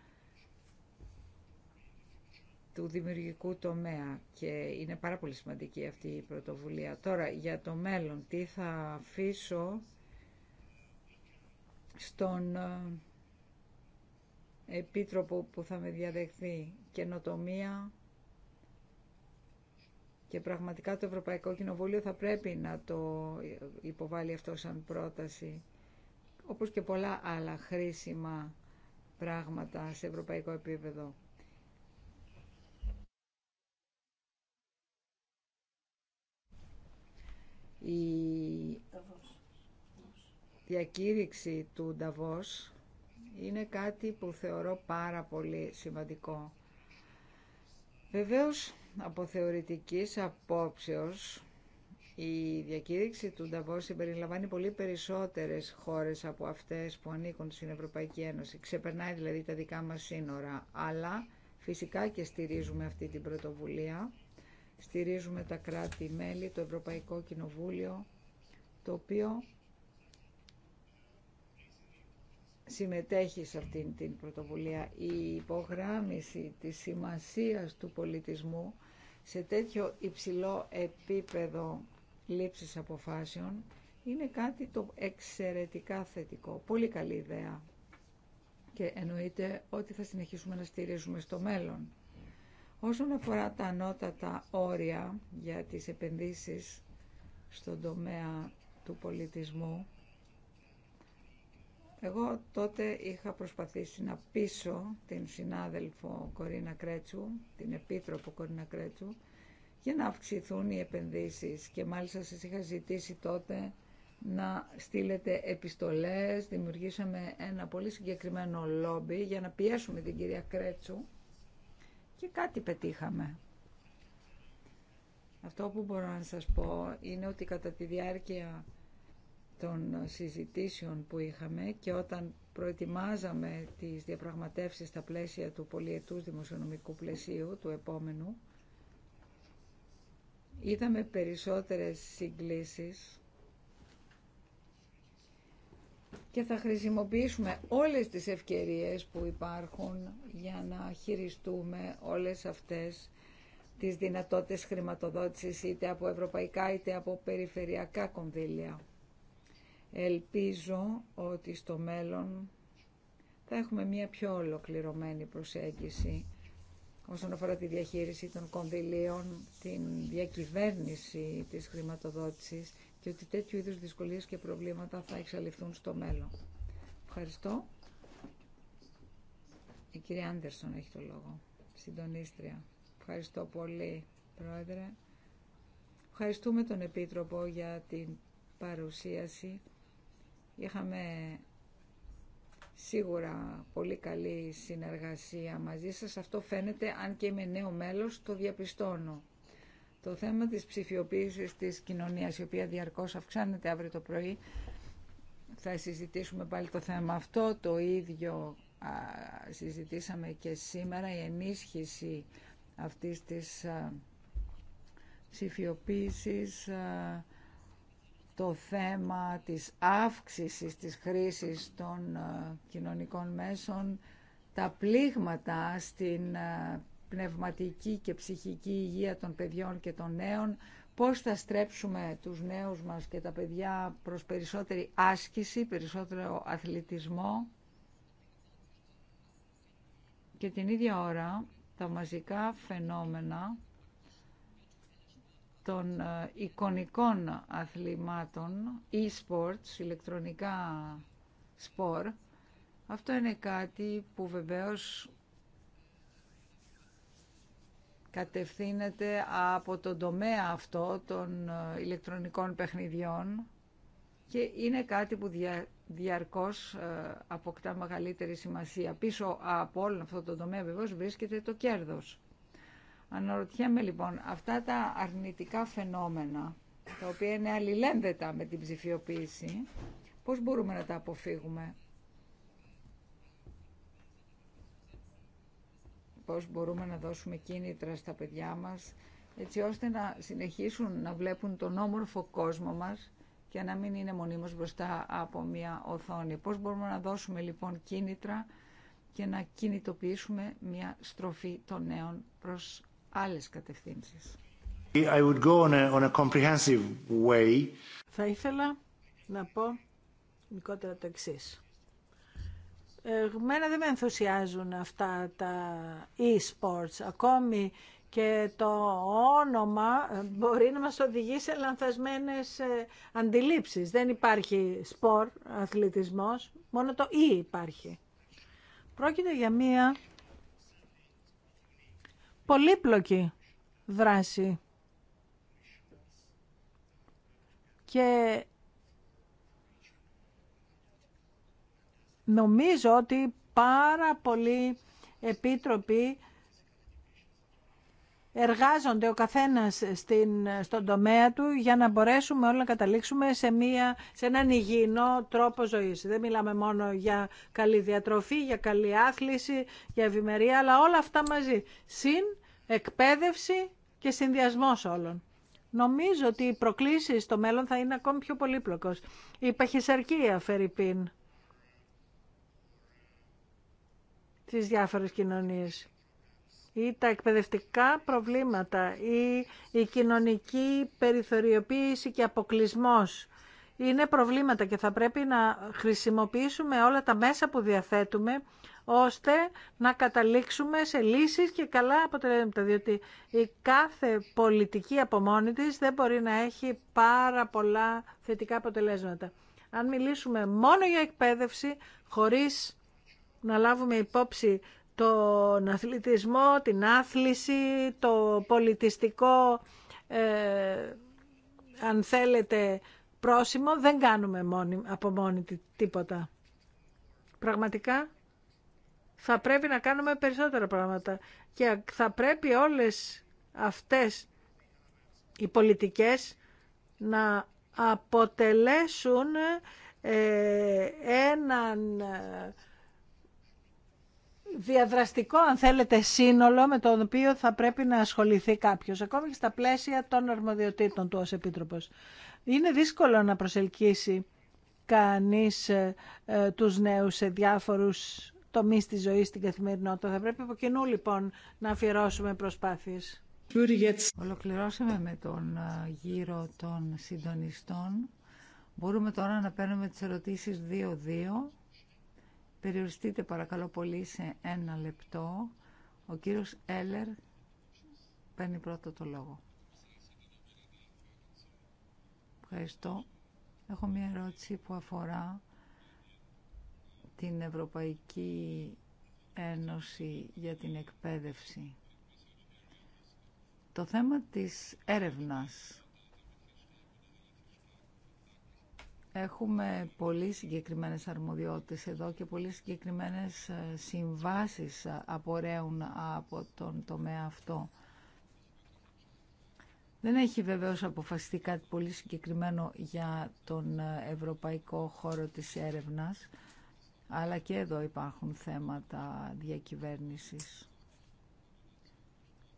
S2: του δημιουργικού τομέα και είναι πάρα πολύ σημαντική αυτή η πρωτοβουλία. Τώρα για το μέλλον τι θα αφήσω στον ε, επίτροπο που θα με διαδεχθεί καινοτομία και πραγματικά το Ευρωπαϊκό Κοινοβούλιο θα πρέπει να το υποβάλει αυτό σαν πρόταση όπως και πολλά άλλα χρήσιμα πράγματα σε ευρωπαϊκό επίπεδο. Η διακήρυξη του Νταβός είναι κάτι που θεωρώ πάρα πολύ σημαντικό. Βεβαίως, από θεωρητικής απόψεως, η διακήρυξη του Νταβό συμπεριλαμβάνει πολύ περισσότερες χώρες από αυτές που ανήκουν στην Ευρωπαϊκή Ένωση. Ξεπερνάει δηλαδή τα δικά μας σύνορα, αλλά φυσικά και στηρίζουμε αυτή την πρωτοβουλία. Στηρίζουμε τα κράτη-μέλη, το Ευρωπαϊκό Κοινοβούλιο, το οποίο συμμετέχει σε αυτήν την πρωτοβουλία. Η υπογράμμιση της σημασίας του πολιτισμού σε τέτοιο υψηλό επίπεδο λήψης αποφάσεων είναι κάτι το εξαιρετικά θετικό. Πολύ καλή ιδέα. Και εννοείται ότι θα συνεχίσουμε να στηρίζουμε στο μέλλον. Όσον αφορά τα ανώτατα όρια για τις επενδύσεις στον τομέα του πολιτισμού, εγώ τότε είχα προσπαθήσει να πείσω την συνάδελφο Κορίνα Κρέτσου, την επίτροπο Κορίνα Κρέτσου, για να αυξηθούν οι επενδύσεις και μάλιστα σας είχα ζητήσει τότε να στείλετε επιστολές, δημιουργήσαμε ένα πολύ συγκεκριμένο λόμπι για να πιέσουμε την κυρία Κρέτσου και κάτι πετύχαμε. Αυτό που μπορώ να σας πω είναι ότι κατά τη διάρκεια των συζητήσεων που είχαμε και όταν προετοιμάζαμε τις διαπραγματεύσεις στα πλαίσια του πολιετούς δημοσιονομικού πλαισίου του επόμενου, είδαμε περισσότερες συγκλήσεις και θα χρησιμοποιήσουμε όλες τις ευκαιρίες που υπάρχουν για να χειριστούμε όλες αυτές τις δυνατότητες χρηματοδότησης είτε από ευρωπαϊκά είτε από περιφερειακά κονδύλια. Ελπίζω ότι στο μέλλον θα έχουμε μια πιο ολοκληρωμένη προσέγγιση όσον αφορά τη διαχείριση των κονδυλίων, την διακυβέρνηση της χρηματοδότησης και ότι τέτοιου είδους δυσκολίες και προβλήματα θα εξαλειφθούν στο μέλλον. Ευχαριστώ. Η κυρία Άντερσον έχει το λόγο, συντονίστρια. Ευχαριστώ πολύ, Πρόεδρε. Ευχαριστούμε τον Επίτροπο για την παρουσίαση. Είχαμε σίγουρα πολύ καλή συνεργασία μαζί σας. Αυτό φαίνεται, αν και είμαι νέο μέλος, το διαπιστώνω. Το θέμα της ψηφιοποίησης της κοινωνίας, η οποία διαρκώς αυξάνεται αύριο το πρωί, θα συζητήσουμε πάλι το θέμα αυτό. Το ίδιο α, συζητήσαμε και σήμερα, η ενίσχυση αυτής της α, ψηφιοποίησης το θέμα της αύξησης της χρήσης των ε, κοινωνικών μέσων, τα πλήγματα στην ε, πνευματική και ψυχική υγεία των παιδιών και των νέων, πώς θα στρέψουμε τους νέους μας και τα παιδιά προς περισσότερη άσκηση, περισσότερο αθλητισμό. Και την ίδια ώρα τα μαζικά φαινόμενα των ε, εικονικών αθλημάτων, e-sports, ηλεκτρονικά σπορ, αυτό είναι κάτι που βεβαίως κατευθύνεται από τον τομέα αυτό των ε, ηλεκτρονικών παιχνιδιών και είναι κάτι που δια, διαρκώς ε, αποκτά μεγαλύτερη σημασία. Πίσω από όλο αυτό το τομέα βεβαίως βρίσκεται το κέρδος. Αναρωτιέμαι λοιπόν, αυτά τα αρνητικά φαινόμενα, τα οποία είναι αλληλένδετα με την ψηφιοποίηση, πώς μπορούμε να τα αποφύγουμε. Πώς μπορούμε να δώσουμε κίνητρα στα παιδιά μας, έτσι ώστε να συνεχίσουν να βλέπουν τον όμορφο κόσμο μας και να μην είναι μονίμως μπροστά από μια οθόνη. Πώς μπορούμε να δώσουμε λοιπόν κίνητρα και να κινητοποιήσουμε μια στροφή των νέων προς άλλες κατευθύνσεις.
S4: I would go Θα
S3: ήθελα να πω μικρότερα το εξή. Εμένα δεν με ενθουσιάζουν αυτά τα e-sports. Ακόμη και το όνομα ε, μπορεί να μας οδηγεί σε λανθασμένες ε, αντιλήψεις. Δεν υπάρχει σπορ, αθλητισμός, μόνο το e υπάρχει. Πρόκειται για μία πολύπλοκη δράση. Και νομίζω ότι πάρα πολλοί επίτροποι εργάζονται ο καθένας στην, στον τομέα του για να μπορέσουμε όλοι να καταλήξουμε σε, μια, σε έναν υγιεινό τρόπο ζωής. Δεν μιλάμε μόνο για καλή διατροφή, για καλή άθληση, για ευημερία, αλλά όλα αυτά μαζί. Συν εκπαίδευση και συνδυασμό όλων. Νομίζω ότι οι προκλήσεις στο μέλλον θα είναι ακόμη πιο πολύπλοκος. Η παχυσαρκία, πίν στι διάφορες κοινωνίες ή τα εκπαιδευτικά προβλήματα ή η κοινωνική περιθωριοποίηση και αποκλισμός. Είναι προβλήματα και θα πρέπει να χρησιμοποιήσουμε όλα τα μέσα που διαθέτουμε ώστε να καταλήξουμε σε λύσεις και καλά αποτελέσματα, διότι η κάθε πολιτική από μόνη της δεν μπορεί να έχει πάρα πολλά θετικά αποτελέσματα. Αν μιλήσουμε μόνο για εκπαίδευση, χωρίς να λάβουμε υπόψη τον αθλητισμό, την άθληση, το πολιτιστικό, ε, αν θέλετε, πρόσημο, δεν κάνουμε μόνη, από τίποτα. Πραγματικά θα πρέπει να κάνουμε περισσότερα πράγματα και θα πρέπει όλες αυτές οι πολιτικές να αποτελέσουν ε, έναν ε, διαδραστικό, αν θέλετε, σύνολο με τον οποίο θα πρέπει να ασχοληθεί κάποιος, ακόμη και στα πλαίσια των αρμοδιοτήτων του ως Επίτροπος. Είναι δύσκολο να προσελκύσει κανείς ε, τους νέους σε διάφορους το τη ζωή, στην καθημερινότητα. Θα πρέπει από κοινού λοιπόν να αφιερώσουμε προσπάθειες.
S2: Ολοκληρώσαμε με τον ε, γύρο των συντονιστών. Μπορούμε τώρα να παίρνουμε τις ερωτήσεις 2-2. Περιοριστείτε παρακαλώ πολύ σε ένα λεπτό. Ο κύριος Έλερ παίρνει πρώτο το λόγο. Ευχαριστώ. Έχω μια ερώτηση που αφορά την Ευρωπαϊκή Ένωση για την Εκπαίδευση. Το θέμα της έρευνας. Έχουμε πολύ συγκεκριμένες αρμοδιότητες εδώ και πολύ συγκεκριμένες ε, συμβάσεις ε, απορρέουν από τον τομέα αυτό. Δεν έχει βεβαίως αποφασιστεί κάτι πολύ συγκεκριμένο για τον ε, ευρωπαϊκό χώρο της έρευνας αλλά και εδώ υπάρχουν θέματα διακυβέρνησης.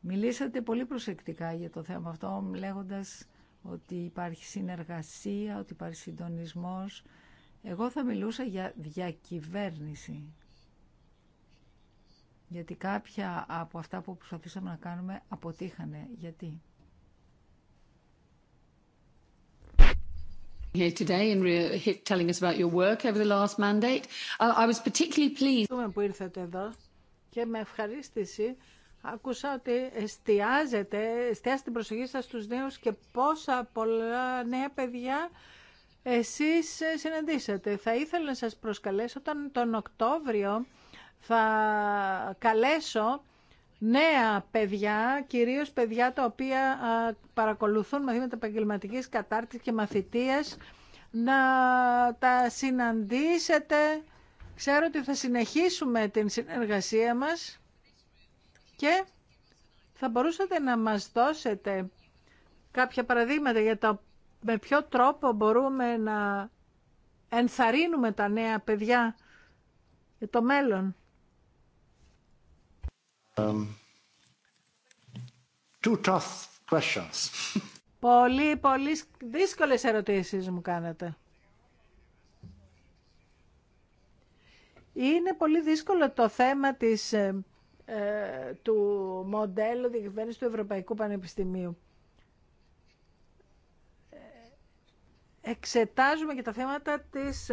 S2: Μιλήσατε πολύ προσεκτικά για το θέμα αυτό, λέγοντας ότι υπάρχει συνεργασία, ότι υπάρχει συντονισμός. Εγώ θα μιλούσα για διακυβέρνηση. Γιατί κάποια από αυτά που προσπαθήσαμε να κάνουμε αποτύχανε. Γιατί. Ευχαριστούμε
S3: που ήρθατε εδώ και με ευχαρίστηση άκουσα ότι εστιάζετε, εστιάζετε την προσοχή σας στους νέους και πόσα πολλά νέα παιδιά εσείς συναντήσατε. Θα ήθελα να σας προσκαλέσω όταν τον Οκτώβριο θα καλέσω νέα παιδιά, κυρίως παιδιά τα οποία παρακολουθούν μαθήματα επαγγελματική κατάρτισης και μαθητείας, να τα συναντήσετε. Ξέρω ότι θα συνεχίσουμε την συνεργασία μας και θα μπορούσατε να μας δώσετε κάποια παραδείγματα για το με ποιο τρόπο μπορούμε να ενθαρρύνουμε τα νέα παιδιά για το μέλλον.
S4: Um, two tough questions.
S3: Πολύ, πολύ δύσκολες ερωτήσεις μου κάνατε. Είναι πολύ δύσκολο το θέμα της, ε, ε, του μοντέλου διακυβέρνησης του Ευρωπαϊκού Πανεπιστημίου. Ε, εξετάζουμε και τα θέματα της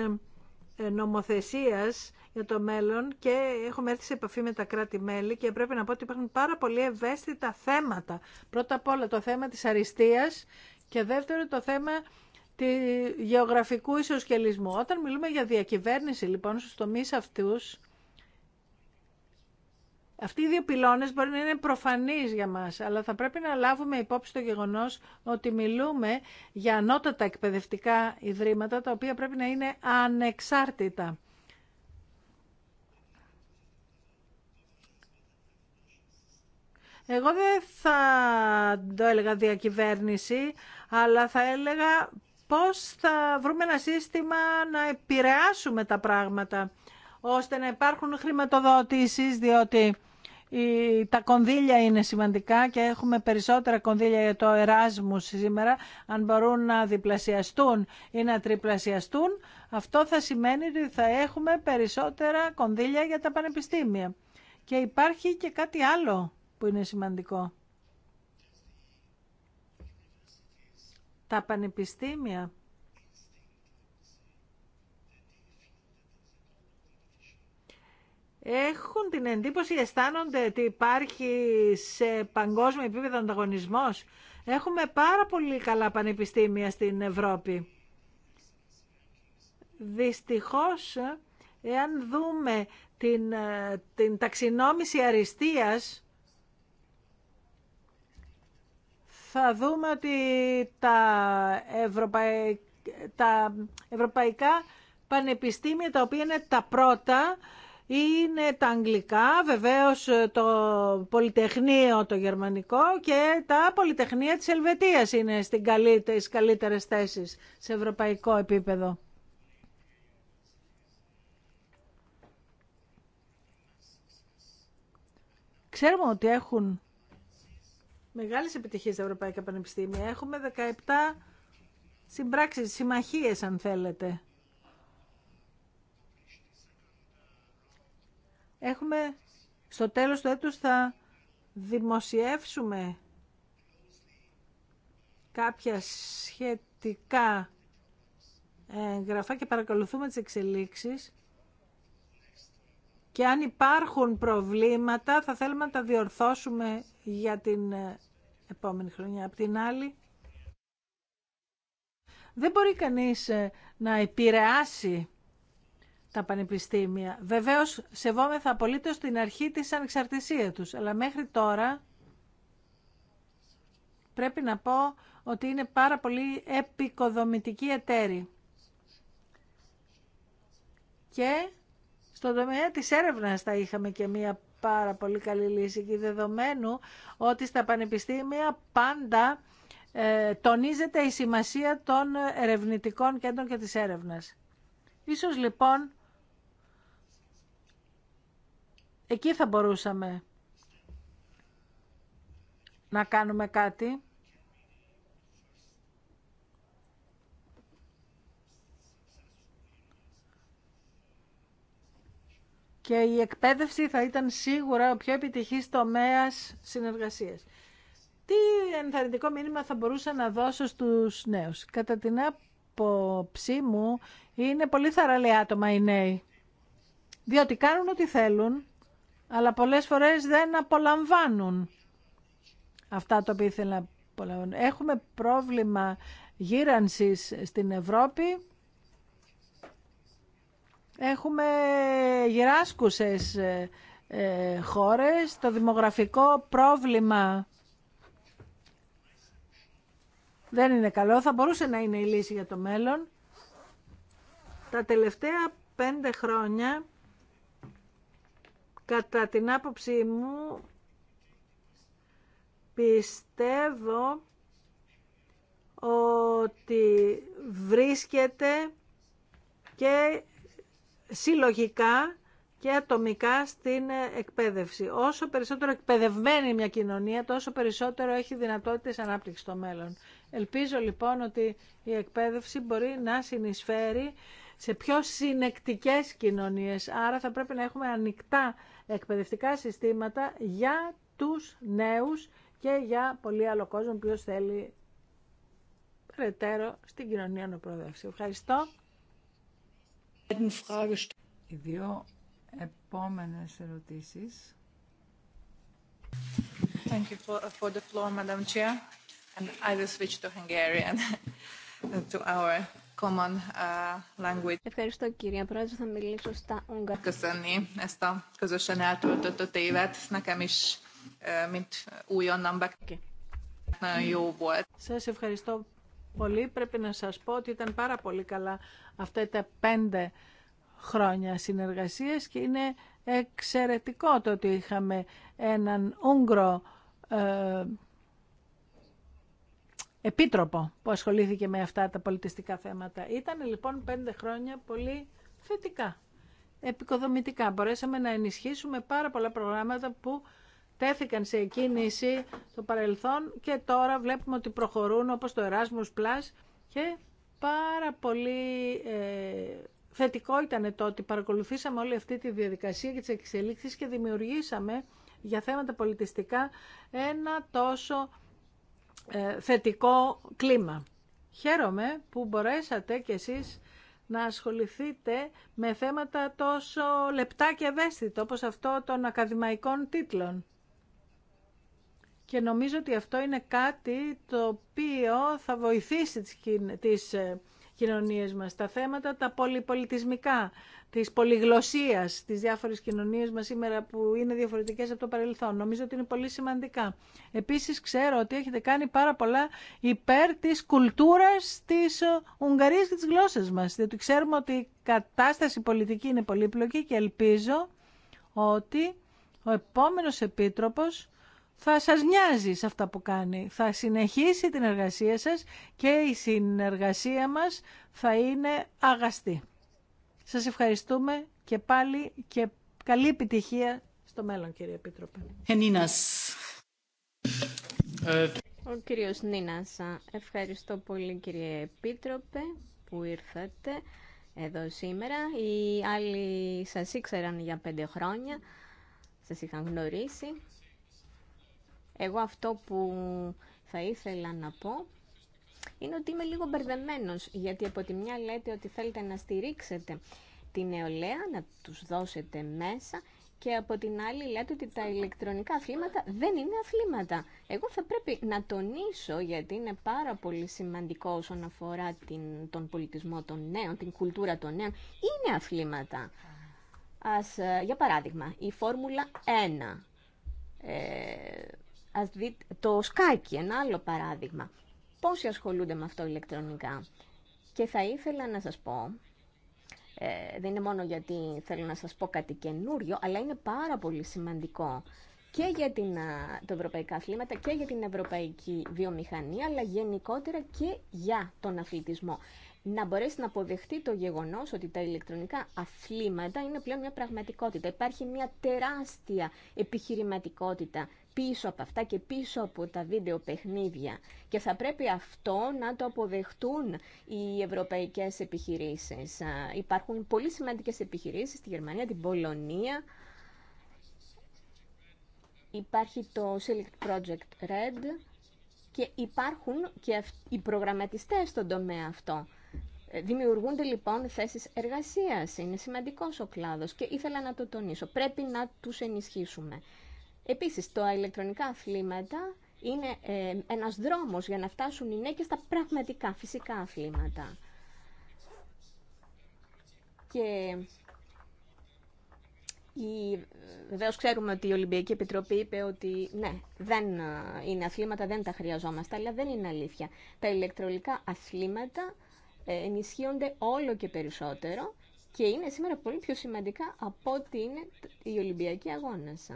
S3: νομοθεσίας για το μέλλον και έχουμε έρθει σε επαφή με τα κράτη-μέλη και πρέπει να πω ότι υπάρχουν πάρα πολύ ευαίσθητα θέματα. Πρώτα απ' όλα το θέμα της αριστείας και δεύτερο το θέμα τη γεωγραφικού ισοσκελισμού. Όταν μιλούμε για διακυβέρνηση λοιπόν στους τομείς αυτούς, αυτοί οι δύο πυλώνε μπορεί να είναι προφανεί για μας, αλλά θα πρέπει να λάβουμε υπόψη το γεγονός ότι μιλούμε για ανώτατα εκπαιδευτικά ιδρύματα, τα οποία πρέπει να είναι ανεξάρτητα. Εγώ δεν θα το έλεγα διακυβέρνηση, αλλά θα έλεγα πώς θα βρούμε ένα σύστημα να επηρεάσουμε τα πράγματα, ώστε να υπάρχουν χρηματοδοτήσεις, διότι τα κονδύλια είναι σημαντικά και έχουμε περισσότερα κονδύλια για το Εράσμους σήμερα. Αν μπορούν να διπλασιαστούν ή να τριπλασιαστούν, αυτό θα σημαίνει ότι θα έχουμε περισσότερα κονδύλια για τα πανεπιστήμια. Και υπάρχει και κάτι άλλο που είναι σημαντικό. Τα πανεπιστήμια έχουν την εντύπωση, αισθάνονται ότι υπάρχει σε παγκόσμιο επίπεδο ανταγωνισμό. Έχουμε πάρα πολύ καλά πανεπιστήμια στην Ευρώπη. Δυστυχώς, εάν δούμε την, ε, την ταξινόμηση αριστείας, θα δούμε ότι τα, τα ευρωπαϊκά πανεπιστήμια, τα οποία είναι τα πρώτα, είναι τα αγγλικά, βεβαίως το πολυτεχνείο το γερμανικό και τα πολυτεχνία της Ελβετίας είναι στις καλύτερες, θέσει σε ευρωπαϊκό επίπεδο. Ξέρουμε ότι έχουν μεγάλες επιτυχίες στα Ευρωπαϊκά Πανεπιστήμια. Έχουμε 17 συμπράξεις, συμμαχίες αν θέλετε. έχουμε στο τέλος του έτους θα δημοσιεύσουμε κάποια σχετικά γραφά και παρακολουθούμε τις εξελίξεις και αν υπάρχουν προβλήματα θα θέλουμε να τα διορθώσουμε για την επόμενη χρονιά. Απ' την άλλη, δεν μπορεί κανείς να επηρεάσει τα πανεπιστήμια. Βεβαίως, σεβόμεθα απολύτω την αρχή της ανεξαρτησία τους, αλλά μέχρι τώρα πρέπει να πω ότι είναι πάρα πολύ επικοδομητική εταίρη. Και στον τομέα της έρευνας θα είχαμε και μία πάρα πολύ καλή λύση και δεδομένου ότι στα πανεπιστήμια πάντα ε, τονίζεται η σημασία των ερευνητικών κέντρων και της έρευνας. Ίσως λοιπόν Εκεί θα μπορούσαμε να κάνουμε κάτι. Και η εκπαίδευση θα ήταν σίγουρα ο πιο επιτυχής τομέας συνεργασίας. Τι ενθαρρυντικό μήνυμα θα μπορούσα να δώσω στους νέους. Κατά την άποψή μου είναι πολύ θαραλέα άτομα οι νέοι. Διότι κάνουν ό,τι θέλουν αλλά πολλές φορές δεν απολαμβάνουν αυτά το οποία ήθελα να Έχουμε πρόβλημα γύρανσης στην Ευρώπη. Έχουμε γυράσκουσες ε, ε, χώρες. Το δημογραφικό πρόβλημα δεν είναι καλό. Θα μπορούσε να είναι η λύση για το μέλλον. Τα τελευταία πέντε χρόνια Κατά την άποψή μου, πιστεύω ότι βρίσκεται και συλλογικά και ατομικά στην εκπαίδευση. Όσο περισσότερο εκπαιδευμένη μια κοινωνία, τόσο περισσότερο έχει δυνατότητες ανάπτυξης στο μέλλον. Ελπίζω λοιπόν ότι η εκπαίδευση μπορεί να συνεισφέρει σε πιο συνεκτικές κοινωνίες. Άρα θα πρέπει να έχουμε ανοιχτά εκπαιδευτικά συστήματα για τους νέους και για πολύ άλλο κόσμο που θέλει περαιτέρω στην κοινωνία να προοδεύσει.
S2: Ευχαριστώ. Οι δύο επόμενες ερωτήσεις. Thank you for, for the floor,
S3: Madam Chair. And I will switch to Hungarian, to our common
S5: uh, language. Ευχαριστώ κυρία Πρόεδρε, θα μιλήσω στα Ουγγαρικά. Köszönni ezt a
S3: közösen eltöltött évet, nekem is, mint Nagyon jó volt. Σας ευχαριστώ πολύ. Πρέπει να σας πω ότι ήταν πάρα πολύ καλά αυτά τα πέντε χρόνια συνεργασίες και είναι εξαιρετικό το ότι είχαμε έναν Ούγγρο ε, επίτροπο που ασχολήθηκε με αυτά τα πολιτιστικά θέματα. Ήταν λοιπόν πέντε χρόνια πολύ θετικά, επικοδομητικά. Μπορέσαμε να ενισχύσουμε πάρα πολλά προγράμματα που τέθηκαν σε κίνηση το παρελθόν και τώρα βλέπουμε ότι προχωρούν όπως το Erasmus Plus και πάρα πολύ ε, θετικό ήταν το ότι παρακολουθήσαμε όλη αυτή τη διαδικασία και τις εξελίξεις και δημιουργήσαμε για θέματα πολιτιστικά ένα τόσο ε, θετικό κλίμα. Χαίρομαι που μπορέσατε κι εσείς να ασχοληθείτε με θέματα τόσο λεπτά και ευαίσθητα, όπως αυτό των ακαδημαϊκών τίτλων. Και νομίζω ότι αυτό είναι κάτι το οποίο θα βοηθήσει τις ε, κοινωνίες μας. Τα θέματα τα πολυπολιτισμικά, της πολυγλωσσίας της διάφορες κοινωνίες μας σήμερα που είναι διαφορετικές από το παρελθόν. Νομίζω ότι είναι πολύ σημαντικά. Επίσης ξέρω ότι έχετε κάνει πάρα πολλά υπέρ της κουλτούρας της Ουγγαρίας και της γλώσσας μας. Διότι ξέρουμε ότι η κατάσταση πολιτική είναι πολύπλοκη και ελπίζω ότι ο επόμενος επίτροπος θα σας νοιάζει σε αυτά που κάνει. Θα συνεχίσει την εργασία σας και η συνεργασία μας θα είναι αγαστή. Σας ευχαριστούμε και πάλι και καλή επιτυχία στο μέλλον κύριε Επίτροπε.
S2: Ε, ε,
S5: Ο κύριος Νίνας, ευχαριστώ πολύ κύριε Επίτροπε που ήρθατε εδώ σήμερα. Οι άλλοι σας ήξεραν για πέντε χρόνια, σας είχαν γνωρίσει. Εγώ αυτό που θα ήθελα να πω είναι ότι είμαι λίγο μπερδεμένο, γιατί από τη μια λέτε ότι θέλετε να στηρίξετε τη νεολαία, να τους δώσετε μέσα και από την άλλη λέτε ότι τα ηλεκτρονικά αθλήματα δεν είναι αθλήματα. Εγώ θα πρέπει να τονίσω, γιατί είναι πάρα πολύ σημαντικό όσον αφορά την, τον πολιτισμό των νέων, την κουλτούρα των νέων, είναι αθλήματα. Ας, ε, για παράδειγμα, η Φόρμουλα 1. Ας δείτε το σκάκι, ένα άλλο παράδειγμα. Πόσοι ασχολούνται με αυτό ηλεκτρονικά. Και θα ήθελα να σας πω, ε, δεν είναι μόνο γιατί θέλω να σας πω κάτι καινούριο, αλλά είναι πάρα πολύ σημαντικό και για την, τα ευρωπαϊκά αθλήματα και για την ευρωπαϊκή βιομηχανία, αλλά γενικότερα και για τον αθλητισμό. Να μπορέσει να αποδεχτεί το γεγονό ότι τα ηλεκτρονικά αθλήματα είναι πλέον μια πραγματικότητα. Υπάρχει μια τεράστια επιχειρηματικότητα πίσω από αυτά και πίσω από τα βίντεο παιχνίδια. Και θα πρέπει αυτό να το αποδεχτούν οι ευρωπαϊκές επιχειρήσεις. Υπάρχουν πολύ σημαντικές επιχειρήσεις στη Γερμανία, την Πολωνία. Υπάρχει το Select Project Red και υπάρχουν και οι προγραμματιστές στον τομέα αυτό. Δημιουργούνται λοιπόν θέσεις εργασίας, είναι σημαντικός ο κλάδος και ήθελα να το τονίσω. Πρέπει να τους ενισχύσουμε. Επίσης, το ηλεκτρονικά αθλήματα είναι ε, ένας δρόμος για να φτάσουν οι νέοι στα πραγματικά φυσικά αθλήματα. Και Βεβαίω ξέρουμε ότι η Ολυμπιακή Επιτροπή είπε ότι ναι, δεν ε, είναι αθλήματα, δεν τα χρειαζόμαστε, αλλά δεν είναι αλήθεια. Τα ηλεκτρολικά αθλήματα ε, ενισχύονται όλο και περισσότερο και είναι σήμερα πολύ πιο σημαντικά από ότι είναι η Ολυμπιακή αγώνες.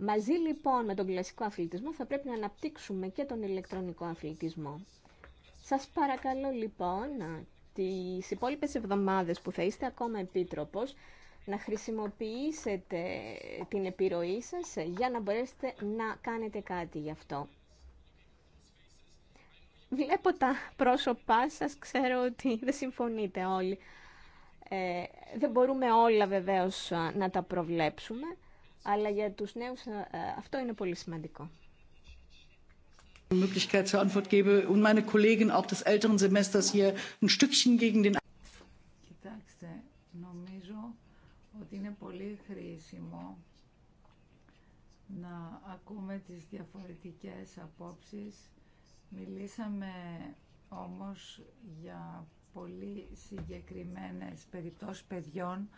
S5: Μαζί λοιπόν με τον κλασικό αθλητισμό θα πρέπει να αναπτύξουμε και τον ηλεκτρονικό αθλητισμό. Σας παρακαλώ λοιπόν τις υπόλοιπες εβδομάδες που θα είστε ακόμα επίτροπος να χρησιμοποιήσετε την επιρροή σας για να μπορέσετε να κάνετε κάτι γι' αυτό. Βλέπω τα πρόσωπά σας, ξέρω ότι δεν συμφωνείτε όλοι. Ε, δεν μπορούμε όλα βεβαίως να τα προβλέψουμε αλλά για τους νέους ε, αυτό είναι πολύ σημαντικό.
S3: Κοιτάξτε,
S2: νομίζω ότι είναι πολύ χρήσιμο να ακούμε τις διαφορετικές απόψεις. Μιλήσαμε όμως για πολύ συγκεκριμένες περιπτώσεις παιδιών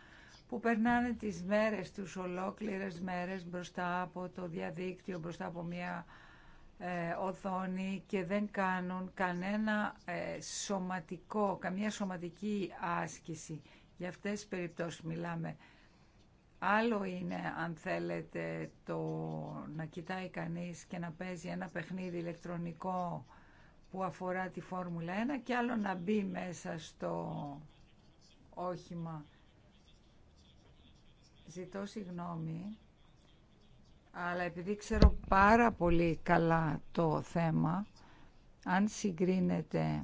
S2: που περνάνε τις μέρες τους, ολόκληρες μέρες μπροστά από το διαδίκτυο, μπροστά από μια ε, οθόνη και δεν κάνουν κανένα ε, σωματικό, καμία σωματική άσκηση. Για αυτές τις περιπτώσεις μιλάμε. Άλλο είναι αν θέλετε το να κοιτάει κανείς και να παίζει ένα παιχνίδι ηλεκτρονικό που αφορά τη Φόρμουλα 1 και άλλο να μπει μέσα στο όχημα. Ζητώ συγγνώμη, αλλά επειδή ξέρω πάρα πολύ καλά το θέμα, αν συγκρίνετε,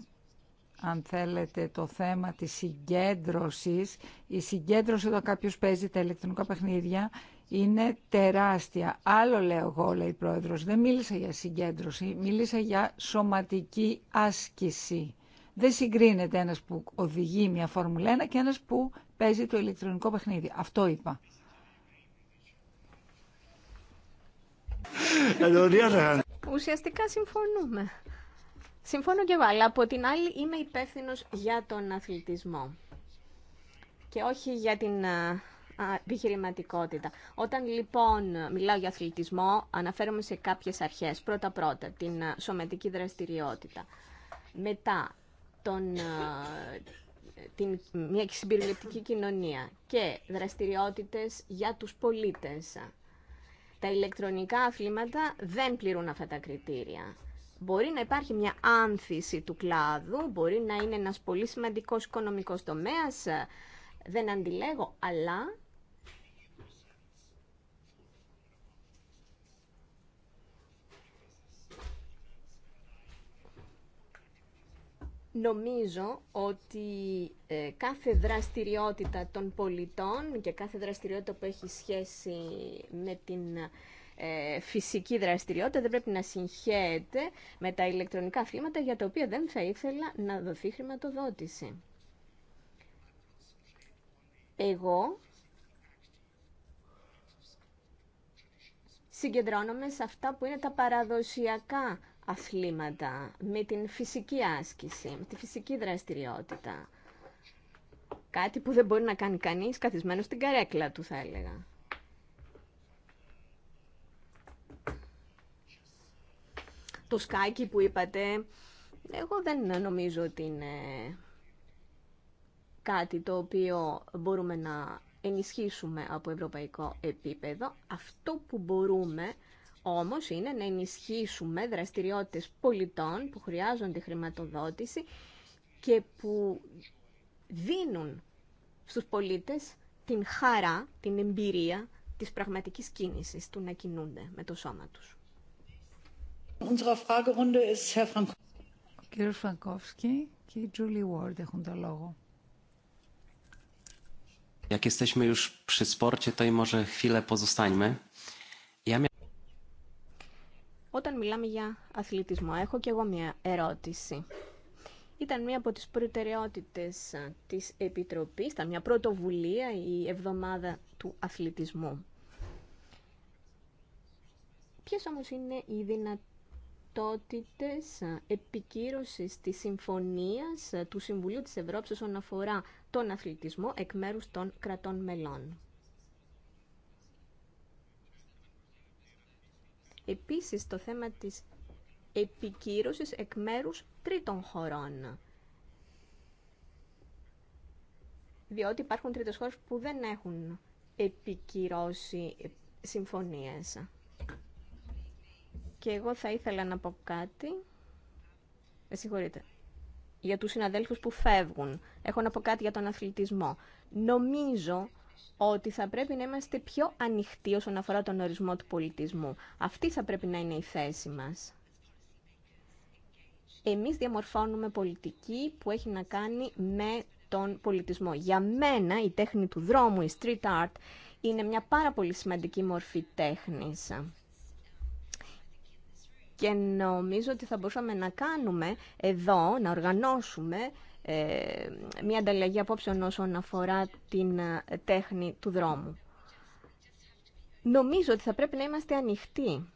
S2: αν θέλετε, το θέμα της συγκέντρωσης, η συγκέντρωση όταν κάποιος παίζει τα ηλεκτρονικά παιχνίδια είναι τεράστια. Άλλο λέω εγώ, λέει η πρόεδρος, δεν μίλησα για συγκέντρωση, μίλησα για σωματική άσκηση. Δεν συγκρίνεται ένας που οδηγεί μια Φόρμουλα 1 και ένας που παίζει το ηλεκτρονικό παιχνίδι. Αυτό είπα.
S1: Ε,
S5: Ουσιαστικά συμφωνούμε. Συμφωνώ και εγώ, αλλά από την άλλη είμαι υπεύθυνο για τον αθλητισμό και όχι για την ε, επιχειρηματικότητα. Όταν λοιπόν μιλάω για αθλητισμό, αναφέρομαι σε κάποιες αρχές. Πρώτα-πρώτα, την ε, σωματική δραστηριότητα. Μετά, τον, την, μια συμπεριληπτική κοινωνία και δραστηριότητες για τους πολίτες. Τα ηλεκτρονικά αθλήματα δεν πληρούν αυτά τα κριτήρια. Μπορεί να υπάρχει μια άνθηση του κλάδου, μπορεί να είναι ένας πολύ σημαντικός οικονομικός τομέας, ε, δεν αντιλέγω, αλλά Νομίζω ότι ε, κάθε δραστηριότητα των πολιτών και κάθε δραστηριότητα που έχει σχέση με την ε, φυσική δραστηριότητα δεν πρέπει να συγχέεται με τα ηλεκτρονικά χρήματα για τα οποία δεν θα ήθελα να δοθεί χρηματοδότηση. Εγώ συγκεντρώνομαι σε αυτά που είναι τα παραδοσιακά αθλήματα, με την φυσική άσκηση, με τη φυσική δραστηριότητα. Κάτι που δεν μπορεί να κάνει κανείς καθισμένο στην καρέκλα του, θα έλεγα. Το σκάκι που είπατε, εγώ δεν νομίζω ότι είναι κάτι το οποίο μπορούμε να ενισχύσουμε από ευρωπαϊκό επίπεδο. Αυτό που μπορούμε όμως είναι να ενισχύσουμε δραστηριότητες πολιτών που χρειάζονται χρηματοδότηση και που δίνουν στους πολίτες την χαρά, την εμπειρία της πραγματικής κίνησης, του να κινούνται με το σώμα τους.
S2: Ο κύριος Φραγκόφσκι και η Τζούλι Βόρντ έχουν το λόγο.
S4: Jak jesteśmy już przy sporcie, to i może chwilę pozostańmy
S5: μιλάμε για αθλητισμό. Έχω και εγώ μια ερώτηση. Ήταν μία από τις προτεραιότητες της Επιτροπής, ήταν μια πρωτοβουλία η εβδομάδα του αθλητισμού. Ποιες όμως είναι οι δυνατότητες επικύρωσης της συμφωνίας του Συμβουλίου της Ευρώπης όσον αφορά τον αθλητισμό εκ μέρους των κρατών μελών. Επίσης, το θέμα της επικύρωσης εκ μέρους τρίτων χωρών. Διότι υπάρχουν τρίτες χώρες που δεν έχουν επικυρώσει συμφωνίες. Και εγώ θα ήθελα να πω κάτι. Με συγχωρείτε. Για τους συναδέλφους που φεύγουν. Έχω να πω κάτι για τον αθλητισμό. Νομίζω ότι θα πρέπει να είμαστε πιο ανοιχτοί όσον αφορά τον ορισμό του πολιτισμού. Αυτή θα πρέπει να είναι η θέση μας. Εμείς διαμορφώνουμε πολιτική που έχει να κάνει με τον πολιτισμό. Για μένα η τέχνη του δρόμου, η street art, είναι μια πάρα πολύ σημαντική μορφή τέχνης. Και νομίζω ότι θα μπορούσαμε να κάνουμε εδώ, να οργανώσουμε ε, μια ανταλλαγή απόψεων όσον αφορά την ε, τέχνη του δρόμου. Νομίζω ότι θα πρέπει να είμαστε ανοιχτοί,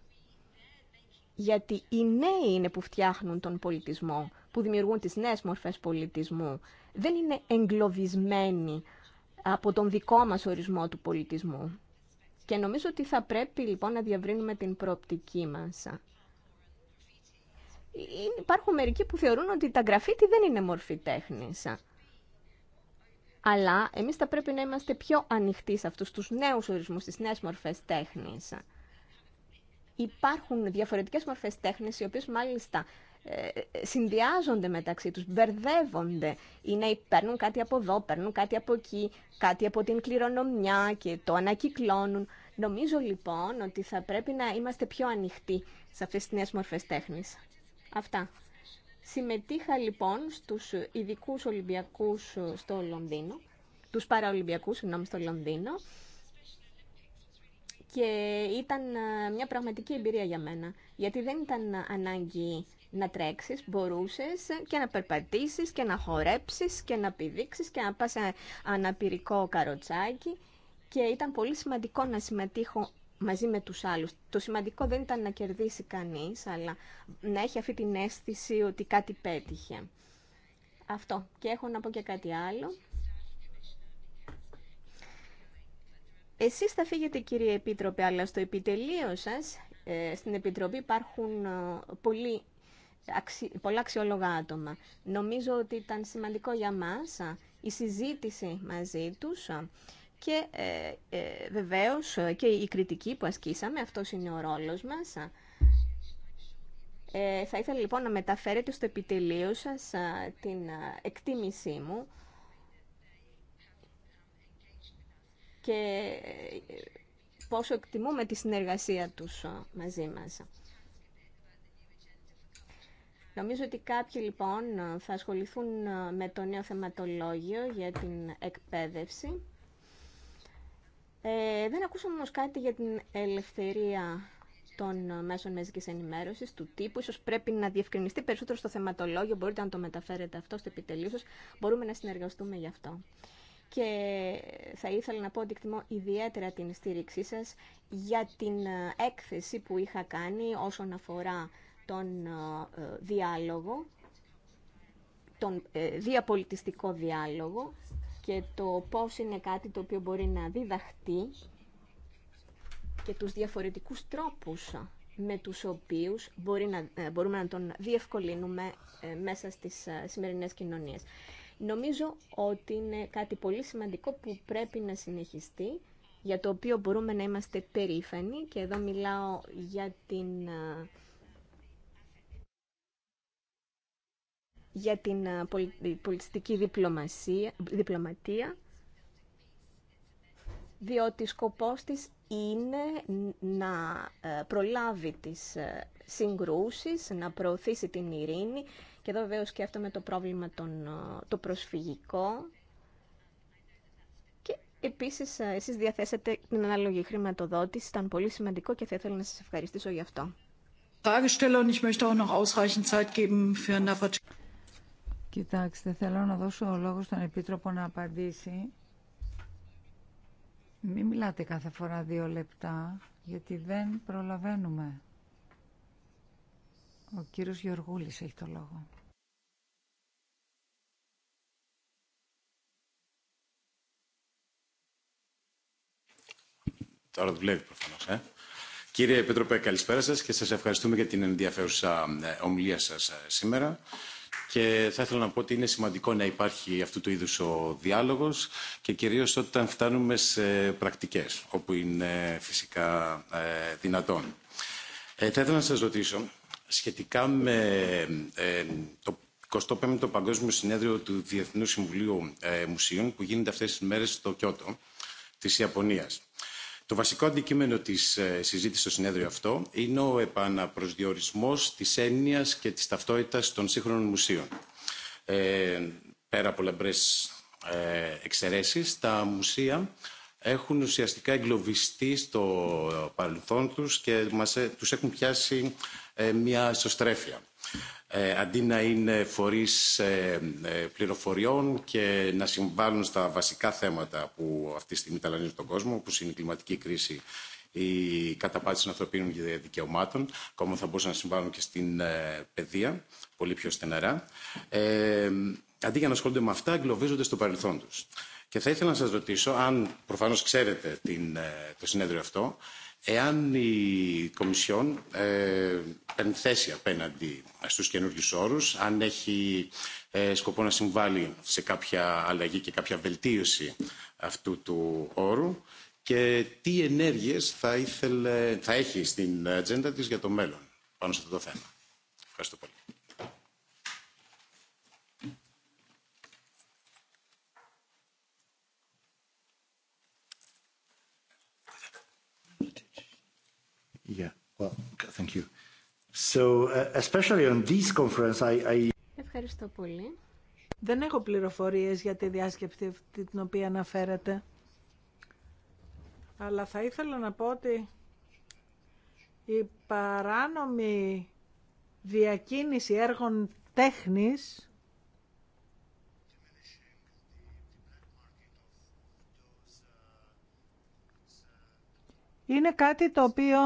S5: γιατί οι νέοι είναι που φτιάχνουν τον πολιτισμό, που δημιουργούν τις νέες μορφές πολιτισμού. Δεν είναι εγκλωβισμένοι από τον δικό μας ορισμό του πολιτισμού. Και νομίζω ότι θα πρέπει λοιπόν να διαβρύνουμε την προοπτική μας υπάρχουν μερικοί που θεωρούν ότι τα γραφίτι δεν είναι μορφή τέχνης. Αλλά εμείς θα πρέπει να είμαστε πιο ανοιχτοί σε αυτούς τους νέους ορισμούς, τις νέες μορφές τέχνης. Υπάρχουν διαφορετικές μορφές τέχνης, οι οποίες μάλιστα ε, συνδυάζονται μεταξύ τους, μπερδεύονται. Είναι, παίρνουν κάτι από εδώ, παίρνουν κάτι από εκεί, κάτι από την κληρονομιά και το ανακυκλώνουν. Νομίζω λοιπόν ότι θα πρέπει να είμαστε πιο ανοιχτοί σε αυτές τις νέες μορφές τέχνης. Αυτά. Συμμετείχα λοιπόν στους ειδικού Ολυμπιακούς στο Λονδίνο, τους παραολυμπιακούς, συγγνώμη, στο Λονδίνο και ήταν ε, μια πραγματική εμπειρία για μένα, γιατί δεν ήταν ανάγκη να τρέξεις, μπορούσες και να περπατήσεις και να χορέψεις και να πηδήξεις και να πας αναπηρικό καροτσάκι και ήταν πολύ σημαντικό να συμμετείχω μαζί με τους άλλους. Το σημαντικό δεν ήταν να κερδίσει κανείς, αλλά να έχει αυτή την αίσθηση ότι κάτι πέτυχε. Αυτό. Και έχω να πω και κάτι άλλο. Εσείς θα φύγετε κύριε Επίτροπε, αλλά στο επιτελείο σας, ε, στην Επιτροπή υπάρχουν ε, πολλά αξιόλογα άτομα. Νομίζω ότι ήταν σημαντικό για μας ε, η συζήτηση μαζί τους και ε, ε, βεβαίως και η κριτική που ασκήσαμε, αυτός είναι ο ρόλος μας. Ε, θα ήθελα λοιπόν να μεταφέρετε στο επιτελείο σας την εκτίμησή μου και ε, πόσο εκτιμούμε τη συνεργασία τους μαζί μας. Νομίζω ότι κάποιοι λοιπόν θα ασχοληθούν με το νέο θεματολόγιο για την εκπαίδευση. Ε, δεν ακούσαμε όμως κάτι για την ελευθερία των μέσων μαζικής ενημέρωσης, του τύπου. Ίσως πρέπει να διευκρινιστεί περισσότερο στο θεματολόγιο. Μπορείτε να το μεταφέρετε αυτό στο επιτελείο σας. Μπορούμε να συνεργαστούμε γι' αυτό. Και θα ήθελα να πω ότι εκτιμώ ιδιαίτερα την στήριξή σας για την ε, έκθεση που είχα κάνει όσον αφορά τον ε, ε, διάλογο, τον διαπολιτιστικό διάλογο και το πώς είναι κάτι το οποίο μπορεί να διδαχτεί και τους διαφορετικούς τρόπους με τους οποίους μπορεί να, ε, μπορούμε να τον διευκολύνουμε ε, μέσα στις ε, σημερινές κοινωνίες. Νομίζω ότι είναι κάτι πολύ σημαντικό που πρέπει να συνεχιστεί, για το οποίο μπορούμε να είμαστε περήφανοι και εδώ μιλάω για την για την ε, πολιτιστική διπλωμασία, διπλωματία, διότι σκοπός της είναι να ε, προλάβει τις ε, συγκρούσεις, να προωθήσει την ειρήνη και εδώ βέβαια σκέφτομαι το πρόβλημα των, το προσφυγικό και επίσης εσείς διαθέσατε την ανάλογη χρηματοδότηση, ήταν πολύ σημαντικό και θα ήθελα να σας ευχαριστήσω γι' αυτό.
S2: Κοιτάξτε, θέλω να δώσω λόγο στον Επίτροπο να απαντήσει. Μην μιλάτε κάθε φορά δύο λεπτά, γιατί δεν προλαβαίνουμε. Ο κύριος Γεωργούλης έχει το λόγο.
S4: Τώρα δουλεύει προφανώς, ε. Κύριε Επίτροπε, καλησπέρα σας και σας ευχαριστούμε για την ενδιαφέρουσα ε, ομιλία σας ε, σήμερα και θα ήθελα να πω ότι είναι σημαντικό να υπάρχει αυτού του είδους ο διάλογος και κυρίως όταν φτάνουμε σε πρακτικές όπου είναι φυσικά ε, δυνατόν. Ε, θα ήθελα να σας ρωτήσω σχετικά με ε, το 25ο Παγκόσμιο Συνέδριο του Διεθνού Συμβουλίου ε, Μουσείων που γίνεται αυτές τις μέρες στο Κιώτο της Ιαπωνίας. Το βασικό αντικείμενο της ε, συζήτησης στο συνέδριο αυτό είναι ο επαναπροσδιορισμός της έννοιας και της ταυτότητας των σύγχρονων μουσείων. Ε, πέρα από λαμπρές ε, εξαιρεσει. τα μουσεία έχουν ουσιαστικά εγκλωβιστεί στο παρελθόν τους και μας, ε, τους έχουν πιάσει μια ισοστρέφεια. Ε, αντί να είναι φορείς ε, ε, πληροφοριών και να συμβάλλουν στα βασικά θέματα που αυτή τη στιγμή ταλανίζουν τον κόσμο, όπως είναι η κλιματική κρίση, η καταπάτηση των ανθρωπίνων δικαιωμάτων, ακόμα θα μπορούσαν να συμβάλλουν και στην παιδεία, πολύ πιο στεναρά. Ε, αντί για να ασχολούνται με αυτά, εγκλωβίζονται στο παρελθόν τους. Και θα ήθελα να σας ρωτήσω, αν προφανώς ξέρετε την, το συνέδριο αυτό, Εάν η Κομισιόν ε, παίρνει θέση απέναντι στους καινούργιους όρους, αν έχει ε, σκοπό να συμβάλλει σε κάποια αλλαγή και κάποια βελτίωση αυτού του όρου και τι ενέργειες θα, ήθελε, θα έχει στην ατζέντα της για το μέλλον πάνω σε αυτό το θέμα. Ευχαριστώ πολύ.
S3: Ευχαριστώ πολύ. Δεν έχω πληροφορίες για τη διάσκεψη την οποία αναφέρατε. Αλλά θα ήθελα να πω ότι η παράνομη διακίνηση έργων τέχνης είναι κάτι το οποίο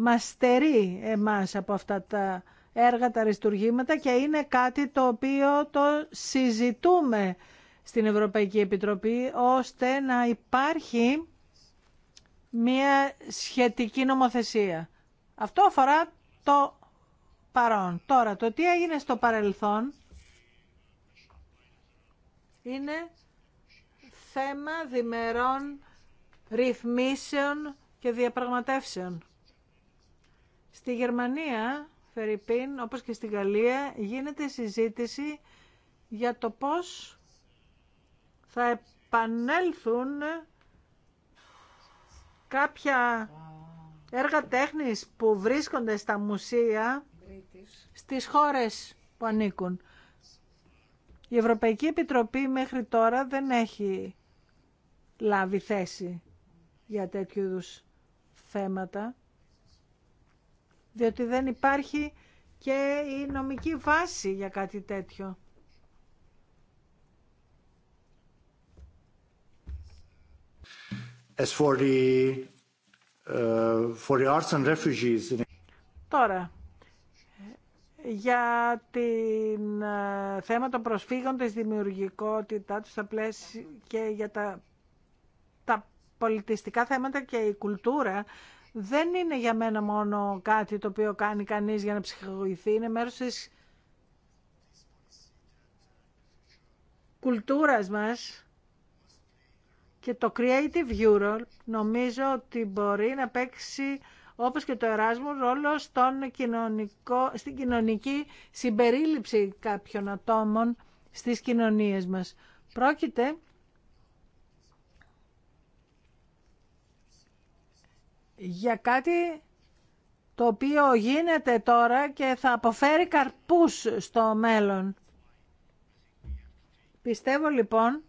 S3: μας στερεί εμάς από αυτά τα έργα, τα αριστουργήματα και είναι κάτι το οποίο το συζητούμε στην Ευρωπαϊκή Επιτροπή ώστε να υπάρχει μια σχετική νομοθεσία. Αυτό αφορά το παρόν. Τώρα, το τι έγινε στο παρελθόν είναι θέμα διμερών ρυθμίσεων και διαπραγματεύσεων. Στη Γερμανία, Φερρυπίν, όπως και στη Γαλλία, γίνεται συζήτηση για το πώς θα επανέλθουν κάποια έργα τέχνης που βρίσκονται στα μουσεία στις χώρες που ανήκουν. Η Ευρωπαϊκή Επιτροπή μέχρι τώρα δεν έχει λάβει θέση για τέτοιου θέματα διότι δεν υπάρχει και η νομική βάση για κάτι τέτοιο.
S4: As for the, uh, for the arts and refugees...
S3: Τώρα, για την uh, θέμα των προσφύγων, της δημιουργικότητά τους στα και για τα πολιτιστικά θέματα και η κουλτούρα δεν είναι για μένα μόνο κάτι το οποίο κάνει κανείς για να ψυχαγωγηθεί. είναι μέρος της κουλτούρας μας και το Creative Europe νομίζω ότι μπορεί να παίξει όπως και το Εράσμου ρόλο στον κοινωνικό, στην κοινωνική συμπερίληψη κάποιων ατόμων στις κοινωνίες μας. Πρόκειται για κάτι το οποίο γίνεται τώρα και θα αποφέρει καρπούς στο μέλλον. Πιστεύω λοιπόν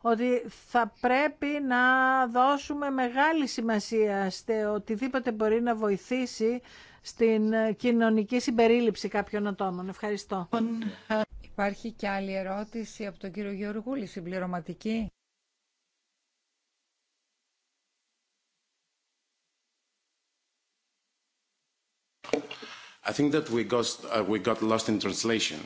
S3: ότι θα πρέπει να δώσουμε μεγάλη σημασία σε οτιδήποτε μπορεί να
S2: βοηθήσει στην κοινωνική συμπερίληψη κάποιων ατόμων. Ευχαριστώ. Υπάρχει και άλλη ερώτηση από τον κύριο Γεωργούλη, συμπληρωματική.
S4: I think that we got, uh, we got lost in translation.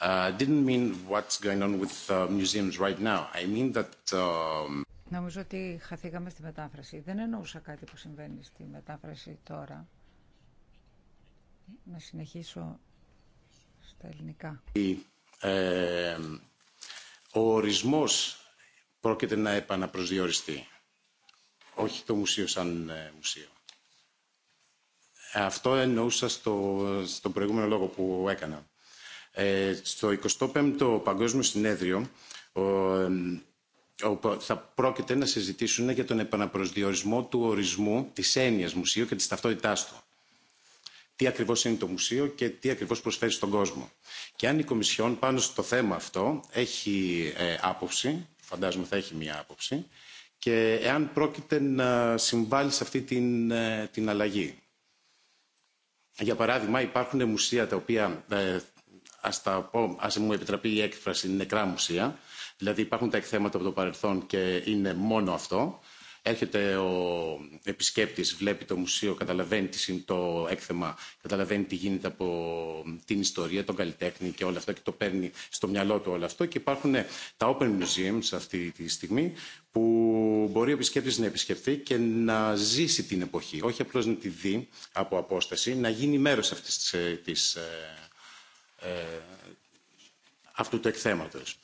S4: Uh, didn't mean what's going on with uh, museums right now. I mean that... Um,
S2: Νομίζω ότι χαθήκαμε στη μετάφραση. Δεν εννοούσα κάτι που συμβαίνει στη μετάφραση τώρα. Να συνεχίσω στα ελληνικά.
S4: Ε, ο ορισμός πρόκειται να επαναπροσδιοριστεί. Όχι το μουσείο σαν ε, μουσείο. Αυτό εννοούσα στο, στον προηγούμενο λόγο που έκανα. Ε, στο 25ο Παγκόσμιο Συνέδριο ο, θα πρόκειται να συζητήσουν για τον επαναπροσδιορισμό του ορισμού της έννοιας μουσείου και της ταυτότητάς του. Τι ακριβώς είναι το μουσείο και τι ακριβώς προσφέρει στον κόσμο. Και αν η Κομισιόν πάνω στο θέμα αυτό έχει ε, άποψη, φαντάζομαι θα έχει μία άποψη, και εάν πρόκειται να συμβάλλει σε αυτή την, ε, την αλλαγή για παράδειγμα υπάρχουν μουσεία τα οποία ε, ας, τα πω, ας μου επιτραπεί η έκφραση νεκρά μουσεία δηλαδή υπάρχουν τα εκθέματα από το παρελθόν και είναι μόνο αυτό έρχεται ο επισκέπτης, βλέπει το μουσείο, καταλαβαίνει τι είναι το έκθεμα, καταλαβαίνει τι γίνεται από την ιστορία, τον καλλιτέχνη και όλα αυτά και το παίρνει στο μυαλό του όλο αυτό και υπάρχουν τα open museums αυτή τη στιγμή που μπορεί ο επισκέπτης να επισκεφθεί και να ζήσει την εποχή, όχι απλώς να τη δει από απόσταση, να γίνει μέρος αυτής της, ε, της ε, ε, αυτού του εκθέματος.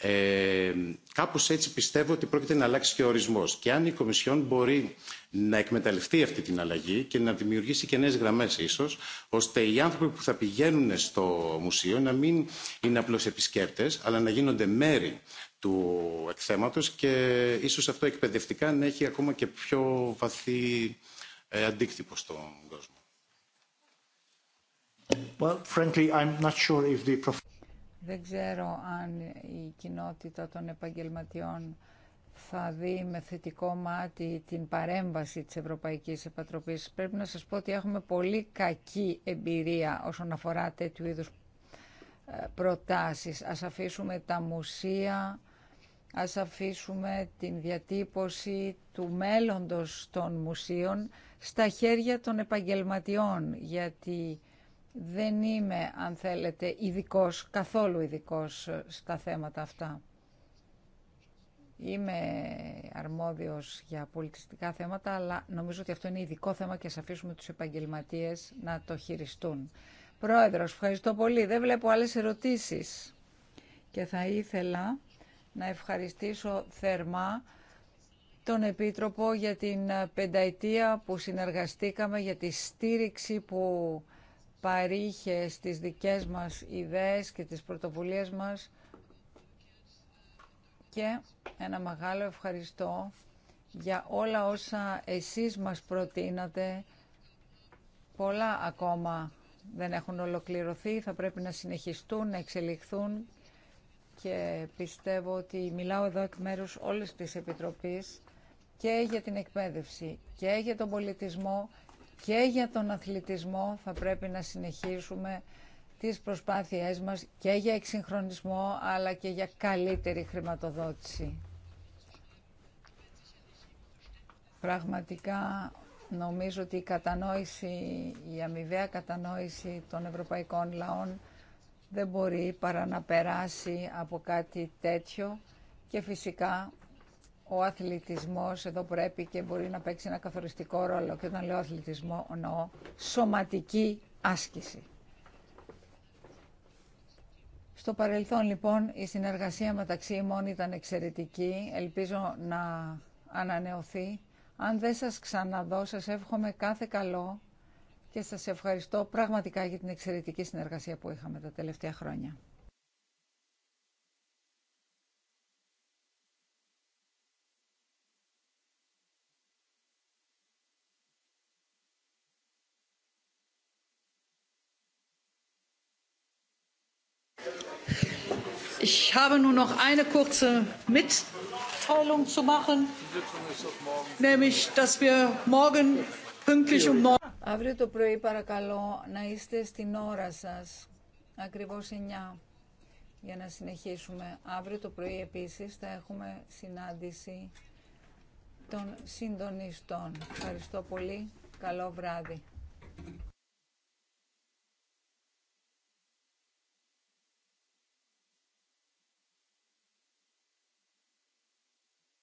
S4: Ε, κάπως έτσι πιστεύω ότι πρόκειται να αλλάξει και ο ορισμός και αν η Κομισιόν μπορεί να εκμεταλλευτεί αυτή την αλλαγή και να δημιουργήσει και νέες γραμμές ίσως, ώστε οι άνθρωποι που θα πηγαίνουν στο μουσείο να μην είναι απλώς επισκέπτες, αλλά να γίνονται μέρη του εκθέματος και ίσως αυτό εκπαιδευτικά να έχει ακόμα και πιο βαθύ ε, αντίκτυπο στον κόσμο. Well, frankly, I'm not sure if the...
S2: Δεν ξέρω αν η κοινότητα των επαγγελματιών θα δει με θετικό μάτι την παρέμβαση της Ευρωπαϊκής Επατροπής. Πρέπει να σας πω ότι έχουμε πολύ κακή εμπειρία όσον αφορά τέτοιου είδους ε, προτάσεις. Ας αφήσουμε τα μουσεία, ας αφήσουμε την διατύπωση του μέλλοντος των μουσείων στα χέρια των επαγγελματιών, γιατί δεν είμαι, αν θέλετε, ειδικό, καθόλου ειδικό στα θέματα αυτά. Είμαι αρμόδιος για πολιτιστικά θέματα, αλλά νομίζω ότι αυτό είναι ειδικό θέμα και ας αφήσουμε τους επαγγελματίες να το χειριστούν. Πρόεδρος, ευχαριστώ πολύ. Δεν βλέπω άλλες ερωτήσεις. Και θα ήθελα να ευχαριστήσω θερμά τον Επίτροπο για την πενταετία που συνεργαστήκαμε, για τη στήριξη που παρήχε στις δικές μας ιδέες και τις πρωτοβουλίες μας και ένα μεγάλο ευχαριστώ για όλα όσα εσείς μας προτείνατε. Πολλά ακόμα δεν έχουν ολοκληρωθεί, θα πρέπει να συνεχιστούν, να εξελιχθούν και πιστεύω ότι μιλάω εδώ εκ μέρους όλες της Επιτροπής και για την εκπαίδευση και για τον πολιτισμό και για τον αθλητισμό θα πρέπει να συνεχίσουμε τις προσπάθειές μας και για εξυγχρονισμό αλλά και για καλύτερη χρηματοδότηση. Πραγματικά νομίζω ότι η κατανόηση, η αμοιβαία κατανόηση των ευρωπαϊκών λαών δεν μπορεί παρά να περάσει από κάτι τέτοιο και φυσικά ο αθλητισμός εδώ πρέπει και μπορεί να παίξει ένα καθοριστικό ρόλο και όταν λέω αθλητισμό εννοώ σωματική άσκηση. Στο παρελθόν λοιπόν η συνεργασία μεταξύ ημών ήταν εξαιρετική, ελπίζω να ανανεωθεί. Αν δεν σας ξαναδώ, σας εύχομαι κάθε καλό και σας ευχαριστώ πραγματικά για την εξαιρετική συνεργασία που είχαμε τα τελευταία χρόνια. Αύριο το πρωί παρακαλώ να είστε στην ώρα σας, ακριβώς 9, για να συνεχίσουμε. Αύριο το πρωί επίσης θα έχουμε συνάντηση των συντονιστών. Ευχαριστώ πολύ. Καλό βράδυ.